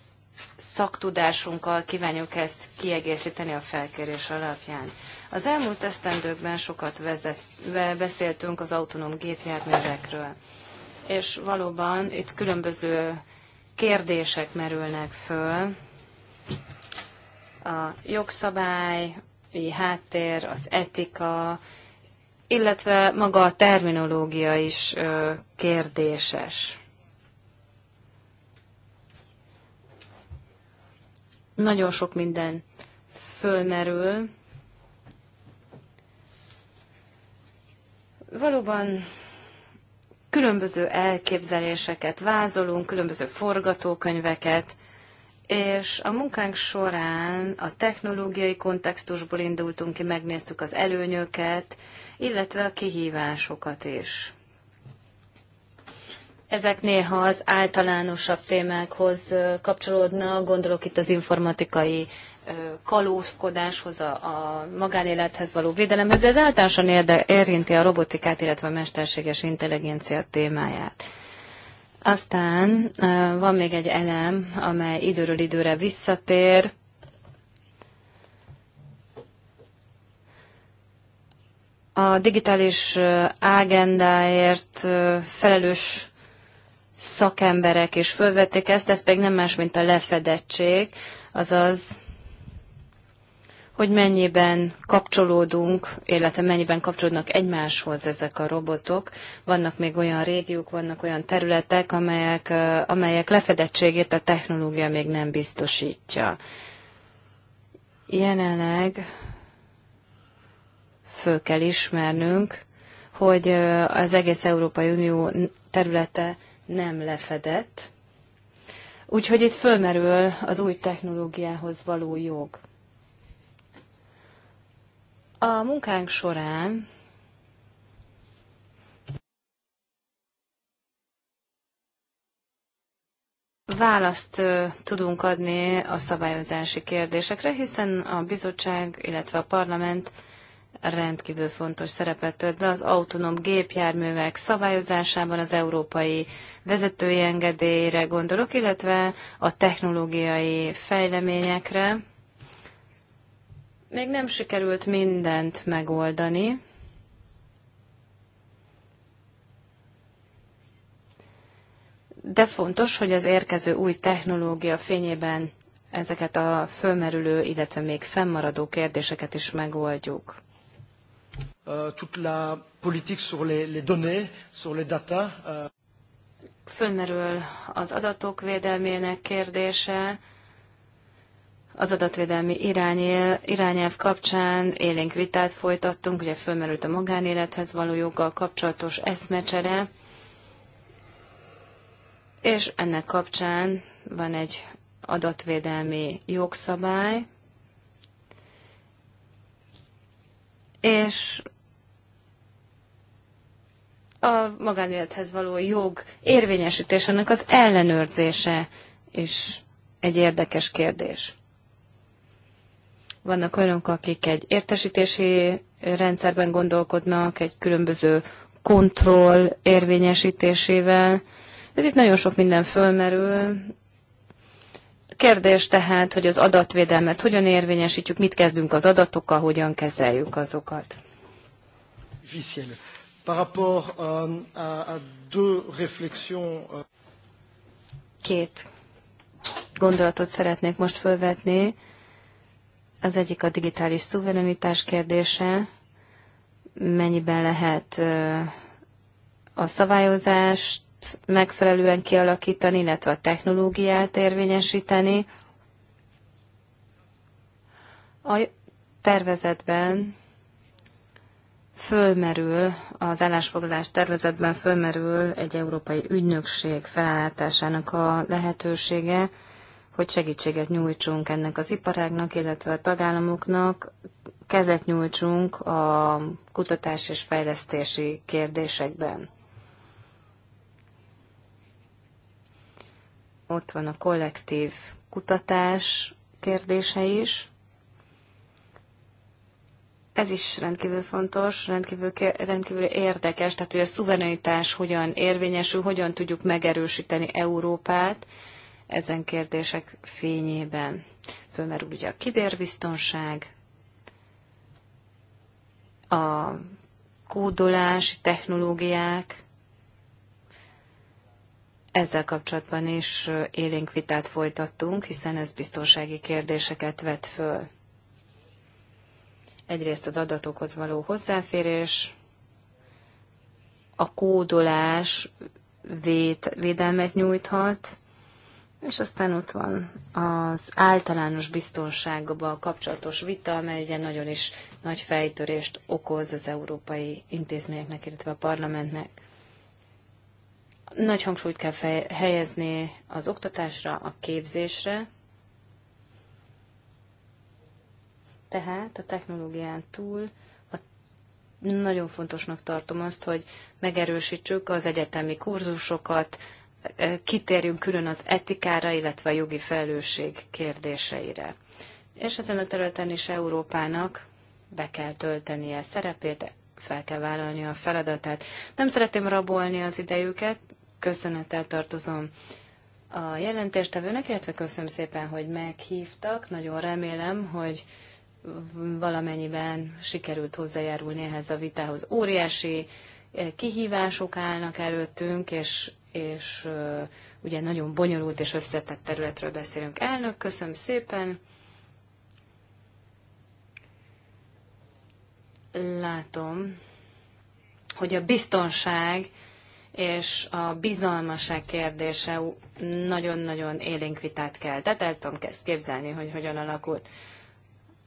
C: szaktudásunkkal kívánjuk ezt kiegészíteni a felkérés alapján. Az elmúlt esztendőkben sokat vezet, beszéltünk az autonóm gépjárművekről, és valóban itt különböző kérdések merülnek föl. A jogszabályi háttér, az etika, illetve maga a terminológia is kérdéses. Nagyon sok minden fölmerül. Valóban különböző elképzeléseket vázolunk, különböző forgatókönyveket, és a munkánk során a technológiai kontextusból indultunk ki, megnéztük az előnyöket, illetve a kihívásokat is. Ezek néha az általánosabb témákhoz kapcsolódnak, gondolok itt az informatikai kalózkodáshoz, a, a magánélethez való védelemhez, de ez általánosan érde, érinti a robotikát, illetve a mesterséges intelligencia témáját. Aztán van még egy elem, amely időről időre visszatér. A digitális ágendáért felelős szakemberek is fölvették ezt, ez pedig nem más, mint a lefedettség, azaz hogy mennyiben kapcsolódunk, illetve mennyiben kapcsolódnak egymáshoz ezek a robotok. Vannak még olyan régiók, vannak olyan területek, amelyek, amelyek lefedettségét a technológia még nem biztosítja. Jelenleg föl kell ismernünk, hogy az egész Európai Unió területe nem lefedett. Úgyhogy itt fölmerül az új technológiához való jog. A munkánk során választ tudunk adni a szabályozási kérdésekre, hiszen a bizottság, illetve a parlament rendkívül fontos szerepet tölt be az autonóm gépjárművek szabályozásában, az európai vezetői engedélyre gondolok, illetve a technológiai fejleményekre. Még nem sikerült mindent megoldani. De fontos, hogy az érkező új technológia fényében ezeket a fölmerülő, illetve még fennmaradó kérdéseket is megoldjuk
A: euh, toute la politique sur les, les données, sur les data. Euh.
C: az adatok védelmének kérdése, az adatvédelmi irányelv kapcsán élénk vitát folytattunk, ugye fölmerült a magánélethez való joggal kapcsolatos eszmecsere, és ennek kapcsán van egy adatvédelmi jogszabály, és a magánélethez való jog érvényesítésének az ellenőrzése is egy érdekes kérdés. Vannak olyanok, akik egy értesítési rendszerben gondolkodnak, egy különböző kontroll érvényesítésével. Ez itt nagyon sok minden fölmerül. Kérdés tehát, hogy az adatvédelmet hogyan érvényesítjük, mit kezdünk az adatokkal, hogyan kezeljük azokat.
A: Viszont par rapport euh, à, à deux réflexions.
C: Euh, Két gondolatot szeretnék most fölvetni. Az egyik a digitális szuverenitás kérdése, mennyiben lehet a szabályozást megfelelően kialakítani, illetve a technológiát érvényesíteni. A tervezetben fölmerül, az állásfoglalás tervezetben fölmerül egy európai ügynökség felállításának a lehetősége, hogy segítséget nyújtsunk ennek az iparágnak, illetve a tagállamoknak, kezet nyújtsunk a kutatás és fejlesztési kérdésekben. Ott van a kollektív kutatás kérdése is. Ez is rendkívül fontos, rendkívül, rendkívül érdekes, tehát hogy a szuverenitás hogyan érvényesül, hogyan tudjuk megerősíteni Európát ezen kérdések fényében. Fölmerül ugye a kiberbiztonság, a kódolási technológiák, ezzel kapcsolatban is élénk vitát folytattunk, hiszen ez biztonsági kérdéseket vet föl. Egyrészt az adatokhoz való hozzáférés, a kódolás véd, védelmet nyújthat, és aztán ott van az általános biztonsággal kapcsolatos vita, amely ugye nagyon is nagy fejtörést okoz az európai intézményeknek, illetve a parlamentnek. Nagy hangsúlyt kell fej- helyezni az oktatásra, a képzésre, Tehát a technológián túl a, nagyon fontosnak tartom azt, hogy megerősítsük az egyetemi kurzusokat, e, kitérjünk külön az etikára, illetve a jogi felelősség kérdéseire. És ezen a területen is Európának be kell töltenie szerepét, fel kell vállalni a feladatát. Nem szeretném rabolni az idejüket, köszönettel tartozom a jelentéstevőnek, illetve köszönöm szépen, hogy meghívtak. Nagyon remélem, hogy valamennyiben sikerült hozzájárulni ehhez a vitához. Óriási eh, kihívások állnak előttünk, és, és ugye nagyon bonyolult és összetett területről beszélünk. Elnök, köszönöm szépen! Látom, hogy a biztonság és a bizalmaság kérdése nagyon-nagyon élénk vitát kell. Tehát el tudom ezt képzelni, hogy hogyan alakult.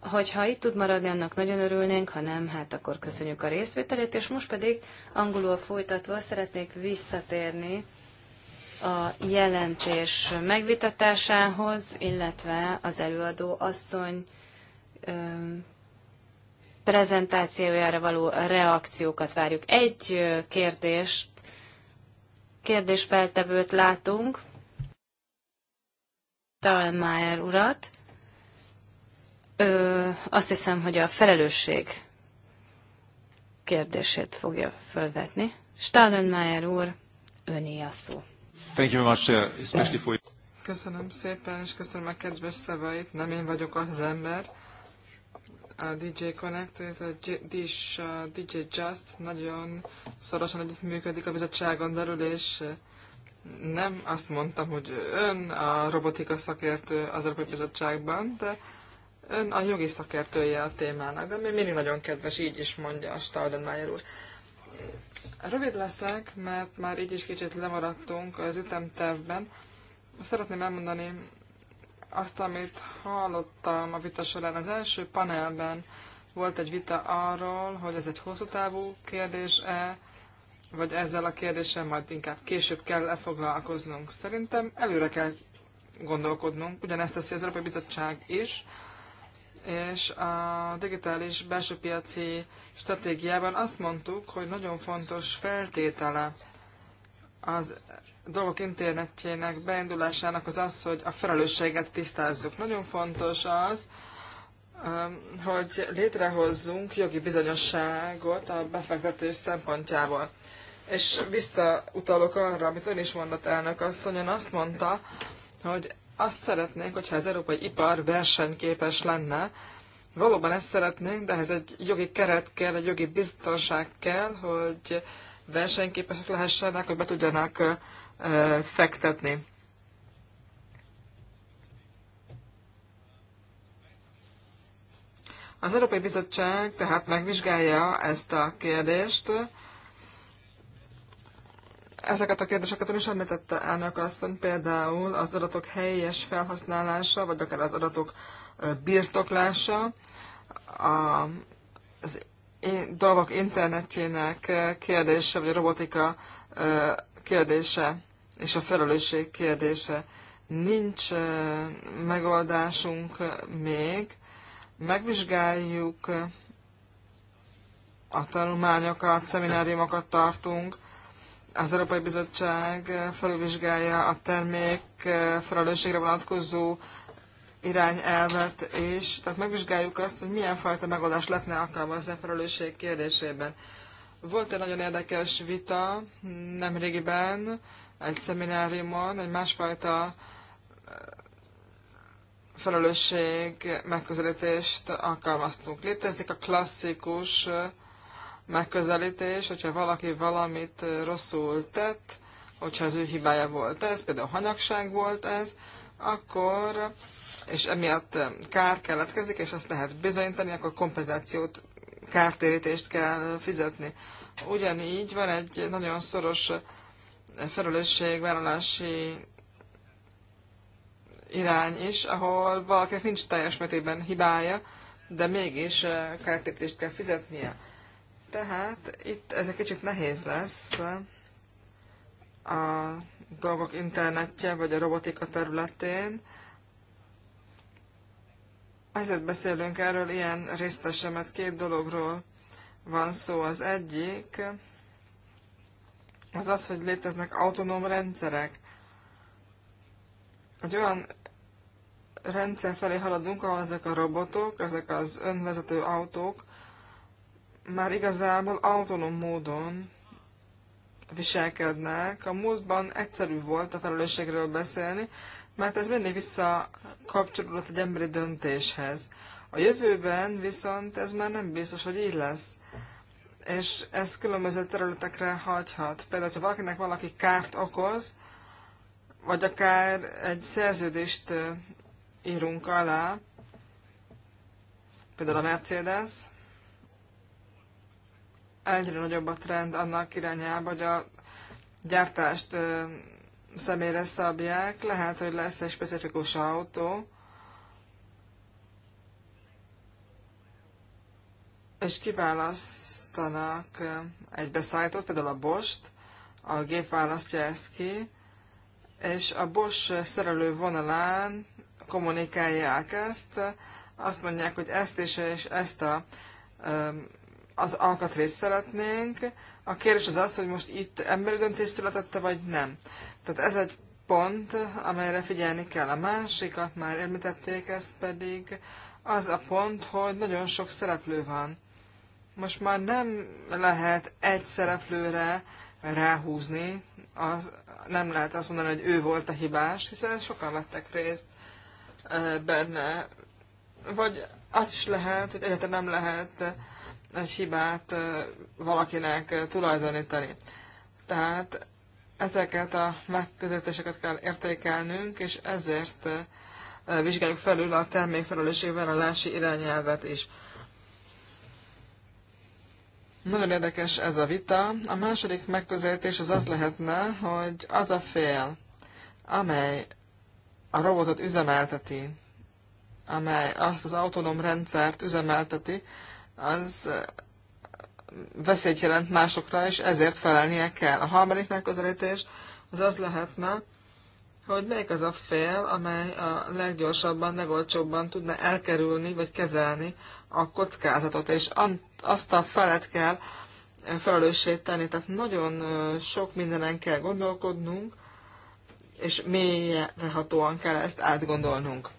C: Hogyha itt tud maradni, annak nagyon örülnénk, ha nem, hát akkor köszönjük a részvételét, és most pedig angolul folytatva szeretnék visszatérni a jelentés megvitatásához, illetve az előadó asszony ö, prezentációjára való reakciókat várjuk. Egy kérdést, kérdésfeltevőt látunk, Talmájer urat. Ö, azt hiszem, hogy a felelősség kérdését fogja felvetni. Staudenmayer úr, öné a szó.
D: Thank you very much, uh, especially for...
B: Köszönöm szépen, és köszönöm a kedves szavait. Nem én vagyok az ember. A DJ Connect, a DJ Just nagyon szorosan együttműködik a bizottságon belül, és uh, nem azt mondtam, hogy ön a robotika szakértő az Európai Bizottságban, de Ön a jogi szakértője a témának, de még mindig nagyon kedves, így is mondja a Staudenmayer úr. Rövid leszek, mert már így is kicsit lemaradtunk az ütemtervben. Szeretném elmondani azt, amit hallottam a vita során. Az első panelben volt egy vita arról, hogy ez egy hosszú távú kérdés-e, vagy ezzel a kérdéssel majd inkább később kell lefoglalkoznunk. Szerintem előre kell gondolkodnunk, ugyanezt teszi az Európai Bizottság is, és a digitális belső piaci stratégiában azt mondtuk, hogy nagyon fontos feltétele az dolgok internetjének beindulásának az az, hogy a felelősséget tisztázzuk. Nagyon fontos az, hogy létrehozzunk jogi bizonyosságot a befektetés szempontjából. És visszautalok arra, amit ön is mondott elnök asszony, azt mondta, hogy azt szeretnénk, hogyha az európai ipar versenyképes lenne, valóban ezt szeretnénk, de ehhez egy jogi keret kell, egy jogi biztonság kell, hogy versenyképesek lehessenek, hogy be tudjanak fektetni. Az Európai Bizottság tehát megvizsgálja ezt a kérdést, Ezeket a kérdéseket is említette elnök asszony, például az adatok helyes felhasználása, vagy akár az adatok birtoklása, a, az dolgok internetjének kérdése, vagy a robotika kérdése és a felelősség kérdése. Nincs megoldásunk még. Megvizsgáljuk a tanulmányokat, szemináriumokat tartunk, az Európai Bizottság felülvizsgálja a termék felelősségre vonatkozó irányelvet, és tehát megvizsgáljuk azt, hogy milyen fajta megoldást lehetne alkalmazni a felelősség kérdésében. Volt egy nagyon érdekes vita nemrégiben, egy szemináriumon, egy másfajta eh, felelősség megközelítést alkalmaztunk. Létezik a klasszikus eh, megközelítés, hogyha valaki valamit rosszul tett, hogyha az ő hibája volt ez, például hanyagság volt ez, akkor, és emiatt kár keletkezik, és azt lehet bizonyítani, akkor kompenzációt, kártérítést kell fizetni. Ugyanígy van egy nagyon szoros felelősségvállalási irány is, ahol valakinek nincs teljes mértékben hibája, de mégis kártérítést kell fizetnie. Tehát itt ez egy kicsit nehéz lesz a dolgok internetje vagy a robotika területén. Ezért beszélünk erről ilyen részletesen, mert két dologról van szó. Az egyik az az, hogy léteznek autonóm rendszerek. Egy olyan rendszer felé haladunk, ahol ezek a robotok, ezek az önvezető autók már igazából autonóm módon viselkednek. A múltban egyszerű volt a felelősségről beszélni, mert ez mindig visszakapcsolódott egy emberi döntéshez. A jövőben viszont ez már nem biztos, hogy így lesz. És ez különböző területekre hagyhat. Például, ha valakinek valaki kárt okoz, vagy akár egy szerződést írunk alá, például a Mercedes, egyre nagyobb a trend annak irányába, hogy a gyártást személyre szabják, lehet, hogy lesz egy specifikus autó, és kiválasztanak egy beszállítót, például a Bost, a gép választja ezt ki, és a Bosch szerelő vonalán kommunikálják ezt, azt mondják, hogy ezt és, és ezt a az alkatrészt szeretnénk. A kérdés az az, hogy most itt emberi döntés születette, vagy nem. Tehát ez egy pont, amelyre figyelni kell. A másikat már említették, ez pedig az a pont, hogy nagyon sok szereplő van. Most már nem lehet egy szereplőre ráhúzni, az, nem lehet azt mondani, hogy ő volt a hibás, hiszen sokan vettek részt benne. Vagy az is lehet, hogy egyáltalán nem lehet egy hibát e, valakinek e, tulajdonítani. Tehát ezeket a megközelítéseket kell értékelnünk, és ezért e, vizsgáljuk felül a termékfelelősségvállalási irányelvet is. Nagyon érdekes ez a vita. A második megközelítés az az lehetne, hogy az a fél, amely a robotot üzemelteti, amely azt az autonóm rendszert üzemelteti, az veszélyt jelent másokra, és ezért felelnie kell. A harmadik megközelítés az az lehetne, hogy melyik az a fél, amely a leggyorsabban, legolcsóbban tudna elkerülni vagy kezelni a kockázatot, és azt a felet kell felelőssé tenni. Tehát nagyon sok mindenen kell gondolkodnunk, és mélyrehatóan kell ezt átgondolnunk.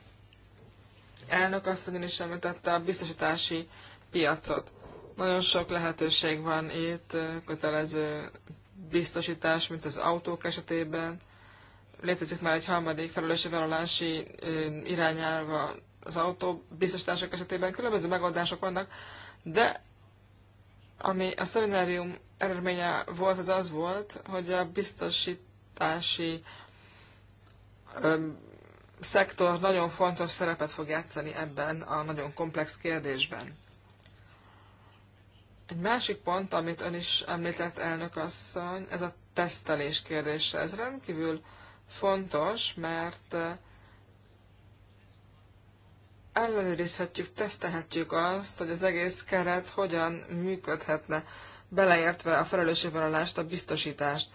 B: Elnök azt ugyanis említette a biztosítási piacot. Nagyon sok lehetőség van itt, kötelező biztosítás, mint az autók esetében. Létezik már egy harmadik felelősségi vállalási irányelva az autó biztosítások esetében. Különböző megoldások vannak, de ami a szeminárium eredménye volt, az az volt, hogy a biztosítási szektor nagyon fontos szerepet fog játszani ebben a nagyon komplex kérdésben. Egy másik pont, amit ön is említett, elnök asszony, ez a tesztelés kérdése. Ez rendkívül fontos, mert eh, ellenőrizhetjük, tesztelhetjük azt, hogy az egész keret hogyan működhetne, beleértve a felelősségvállalást, a biztosítást.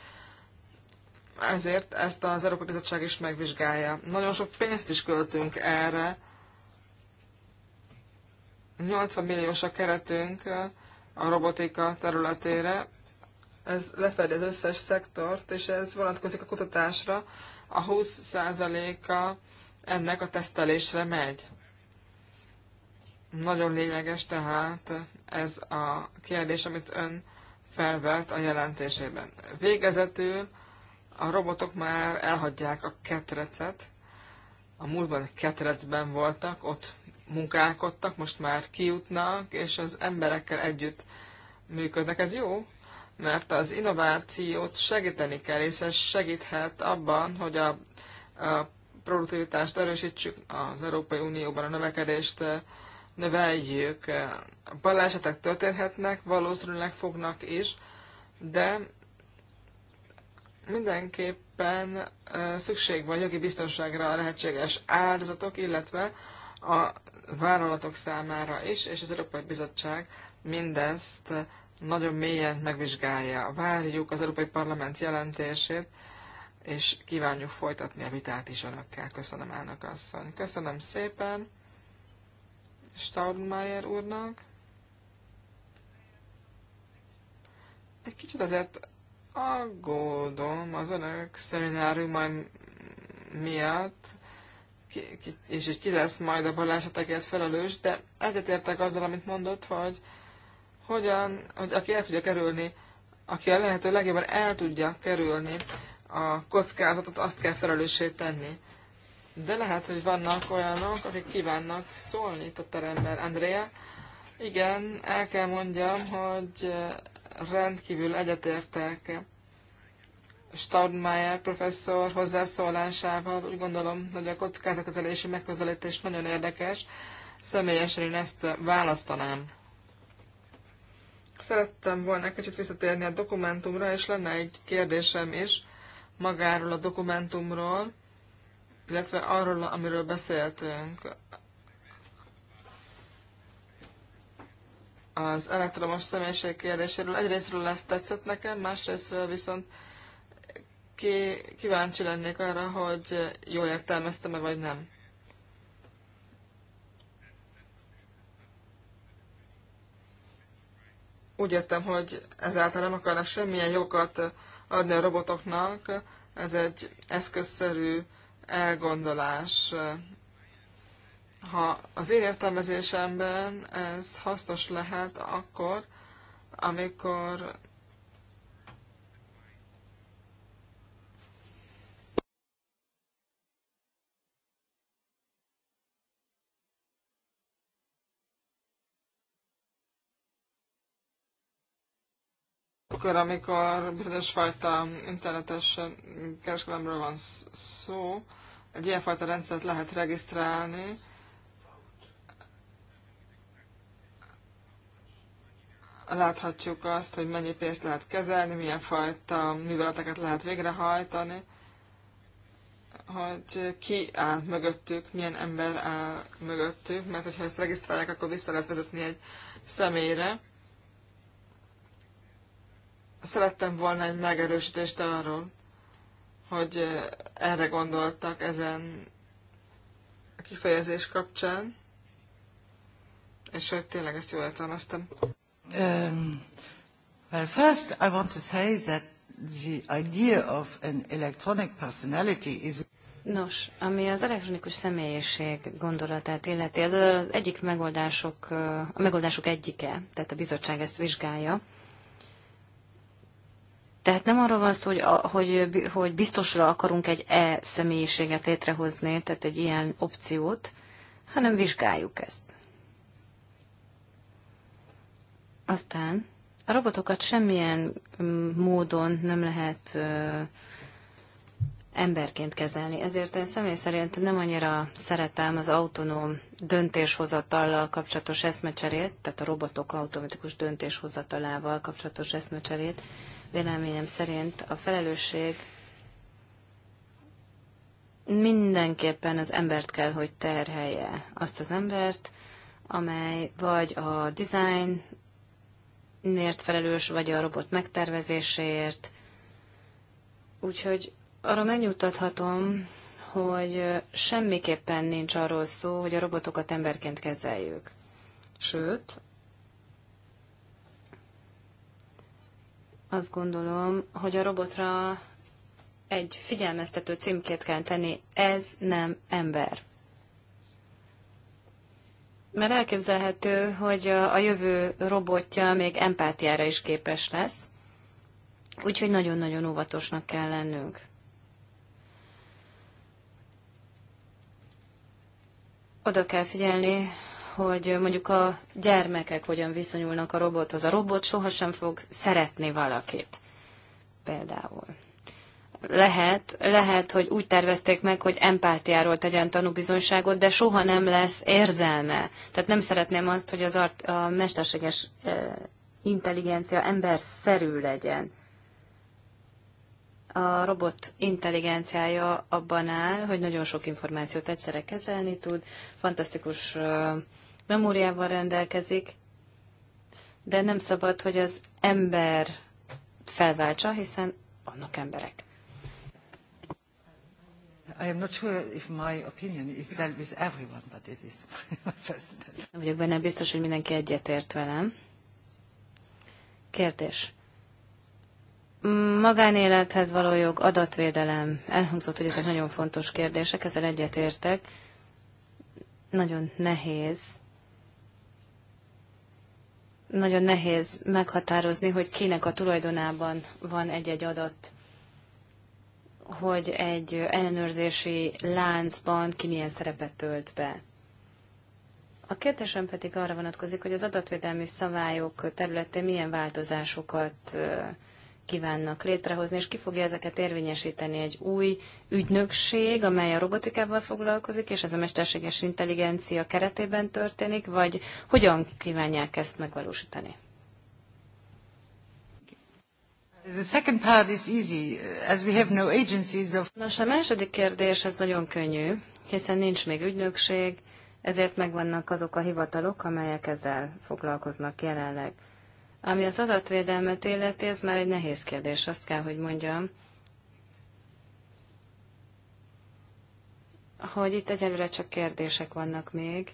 B: Ezért ezt az Európai Bizottság is megvizsgálja. Nagyon sok pénzt is költünk erre. 80 milliós a keretünk, eh, a robotika területére. Ez lefedi az összes szektort, és ez vonatkozik a kutatásra. A 20%-a ennek a tesztelésre megy. Nagyon lényeges tehát ez a kérdés, amit ön felvelt a jelentésében. Végezetül a robotok már elhagyják a ketrecet. A múltban ketrecben voltak, ott munkálkodtak, most már kijutnak, és az emberekkel együtt működnek. Ez jó, mert az innovációt segíteni kell, és ez segíthet abban, hogy a, a produktivitást erősítsük, az Európai Unióban a növekedést növeljük. Balesetek történhetnek, valószínűleg fognak is, de mindenképpen szükség van jogi biztonságra a lehetséges áldozatok, illetve a vállalatok számára is, és az Európai Bizottság mindezt nagyon mélyen megvizsgálja. Várjuk az Európai Parlament jelentését, és kívánjuk folytatni a vitát is önökkel. Köszönöm, elnök asszony. Köszönöm szépen Staudmeier úrnak. Egy kicsit azért aggódom az önök szemináriumai miatt, ki, ki, és hogy ki lesz majd a balesetekért felelős, de egyetértek azzal, amit mondott, hogy hogyan, hogy aki el tudja kerülni, aki a lehető legjobban el tudja kerülni a kockázatot, azt kell felelőssé tenni. De lehet, hogy vannak olyanok, akik kívánnak szólni itt a teremben. Andrea, igen, el kell mondjam, hogy rendkívül egyetértek Staudmeier professzor hozzászólásával úgy gondolom, hogy a kockázatkezelési megközelítés nagyon érdekes. Személyesen én ezt választanám. Szerettem volna egy kicsit visszatérni a dokumentumra, és lenne egy kérdésem is magáról a dokumentumról, illetve arról, amiről beszéltünk. Az elektromos személyiség kérdéséről egyrésztről lesz tetszett nekem, másrésztről viszont ki, kíváncsi lennék arra, hogy jól értelmeztem-e, vagy nem. Úgy értem, hogy ezáltal nem akarnak semmilyen jogokat adni a robotoknak, ez egy eszközszerű elgondolás. Ha az én értelmezésemben ez hasznos lehet akkor, amikor akkor, amikor bizonyos fajta internetes kereskedelemről van szó, egy ilyenfajta rendszert lehet regisztrálni, láthatjuk azt, hogy mennyi pénzt lehet kezelni, milyen fajta műveleteket lehet végrehajtani, hogy ki áll mögöttük, milyen ember áll mögöttük, mert hogyha ezt regisztrálják, akkor vissza lehet vezetni egy személyre. Szerettem volna egy megerősítést arról, hogy eh, erre gondoltak ezen a kifejezés kapcsán, és hogy tényleg ezt jól értelmeztem.
A: Um, well, first I want to say that the idea of an electronic personality is...
C: Nos, ami az elektronikus személyiség gondolatát illeti, ez az egyik megoldások, eh, a megoldások egyike, tehát a bizottság ezt vizsgálja. Tehát nem arra van szó, hogy, hogy, hogy biztosra akarunk egy E személyiséget létrehozni, tehát egy ilyen opciót, hanem vizsgáljuk ezt. Aztán a robotokat semmilyen mm, módon nem lehet ö, emberként kezelni. Ezért én személy szerint nem annyira szeretem az autonóm döntéshozatallal kapcsolatos eszmecserét, tehát a robotok automatikus döntéshozatalával kapcsolatos eszmecserét, Véleményem szerint a felelősség mindenképpen az embert kell, hogy terhelje. Azt az embert, amely vagy a designért felelős, vagy a robot megtervezéséért. Úgyhogy arra megnyugtathatom, hogy semmiképpen nincs arról szó, hogy a robotokat emberként kezeljük. Sőt, Azt gondolom, hogy a robotra egy figyelmeztető címkét kell tenni, ez nem ember. Mert elképzelhető, hogy a jövő robotja még empátiára is képes lesz, úgyhogy nagyon-nagyon óvatosnak kell lennünk. Oda kell figyelni hogy mondjuk a gyermekek hogyan viszonyulnak a robothoz. A robot sohasem fog szeretni valakit. Például. Lehet, lehet, hogy úgy tervezték meg, hogy empátiáról tegyen tanúbizonyságot, de soha nem lesz érzelme. Tehát nem szeretném azt, hogy az art, a mesterséges e, intelligencia emberszerű legyen a robot intelligenciája abban áll, hogy nagyon sok információt egyszerre kezelni tud, fantasztikus e, memóriával rendelkezik, de nem szabad, hogy az ember felváltsa, hiszen vannak emberek.
A: I am not sure if my opinion is dealt with everyone, but it is my personal.
C: Nem vagyok benne biztos, hogy mindenki egyetért velem. Kérdés. Magánélethez való jog, adatvédelem. Elhangzott, hogy ezek nagyon fontos kérdések, ezzel egyetértek. Nagyon nehéz nagyon nehéz meghatározni, hogy kinek a tulajdonában van egy-egy adat, hogy egy ellenőrzési láncban ki milyen szerepet tölt be. A kérdésem pedig arra vonatkozik, hogy az adatvédelmi szabályok területén milyen változásokat kívánnak létrehozni, és ki fogja ezeket érvényesíteni egy új ügynökség, amely a robotikával foglalkozik, és ez a mesterséges intelligencia keretében történik, vagy hogyan kívánják ezt megvalósítani? The second part is easy, as we have no agencies of... Nos, a második kérdés, ez nagyon könnyű, hiszen nincs még ügynökség, ezért megvannak azok a hivatalok, amelyek ezzel foglalkoznak jelenleg. Ami az adatvédelmet illeti, ez már egy nehéz kérdés, azt kell, hogy mondjam. Hogy itt egyelőre csak kérdések vannak még.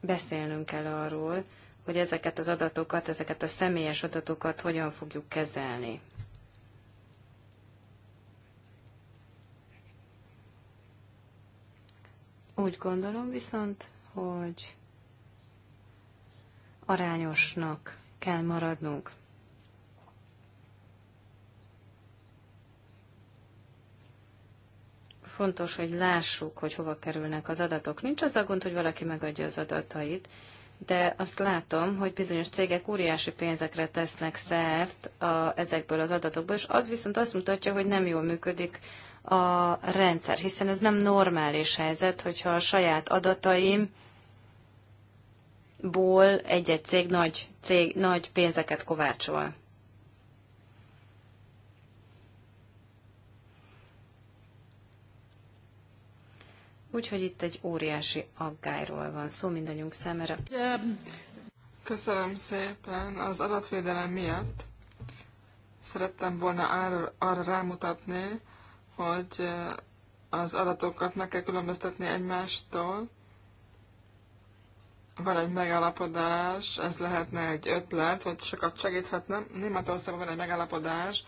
C: Beszélnünk kell arról, hogy ezeket az adatokat, ezeket a személyes adatokat hogyan fogjuk kezelni. Úgy gondolom viszont, hogy arányosnak kell maradnunk. Fontos, hogy lássuk, hogy hova kerülnek az adatok. Nincs az a gond, hogy valaki megadja az adatait, de azt látom, hogy bizonyos cégek óriási pénzekre tesznek szert a, ezekből az adatokból, és az viszont azt mutatja, hogy nem jól működik a rendszer, hiszen ez nem normális helyzet, hogyha a saját adataim ból egy-egy cég nagy, cég nagy pénzeket kovácsol. Úgyhogy itt egy óriási aggályról van szó mindannyiunk szemére.
B: Köszönöm szépen. Az adatvédelem miatt szerettem volna arra, arra rámutatni, hogy az adatokat meg kell különböztetni egymástól, van egy megállapodás, ez lehetne egy ötlet, vagy sokat segíthetne. Németországban van egy megállapodás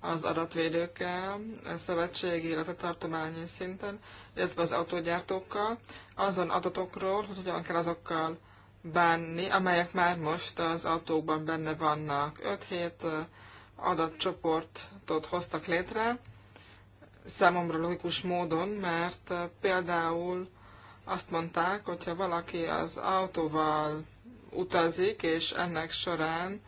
B: az adatvédőkkel, szövetségi, illetve tartományi szinten, illetve az autógyártókkal, azon adatokról, hogy hogyan kell azokkal bánni, amelyek már most az autókban benne vannak. 5-7 adatcsoportot hoztak létre, számomra logikus módon, mert például azt mondták, hogyha valaki az autóval utazik, és ennek során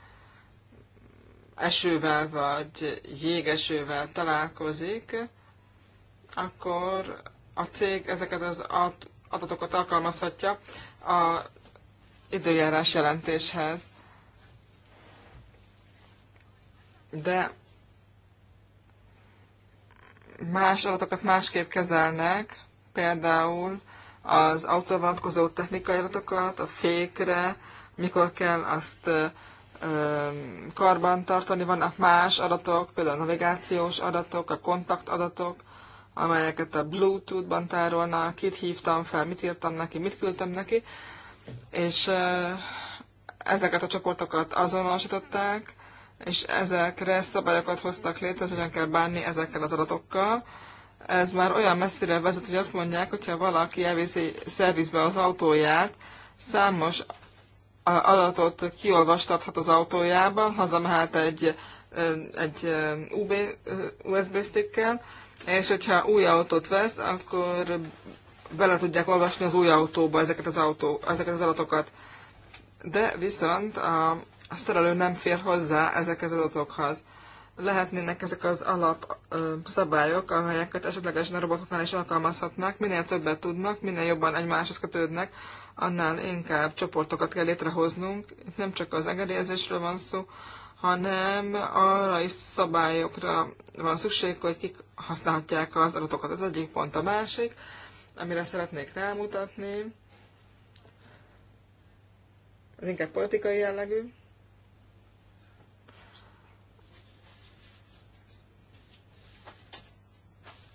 B: esővel vagy jégesővel találkozik, akkor a cég ezeket az adatokat alkalmazhatja az időjárás jelentéshez. De más adatokat másképp kezelnek, például az autóval vonatkozó technikai adatokat, a fékre, mikor kell azt karban tartani, vannak más adatok, például a navigációs adatok, a kontakt adatok, amelyeket a Bluetooth-ban tárolnak, kit hívtam fel, mit írtam neki, mit küldtem neki, és ezeket a csoportokat azonosították, és ezekre szabályokat hoztak létre, hogy hogyan kell bánni ezekkel az adatokkal, ez már olyan messzire vezet, hogy azt mondják, hogyha valaki elviszi szervizbe az autóját, számos adatot kiolvastathat az autójában, hazamehet egy, egy UB, USB stickkel, és hogyha új autót vesz, akkor bele tudják olvasni az új autóba ezeket az, autó, ezeket az adatokat. De viszont a, a szerelő nem fér hozzá ezekhez az adatokhoz lehetnének ezek az alap ö, szabályok, amelyeket esetlegesen a robotoknál is alkalmazhatnak. Minél többet tudnak, minél jobban egymáshoz kötődnek, annál inkább csoportokat kell létrehoznunk. Itt nem csak az engedélyezésről van szó, hanem arra is szabályokra van szükség, hogy kik használhatják az adatokat. Az egyik pont a másik, amire szeretnék rámutatni. Ez inkább politikai jellegű.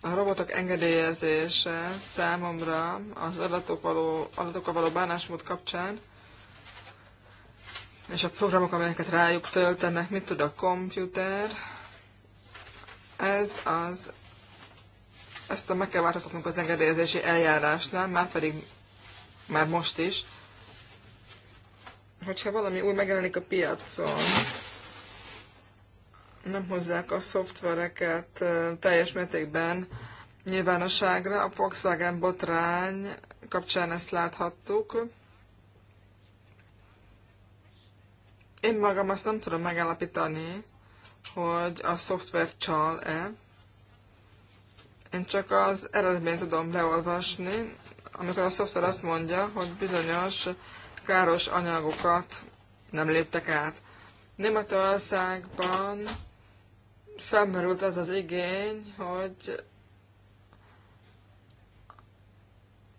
B: A robotok engedélyezése számomra az adatok való, adatokkal való bánásmód kapcsán és a programok, amelyeket rájuk töltenek, mit tud a komputer, ez az, ezt a meg kell változtatnunk az engedélyezési eljárásnál, már pedig már most is, hogyha valami új megjelenik a piacon, nem hozzák a szoftvereket teljes mértékben nyilvánosságra. A Volkswagen botrány kapcsán ezt láthattuk. Én magam azt nem tudom megállapítani, hogy a szoftver csal-e. Én csak az eredményt tudom leolvasni, amikor a szoftver azt mondja, hogy bizonyos káros anyagokat nem léptek át. Németországban felmerült az az igény, hogy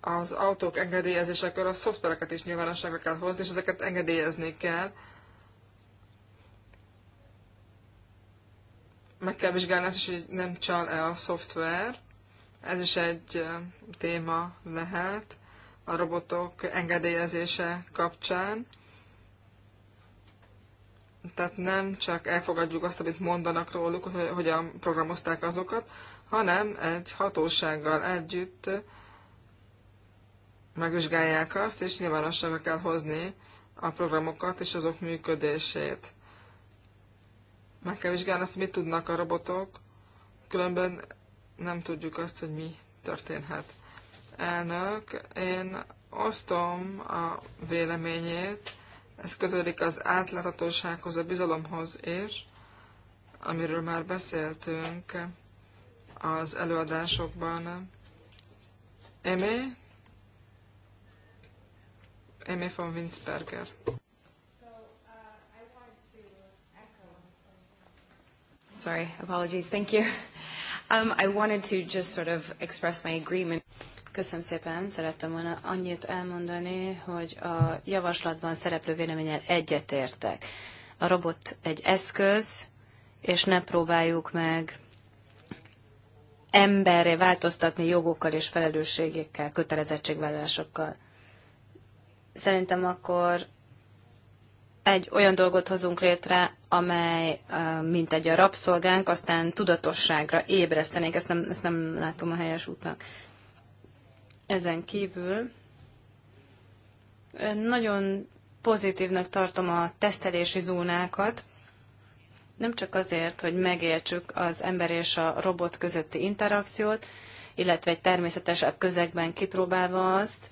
B: az autók engedélyezésekor a szoftvereket is nyilvánosságra kell hozni, és ezeket engedélyezni kell. Meg kell vizsgálni azt is, hogy nem csal-e a szoftver. Ez is egy téma lehet a robotok engedélyezése kapcsán tehát nem csak elfogadjuk azt, amit mondanak róluk, hogy hogyan programozták azokat, hanem egy hatósággal együtt megvizsgálják azt, és nyilvánosságra kell hozni a programokat és azok működését. Meg kell vizsgálni azt, mit tudnak a robotok, különben nem tudjuk azt, hogy mi történhet. Elnök, én osztom a véleményét, ez kötődik az átláthatósághoz, a bizalomhoz és, amiről már beszéltünk az előadásokban. Emé? Emé von Winsberger. Sorry, apologies.
C: Thank you. Um, I wanted to just sort of express my agreement. Köszönöm szépen, szerettem volna annyit elmondani, hogy a javaslatban szereplő véleményen egyetértek. A robot egy eszköz, és ne próbáljuk meg emberre változtatni jogokkal és felelősségekkel, kötelezettségvállalásokkal. Szerintem akkor egy olyan dolgot hozunk létre, amely mint egy a rabszolgánk, aztán tudatosságra ébresztenénk, ezt nem, ezt nem látom a helyes útnak. Ezen kívül nagyon pozitívnak tartom a tesztelési zónákat, nem csak azért, hogy megértsük az ember és a robot közötti interakciót, illetve egy természetesebb közegben kipróbálva azt,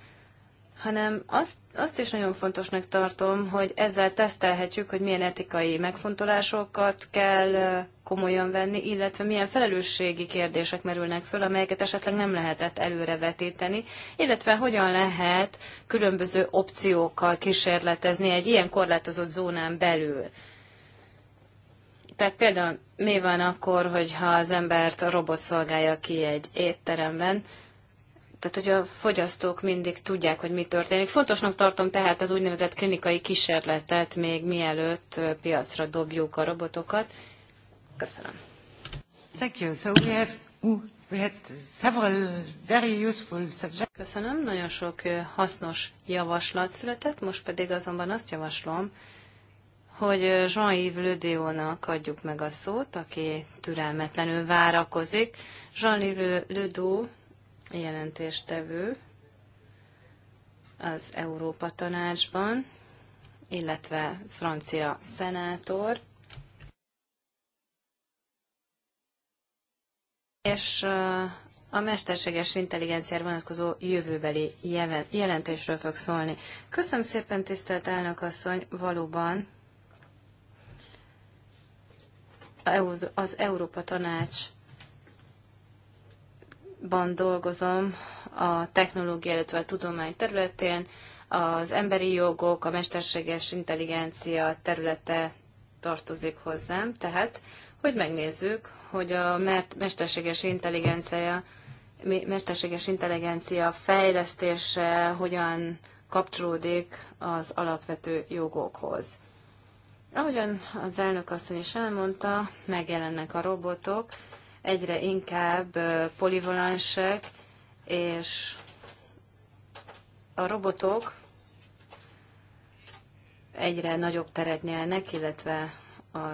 C: hanem azt, azt is nagyon fontosnak tartom, hogy ezzel tesztelhetjük, hogy milyen etikai megfontolásokat kell komolyan venni, illetve milyen felelősségi kérdések merülnek föl, amelyeket esetleg nem lehetett előrevetíteni, illetve hogyan lehet különböző opciókkal kísérletezni egy ilyen korlátozott zónán belül. Tehát például mi van akkor, hogyha az embert a robot szolgálja ki egy étteremben, tehát hogy a fogyasztók mindig tudják, hogy mi történik. Fontosnak tartom tehát az úgynevezett klinikai kísérletet, még mielőtt piacra dobjuk a robotokat. Köszönöm. Thank you. So we have, we had several very useful suggestions. Köszönöm. Nagyon sok hasznos javaslat született. Most pedig azonban azt javaslom, hogy Jean-Yves Le Déonnak adjuk meg a szót, aki türelmetlenül várakozik. Jean-Yves Le jelentéstevő az Európa Tanácsban, illetve francia szenátor. És uh, a mesterséges intelligenciára vonatkozó jövőbeli jelentésről fog szólni. Köszönöm szépen, tisztelt elnök asszony, valóban az Európa Tanács ban dolgozom a technológia, illetve a tudomány területén, az emberi jogok, a mesterséges intelligencia területe tartozik hozzám, tehát hogy megnézzük, hogy a mesterséges intelligencia, mesterséges intelligencia fejlesztése hogyan kapcsolódik az alapvető jogokhoz. Ahogyan az elnök asszony is elmondta, megjelennek a robotok, egyre inkább polivalensek, és a robotok egyre nagyobb teret nyelnek, illetve a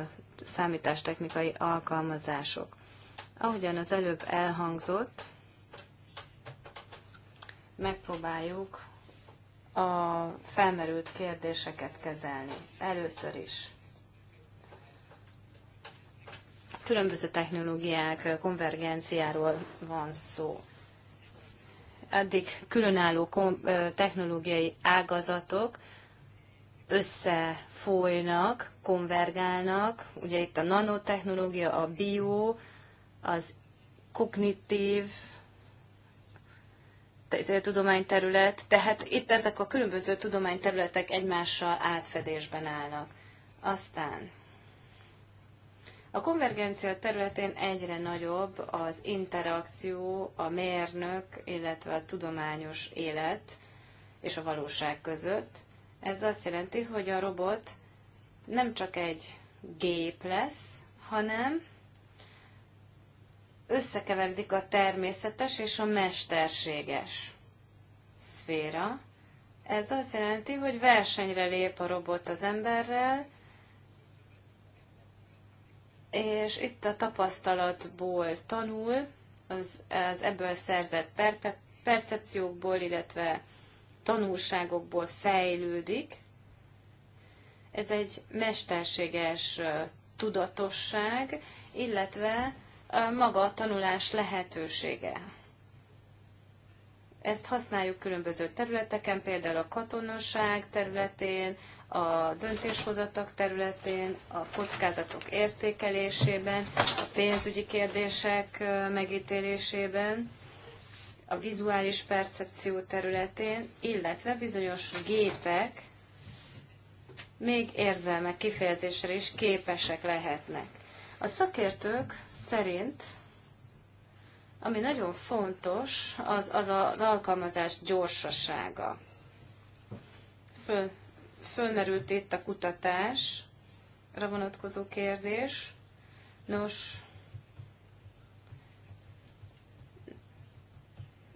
C: számítástechnikai alkalmazások. Ahogyan az előbb elhangzott, megpróbáljuk a felmerült kérdéseket kezelni. Először is Különböző technológiák konvergenciáról van szó. Eddig különálló technológiai ágazatok összefolynak, konvergálnak. Ugye itt a nanotechnológia, a bio, az kognitív tudományterület, tehát itt ezek a különböző tudományterületek egymással átfedésben állnak. Aztán a konvergencia területén egyre nagyobb az interakció a mérnök, illetve a tudományos élet és a valóság között. Ez azt jelenti, hogy a robot nem csak egy gép lesz, hanem összekeveredik a természetes és a mesterséges szféra. Ez azt jelenti, hogy versenyre lép a robot az emberrel, és itt a tapasztalatból tanul, az, az ebből szerzett perpe, percepciókból, illetve tanulságokból fejlődik. Ez egy mesterséges tudatosság, illetve maga a tanulás lehetősége. Ezt használjuk különböző területeken, például a katonaság területén, a döntéshozatak területén, a kockázatok értékelésében, a pénzügyi kérdések megítélésében, a vizuális percepció területén, illetve bizonyos gépek még érzelmek kifejezésre is képesek lehetnek. A szakértők szerint, ami nagyon fontos, az az, az alkalmazás gyorsasága. Föl fölmerült itt a kutatásra vonatkozó kérdés. Nos,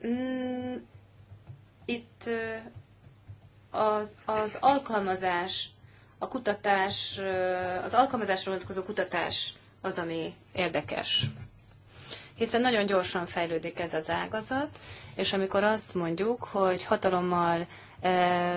C: mm, itt az, az alkalmazás, a kutatás, az alkalmazásra vonatkozó kutatás az, ami érdekes. Hiszen nagyon gyorsan fejlődik ez az ágazat, és amikor azt mondjuk, hogy hatalommal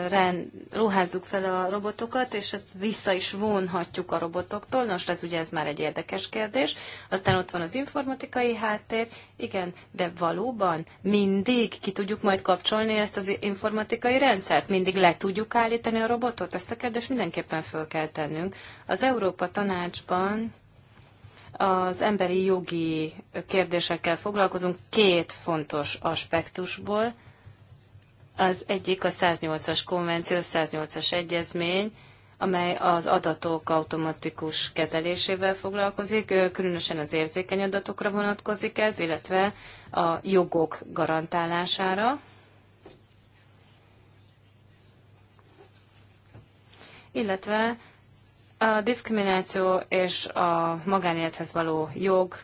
C: rend, ruházzuk fel a robotokat, és ezt vissza is vonhatjuk a robotoktól. Nos, ez ugye ez már egy érdekes kérdés. Aztán ott van az informatikai háttér, igen, de valóban mindig ki tudjuk majd kapcsolni ezt az informatikai rendszert? Mindig le tudjuk állítani a robotot? Ezt a kérdést mindenképpen föl kell tennünk. Az Európa Tanácsban az emberi jogi kérdésekkel foglalkozunk két fontos aspektusból. Az egyik a 108-as konvenció, 108-as egyezmény, amely az adatok automatikus kezelésével foglalkozik, különösen az érzékeny adatokra vonatkozik ez, illetve a jogok garantálására. Illetve a diszkrimináció és a magánélethez való jog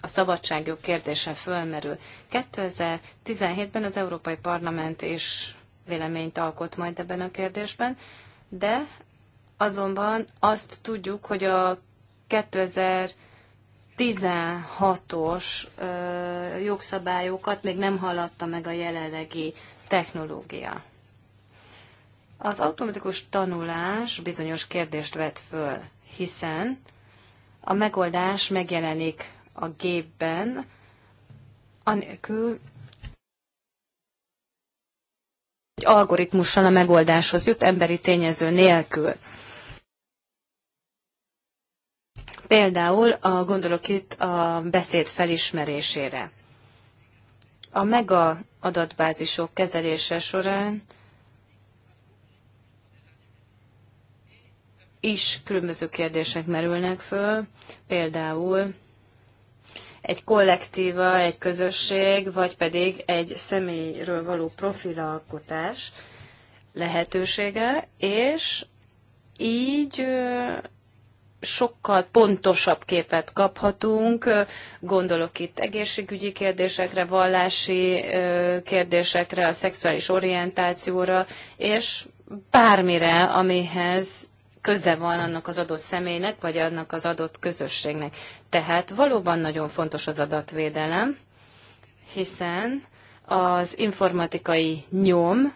C: a szabadságjog kérdése fölmerül. 2017-ben az Európai Parlament is véleményt alkot majd ebben a kérdésben, de azonban azt tudjuk, hogy a 2016-os jogszabályokat még nem haladta meg a jelenlegi technológia. Az automatikus tanulás bizonyos kérdést vet föl, hiszen a megoldás megjelenik a gépben, anélkül, hogy algoritmussal a megoldáshoz jut, emberi tényező nélkül. Például a, gondolok itt a beszéd felismerésére. A mega adatbázisok kezelése során is különböző kérdések merülnek föl, például egy kollektíva, egy közösség, vagy pedig egy személyről való profilalkotás lehetősége, és így sokkal pontosabb képet kaphatunk. Gondolok itt egészségügyi kérdésekre, vallási kérdésekre, a szexuális orientációra, és bármire, amihez köze van annak az adott személynek, vagy annak az adott közösségnek. Tehát valóban nagyon fontos az adatvédelem, hiszen az informatikai nyom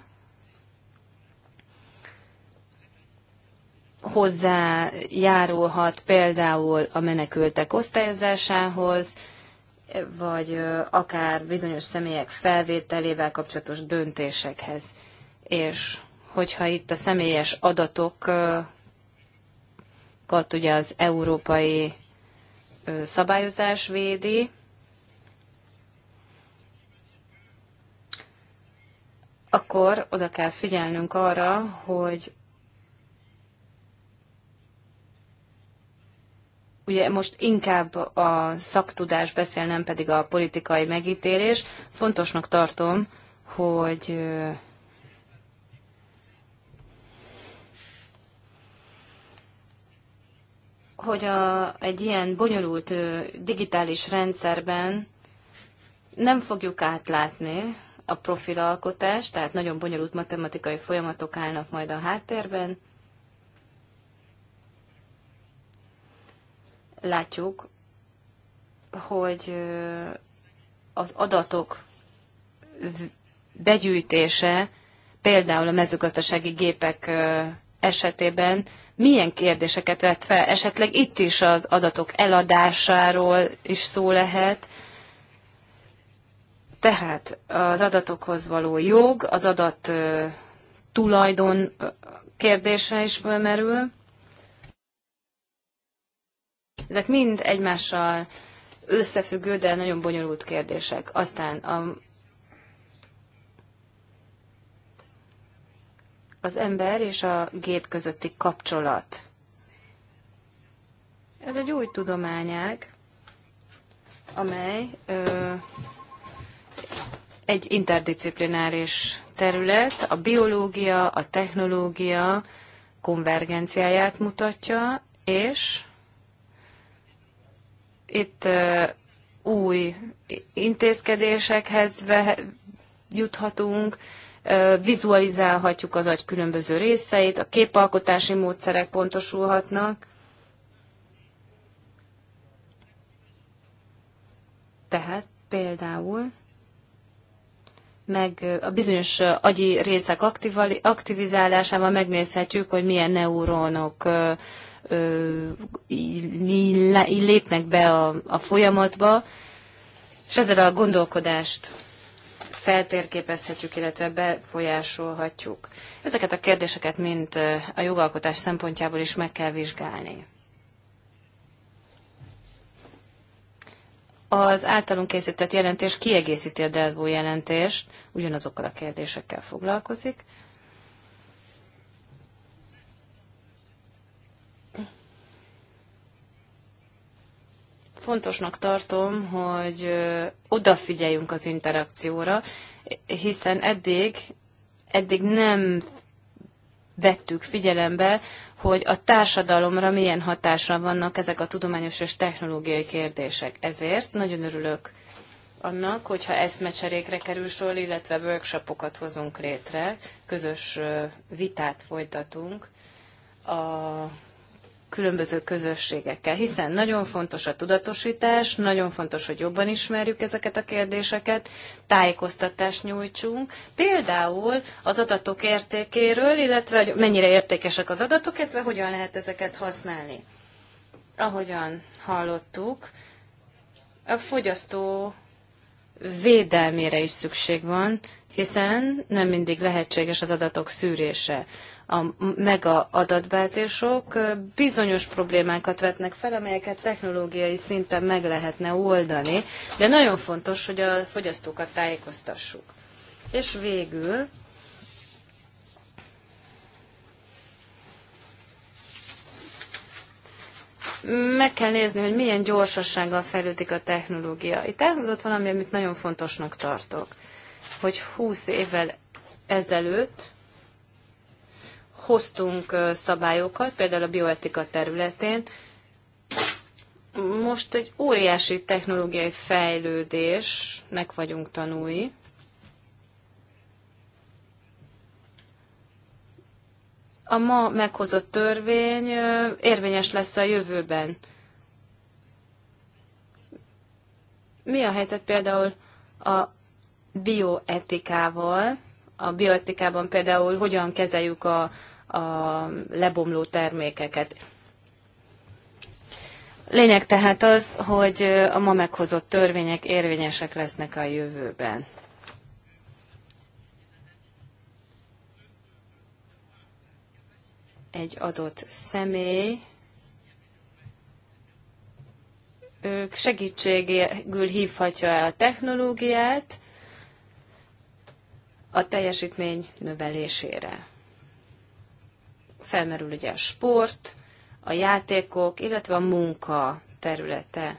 C: hozzájárulhat például a menekültek osztályozásához, vagy akár bizonyos személyek felvételével kapcsolatos döntésekhez. És hogyha itt a személyes adatok bankokat ugye az európai szabályozás védi. Akkor oda kell figyelnünk arra, hogy ugye most inkább a szaktudás beszél, nem pedig a politikai megítélés. Fontosnak tartom, hogy hogy a, egy ilyen bonyolult digitális rendszerben nem fogjuk átlátni a profilalkotást, tehát nagyon bonyolult matematikai folyamatok állnak majd a háttérben. Látjuk, hogy az adatok begyűjtése például a mezőgazdasági gépek esetében milyen kérdéseket vett fel? Esetleg itt is az adatok eladásáról is szó lehet. Tehát az adatokhoz való jog, az adat tulajdon kérdése is fölmerül. Ezek mind egymással összefüggő, de nagyon bonyolult kérdések. Aztán a az ember és a gép közötti kapcsolat. Ez egy új tudományág, amely ö, egy interdisziplináris terület, a biológia, a technológia konvergenciáját mutatja, és itt ö, új intézkedésekhez ve, juthatunk, vizualizálhatjuk az agy különböző részeit, a képalkotási módszerek pontosulhatnak, Tehát például meg a bizonyos agyi részek aktivizálásával megnézhetjük, hogy milyen neurónok lépnek be a, a folyamatba, és ezzel a gondolkodást feltérképezhetjük, illetve befolyásolhatjuk. Ezeket a kérdéseket mind a jogalkotás szempontjából is meg kell vizsgálni. Az általunk készített jelentés kiegészíti a Delvó jelentést, ugyanazokkal a kérdésekkel foglalkozik, fontosnak tartom, hogy odafigyeljünk az interakcióra, hiszen eddig, eddig nem vettük figyelembe, hogy a társadalomra milyen hatásra vannak ezek a tudományos és technológiai kérdések. Ezért nagyon örülök annak, hogyha eszmecserékre kerül sor, illetve workshopokat hozunk létre, közös vitát folytatunk a különböző közösségekkel, hiszen nagyon fontos a tudatosítás, nagyon fontos, hogy jobban ismerjük ezeket a kérdéseket, tájékoztatást nyújtsunk, például az adatok értékéről, illetve hogy mennyire értékesek az adatok, illetve hogyan lehet ezeket használni. Ahogyan hallottuk, a fogyasztó védelmére is szükség van, hiszen nem mindig lehetséges az adatok szűrése a mega adatbázisok bizonyos problémákat vetnek fel, amelyeket technológiai szinten meg lehetne oldani, de nagyon fontos, hogy a fogyasztókat tájékoztassuk. És végül meg kell nézni, hogy milyen gyorsasággal fejlődik a technológia. Itt elhozott valami, amit nagyon fontosnak tartok, hogy 20 évvel ezelőtt hoztunk szabályokat, például a bioetika területén. Most egy óriási technológiai fejlődésnek vagyunk tanulni. A ma meghozott törvény érvényes lesz a jövőben. Mi a helyzet például a bioetikával? A bioetikában például hogyan kezeljük a, a lebomló termékeket. Lényeg tehát az, hogy a ma meghozott törvények érvényesek lesznek a jövőben. Egy adott személy ők segítségül hívhatja el a technológiát a teljesítmény növelésére felmerül ugye a sport, a játékok, illetve a munka területe.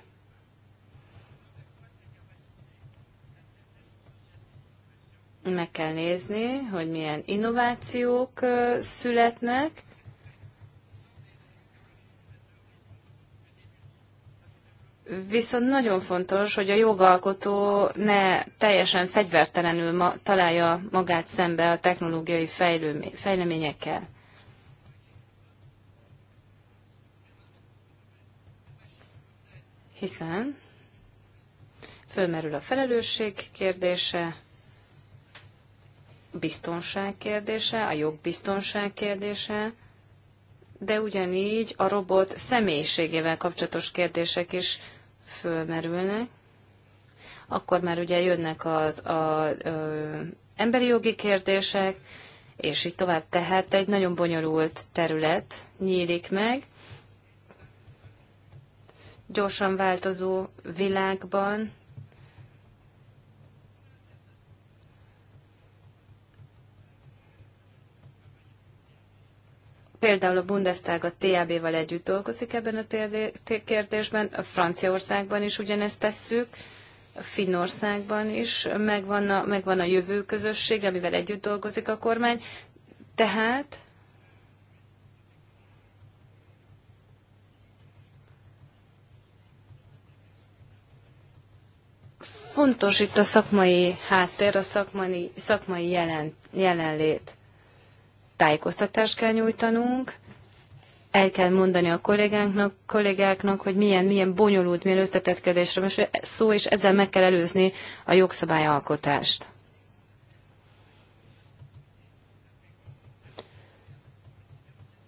C: Meg kell nézni, hogy milyen innovációk születnek, Viszont nagyon fontos, hogy a jogalkotó ne teljesen fegyvertelenül ma, találja magát szembe a technológiai fejlő, fejleményekkel. hiszen fölmerül a felelősség kérdése, biztonság kérdése, a jogbiztonság kérdése, de ugyanígy a robot személyiségével kapcsolatos kérdések is fölmerülnek. Akkor már ugye jönnek az a, ö, emberi jogi kérdések, és így tovább. Tehát egy nagyon bonyolult terület nyílik meg, gyorsan változó világban Például a Bundestag a TAB-val együtt dolgozik ebben a kérdésben, a Franciaországban is ugyanezt tesszük, Finnországban is megvan a, megvan a jövő közösség, amivel együtt dolgozik a kormány. Tehát Fontos itt a szakmai háttér, a szakmai, szakmai jelen, jelenlét. Tájékoztatást kell nyújtanunk, el kell mondani a kollégánknak, kollégáknak, hogy milyen, milyen bonyolult, milyen összetett kérdésre most szó, és ezzel meg kell előzni a jogszabályalkotást.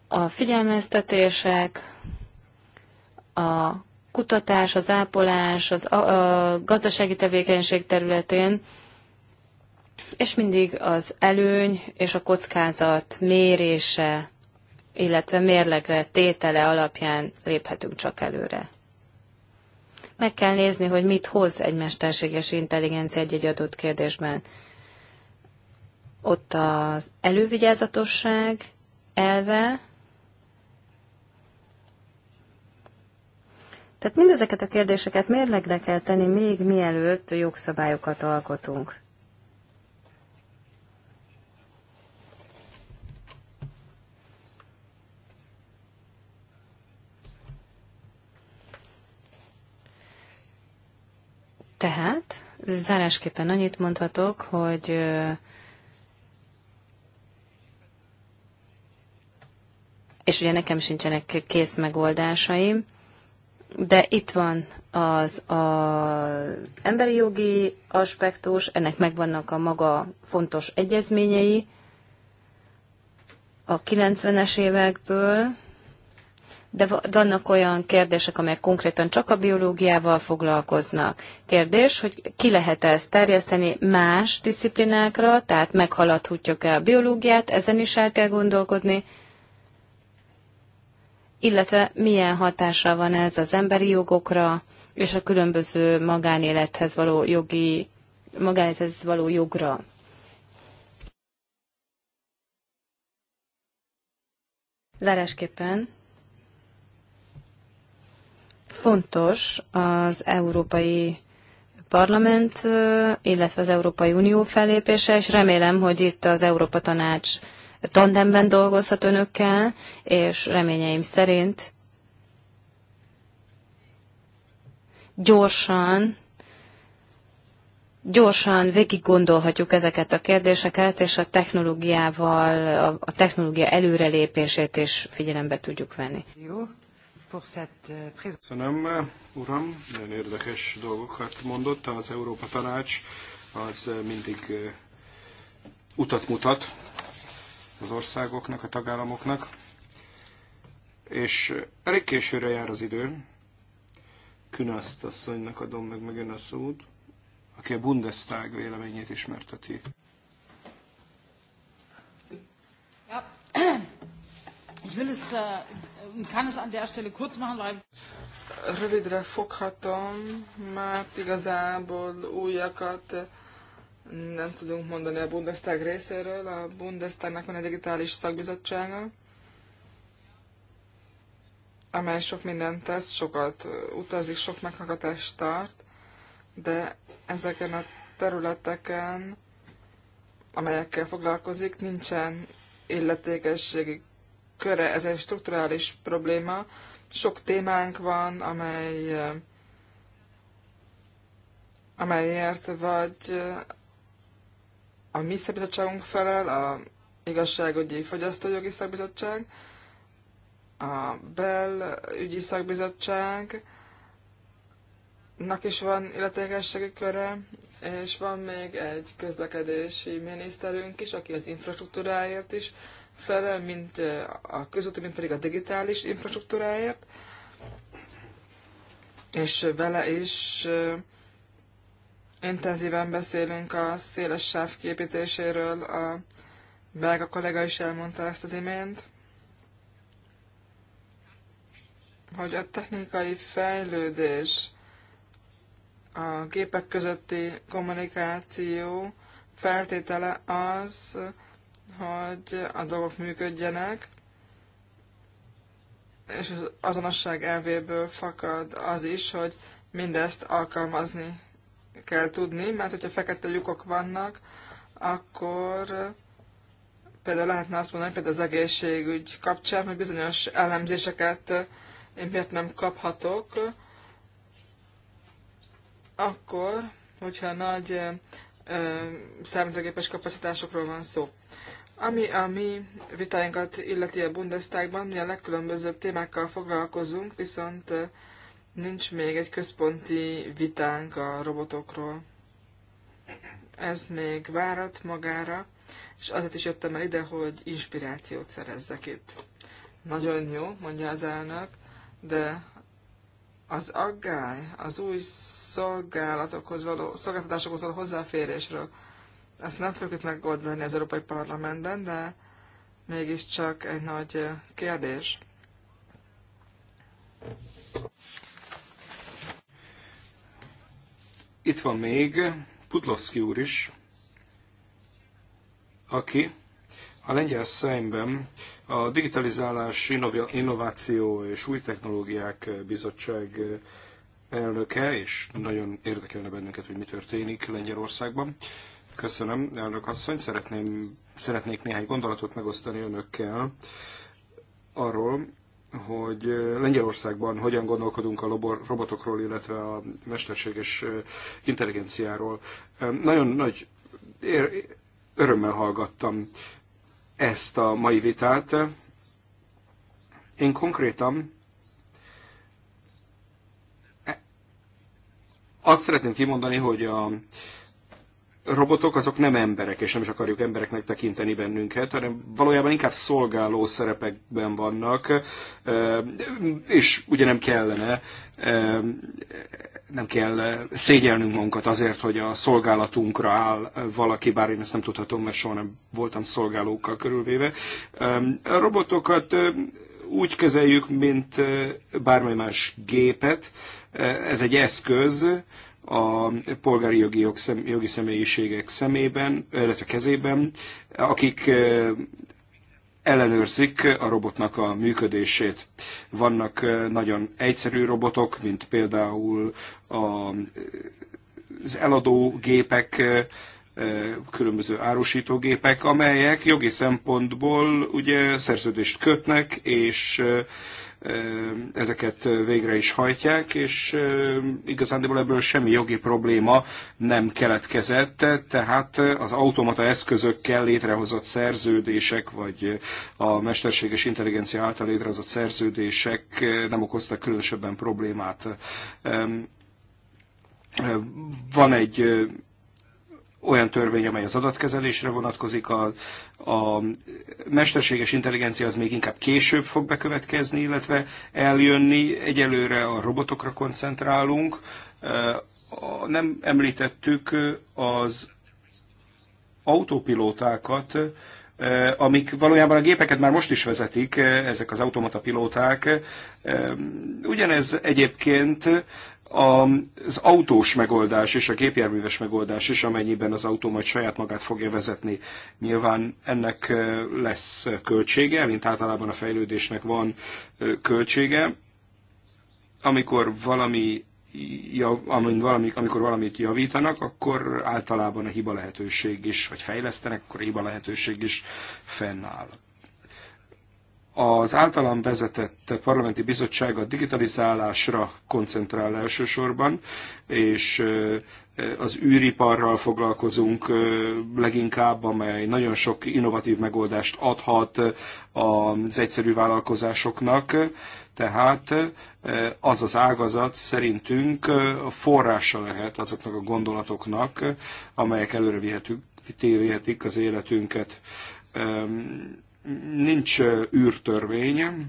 C: A figyelmeztetések, a kutatás, az ápolás, az a, a gazdasági tevékenység területén, és mindig az előny és a kockázat mérése, illetve mérlegre tétele alapján léphetünk csak előre. Meg kell nézni, hogy mit hoz egy mesterséges intelligencia egy-egy adott kérdésben. Ott az elővigyázatosság elve, Tehát mindezeket a kérdéseket mérlegre kell tenni, még mielőtt a jogszabályokat alkotunk. Tehát zárásképpen annyit mondhatok, hogy és ugye nekem sincsenek kész megoldásaim, de itt van az a emberi jogi aspektus, ennek megvannak a maga fontos egyezményei a 90-es évekből, de vannak olyan kérdések, amelyek konkrétan csak a biológiával foglalkoznak. Kérdés, hogy ki lehet ezt terjeszteni más disziplinákra, tehát meghaladhatjuk-e a biológiát, ezen is el kell gondolkodni, illetve milyen hatása van ez az emberi jogokra és a különböző magánélethez való jogi, magánélethez való jogra. Zárásképpen fontos az Európai Parlament, illetve az Európai Unió fellépése, és remélem, hogy itt az Európa Tanács tandemben dolgozhat önökkel, és reményeim szerint gyorsan, gyorsan végig gondolhatjuk ezeket a kérdéseket, és a technológiával, a, a technológia előrelépését is figyelembe tudjuk venni.
A: Jó. Euh,
D: Köszönöm, uram, nagyon érdekes dolgokat mondott. Az Európa Tanács az euh, mindig euh, utat mutat az országoknak, a tagállamoknak, és elég későre jár az idő. Künaszt asszonynak adom meg megint a szót, aki a Bundestag véleményét ismerteti.
A: Ja. Ich will es, äh, kann es an der Stelle kurz machen, weil
B: rövidre foghatom, mert igazából újakat nem tudunk mondani a Bundestag részéről. A Bundestagnak van egy digitális szakbizottsága, amely sok mindent tesz, sokat utazik, sok meghallgatást tart, de ezeken a területeken, amelyekkel foglalkozik, nincsen illetékességi köre, ez egy strukturális probléma. Sok témánk van, amely amelyért vagy a mi szakbizottságunk felel, a igazságügyi fogyasztójogi szakbizottság, a belügyi szakbizottságnak is van illetékességi köre, és van még egy közlekedési miniszterünk is, aki az infrastruktúráért is felel, mint a közúti, mint pedig a digitális infrastruktúráért, és vele is intenzíven beszélünk a széles sáv képítéséről, a belga kollega is elmondta ezt az imént, hogy a technikai fejlődés, a gépek közötti kommunikáció feltétele az, hogy a dolgok működjenek, és az azonosság elvéből fakad az is, hogy mindezt alkalmazni kell tudni, mert hogyha fekete lyukok vannak, akkor eh, például lehetne azt mondani, például az egészségügy kapcsán, hogy bizonyos elemzéseket eh, én miért nem kaphatok, akkor, hogyha nagy eh, számítógépes kapacitásokról van szó. Ami a mi vitáinkat illeti a Bundestagban, mi a legkülönbözőbb témákkal foglalkozunk, viszont Nincs még egy központi vitánk a robotokról. Ez még várat magára, és azért is jöttem el ide, hogy inspirációt szerezzek itt. Nagyon jó, mondja az elnök, de az aggály az új szolgálatokhoz való, szolgáltatásokhoz való hozzáférésről. Ezt nem fogjuk megoldani az Európai Parlamentben, de mégiscsak egy nagy kérdés.
D: Itt van még Putlowski úr is, aki a lengyel szájmben a Digitalizálás, Innováció és Új Technológiák Bizottság elnöke, és nagyon érdekelne bennünket, hogy mi történik Lengyelországban. Köszönöm, elnök asszony. Szeretném, szeretnék néhány gondolatot megosztani önökkel arról, hogy Lengyelországban hogyan gondolkodunk a robotokról, illetve a mesterséges intelligenciáról. Nagyon nagy örömmel hallgattam ezt a mai vitát. Én konkrétan e- azt szeretném kimondani, hogy a robotok azok nem emberek, és nem is akarjuk embereknek tekinteni bennünket, hanem valójában inkább szolgáló szerepekben vannak, és ugye nem kellene, nem kell szégyelnünk magunkat azért, hogy a szolgálatunkra áll valaki, bár én ezt nem tudhatom, mert soha nem voltam szolgálókkal körülvéve. A robotokat úgy kezeljük, mint bármely más gépet, ez egy eszköz, a polgári jogi, jogszem, jogi személyiségek szemében, illetve kezében, akik eh, ellenőrzik a robotnak a működését. Vannak eh, nagyon egyszerű robotok, mint például a, az eladó gépek, eh, különböző árusítógépek, amelyek jogi szempontból ugye szerződést kötnek, és ezeket végre is hajtják, és igazándiból ebből semmi jogi probléma nem keletkezett, tehát az automata eszközökkel létrehozott szerződések, vagy a mesterséges intelligencia által létrehozott szerződések nem okoztak különösebben problémát. Van egy olyan törvény, amely az adatkezelésre vonatkozik, a, a mesterséges intelligencia az még inkább később fog bekövetkezni, illetve eljönni. Egyelőre a robotokra koncentrálunk. Nem említettük az autópilótákat, amik valójában a gépeket már most is vezetik, ezek az automata pilóták. Ugyanez egyébként az autós megoldás és a gépjárműves megoldás is, amennyiben az autó majd saját magát fogja vezetni. Nyilván ennek lesz költsége, mint általában a fejlődésnek van költsége. Amikor valami valami, amikor valamit javítanak, akkor általában a hiba lehetőség is, vagy fejlesztenek, akkor a hiba lehetőség is fennáll. Az általam vezetett parlamenti bizottság a digitalizálásra koncentrál elsősorban, és az űriparral foglalkozunk leginkább, amely nagyon sok innovatív megoldást adhat az egyszerű vállalkozásoknak. Tehát az az ágazat szerintünk forrása lehet azoknak a gondolatoknak, amelyek előre vihetik az életünket nincs űrtörvény,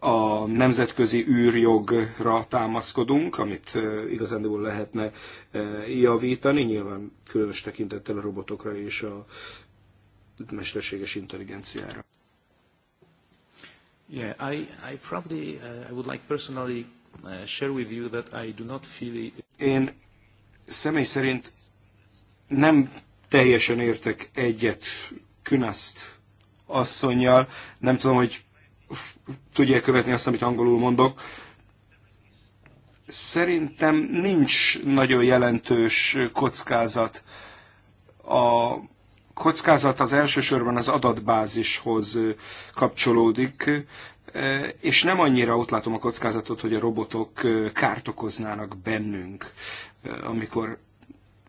D: a nemzetközi űrjogra támaszkodunk, amit igazándiból lehetne javítani, nyilván különös tekintettel a robotokra és a mesterséges intelligenciára. Yeah, I, I probably uh, I would like personally uh, share with you that I do not feel it. Én személy szerint nem teljesen értek egyet Künaszt asszonyjal. Nem tudom, hogy tudják követni azt, amit angolul mondok. Szerintem nincs nagyon jelentős kockázat. A kockázat az elsősorban az adatbázishoz kapcsolódik, és nem annyira ott látom a kockázatot, hogy a robotok kárt okoznának bennünk, amikor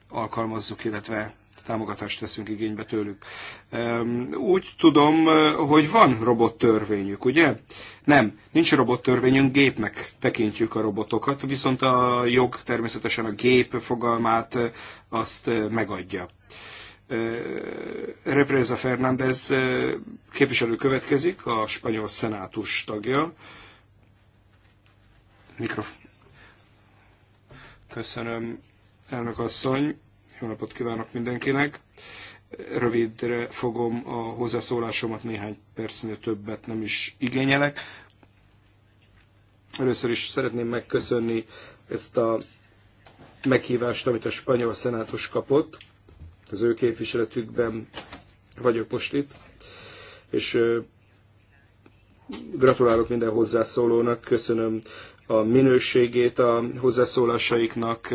D: alkalmazzuk, illetve támogatást teszünk igénybe tőlük. Úgy tudom, eh, hogy van robottörvényük, ugye? Nem, nincs robottörvényünk, gépnek tekintjük a robotokat, viszont a jog természetesen a gép fogalmát eh, azt eh, megadja. Repreza Fernández képviselő következik, a spanyol szenátus tagja. Mikrofon. Köszönöm, elnök asszony. Jó napot kívánok mindenkinek! Rövidre fogom a hozzászólásomat, néhány percnél többet nem is igényelek. Először is szeretném megköszönni ezt a meghívást, amit a spanyol szenátus kapott. Az ő képviseletükben vagyok most itt, és gratulálok minden hozzászólónak, köszönöm a minőségét a hozzászólásaiknak,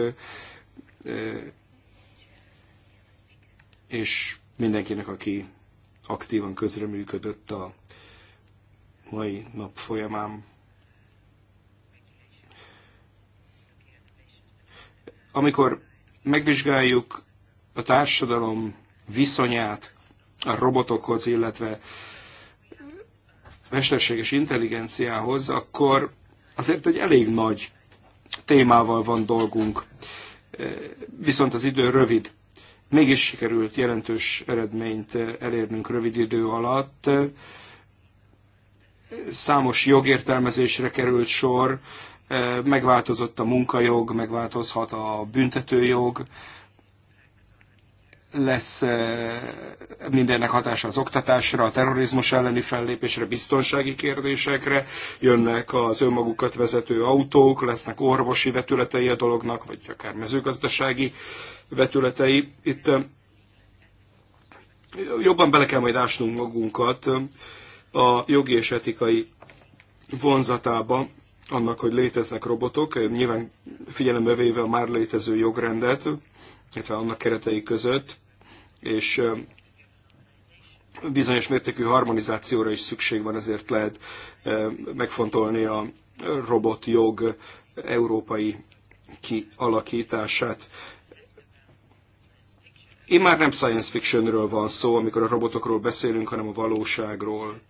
D: és mindenkinek, aki aktívan közreműködött a mai nap folyamán. Amikor megvizsgáljuk a társadalom viszonyát a robotokhoz, illetve mesterséges intelligenciához, akkor azért egy elég nagy témával van dolgunk. Viszont az idő rövid. Mégis sikerült jelentős eredményt elérnünk rövid idő alatt. Számos jogértelmezésre került sor, megváltozott a munkajog, megváltozhat a büntetőjog, lesz mindennek hatása az oktatásra, a terrorizmus elleni fellépésre, biztonsági kérdésekre, jönnek az önmagukat vezető autók, lesznek orvosi vetületei a dolognak, vagy akár mezőgazdasági vetületei. Itt jobban bele kell majd ásnunk magunkat a jogi és etikai vonzatába annak, hogy léteznek robotok, nyilván figyelembe véve a már létező jogrendet, illetve annak keretei között, és bizonyos mértékű harmonizációra is szükség van, ezért lehet megfontolni a robotjog európai kialakítását. Én már nem science fictionről van szó, amikor a robotokról beszélünk, hanem a valóságról.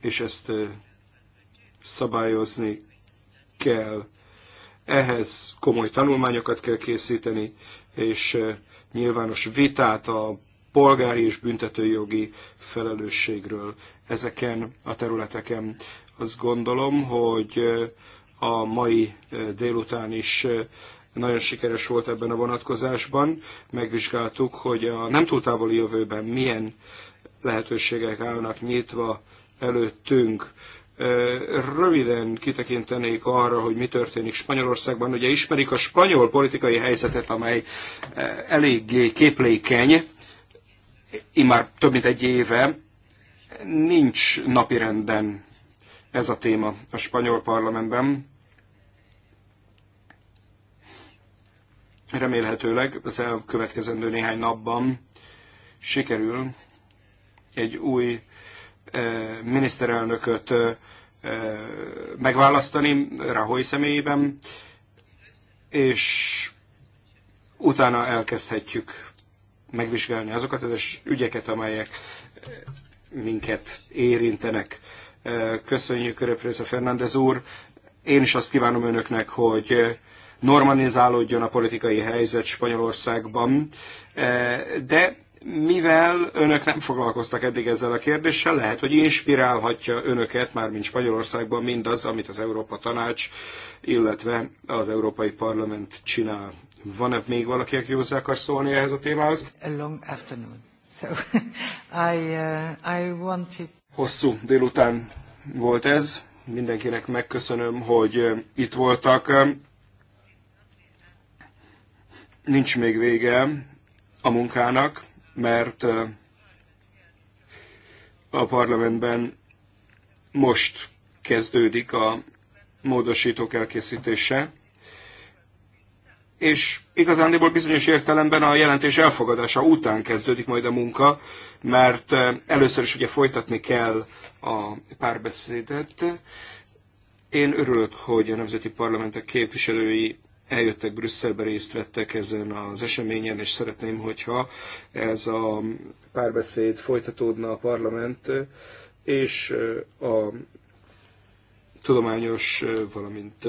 D: És ezt szabályozni kell. Ehhez komoly tanulmányokat kell készíteni, és eh, nyilvános vitát a polgári és büntetőjogi felelősségről ezeken a területeken. Azt gondolom, hogy eh, a mai eh, délután is nagyon sikeres volt ebben a vonatkozásban. Megvizsgáltuk, hogy a nem túl távoli jövőben milyen lehetőségek állnak nyitva előttünk Röviden kitekintenék arra, hogy mi történik Spanyolországban. Ugye ismerik a spanyol politikai helyzetet, amely eléggé képlékeny, immár több mint egy éve, nincs napirenden ez a téma a spanyol parlamentben. Remélhetőleg az elkövetkezendő néhány napban sikerül egy új miniszterelnököt megválasztani Rahoy személyében, és utána elkezdhetjük megvizsgálni azokat az ügyeket, amelyek minket érintenek. Köszönjük Repréza Fernández úr. Én is azt kívánom önöknek, hogy normalizálódjon a politikai helyzet Spanyolországban, de mivel önök nem foglalkoztak eddig ezzel a kérdéssel, lehet, hogy inspirálhatja önöket, mármint Spanyolországban mindaz, amit az Európa Tanács, illetve az Európai Parlament csinál. Van-e még valaki, aki hozzá akar szólni ehhez
A: a témához? A long afternoon. So, I, uh, I wanted...
D: Hosszú délután volt ez. Mindenkinek megköszönöm, hogy uh, itt voltak. Nincs még vége a munkának mert a parlamentben most kezdődik a módosítók elkészítése, és igazándiból bizonyos értelemben a jelentés elfogadása után kezdődik majd a munka, mert először is ugye folytatni kell a párbeszédet. Én örülök, hogy a nemzeti parlamentek képviselői eljöttek Brüsszelbe, részt vettek ezen az eseményen, és szeretném, hogyha ez a párbeszéd folytatódna a parlament és a tudományos, valamint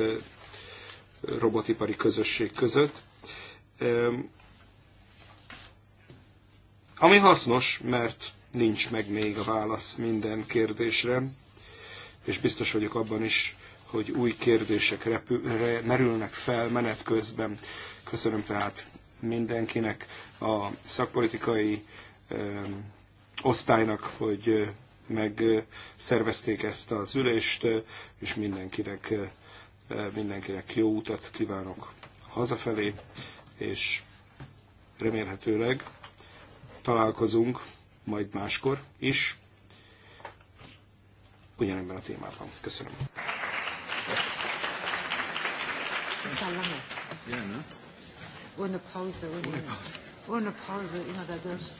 D: robotipari közösség között. Ami hasznos, mert nincs meg még a válasz minden kérdésre, és biztos vagyok abban is, hogy új kérdések repül, merülnek fel menet közben. Köszönöm tehát mindenkinek, a szakpolitikai osztálynak, hogy megszervezték ezt az ülést, és mindenkinek, mindenkinek jó utat kívánok hazafelé, és remélhetőleg találkozunk majd máskor is ugyanebben a témában. Köszönöm.
A: It's not long. Yeah, no? Una pausa, una, una pausa, una de dos.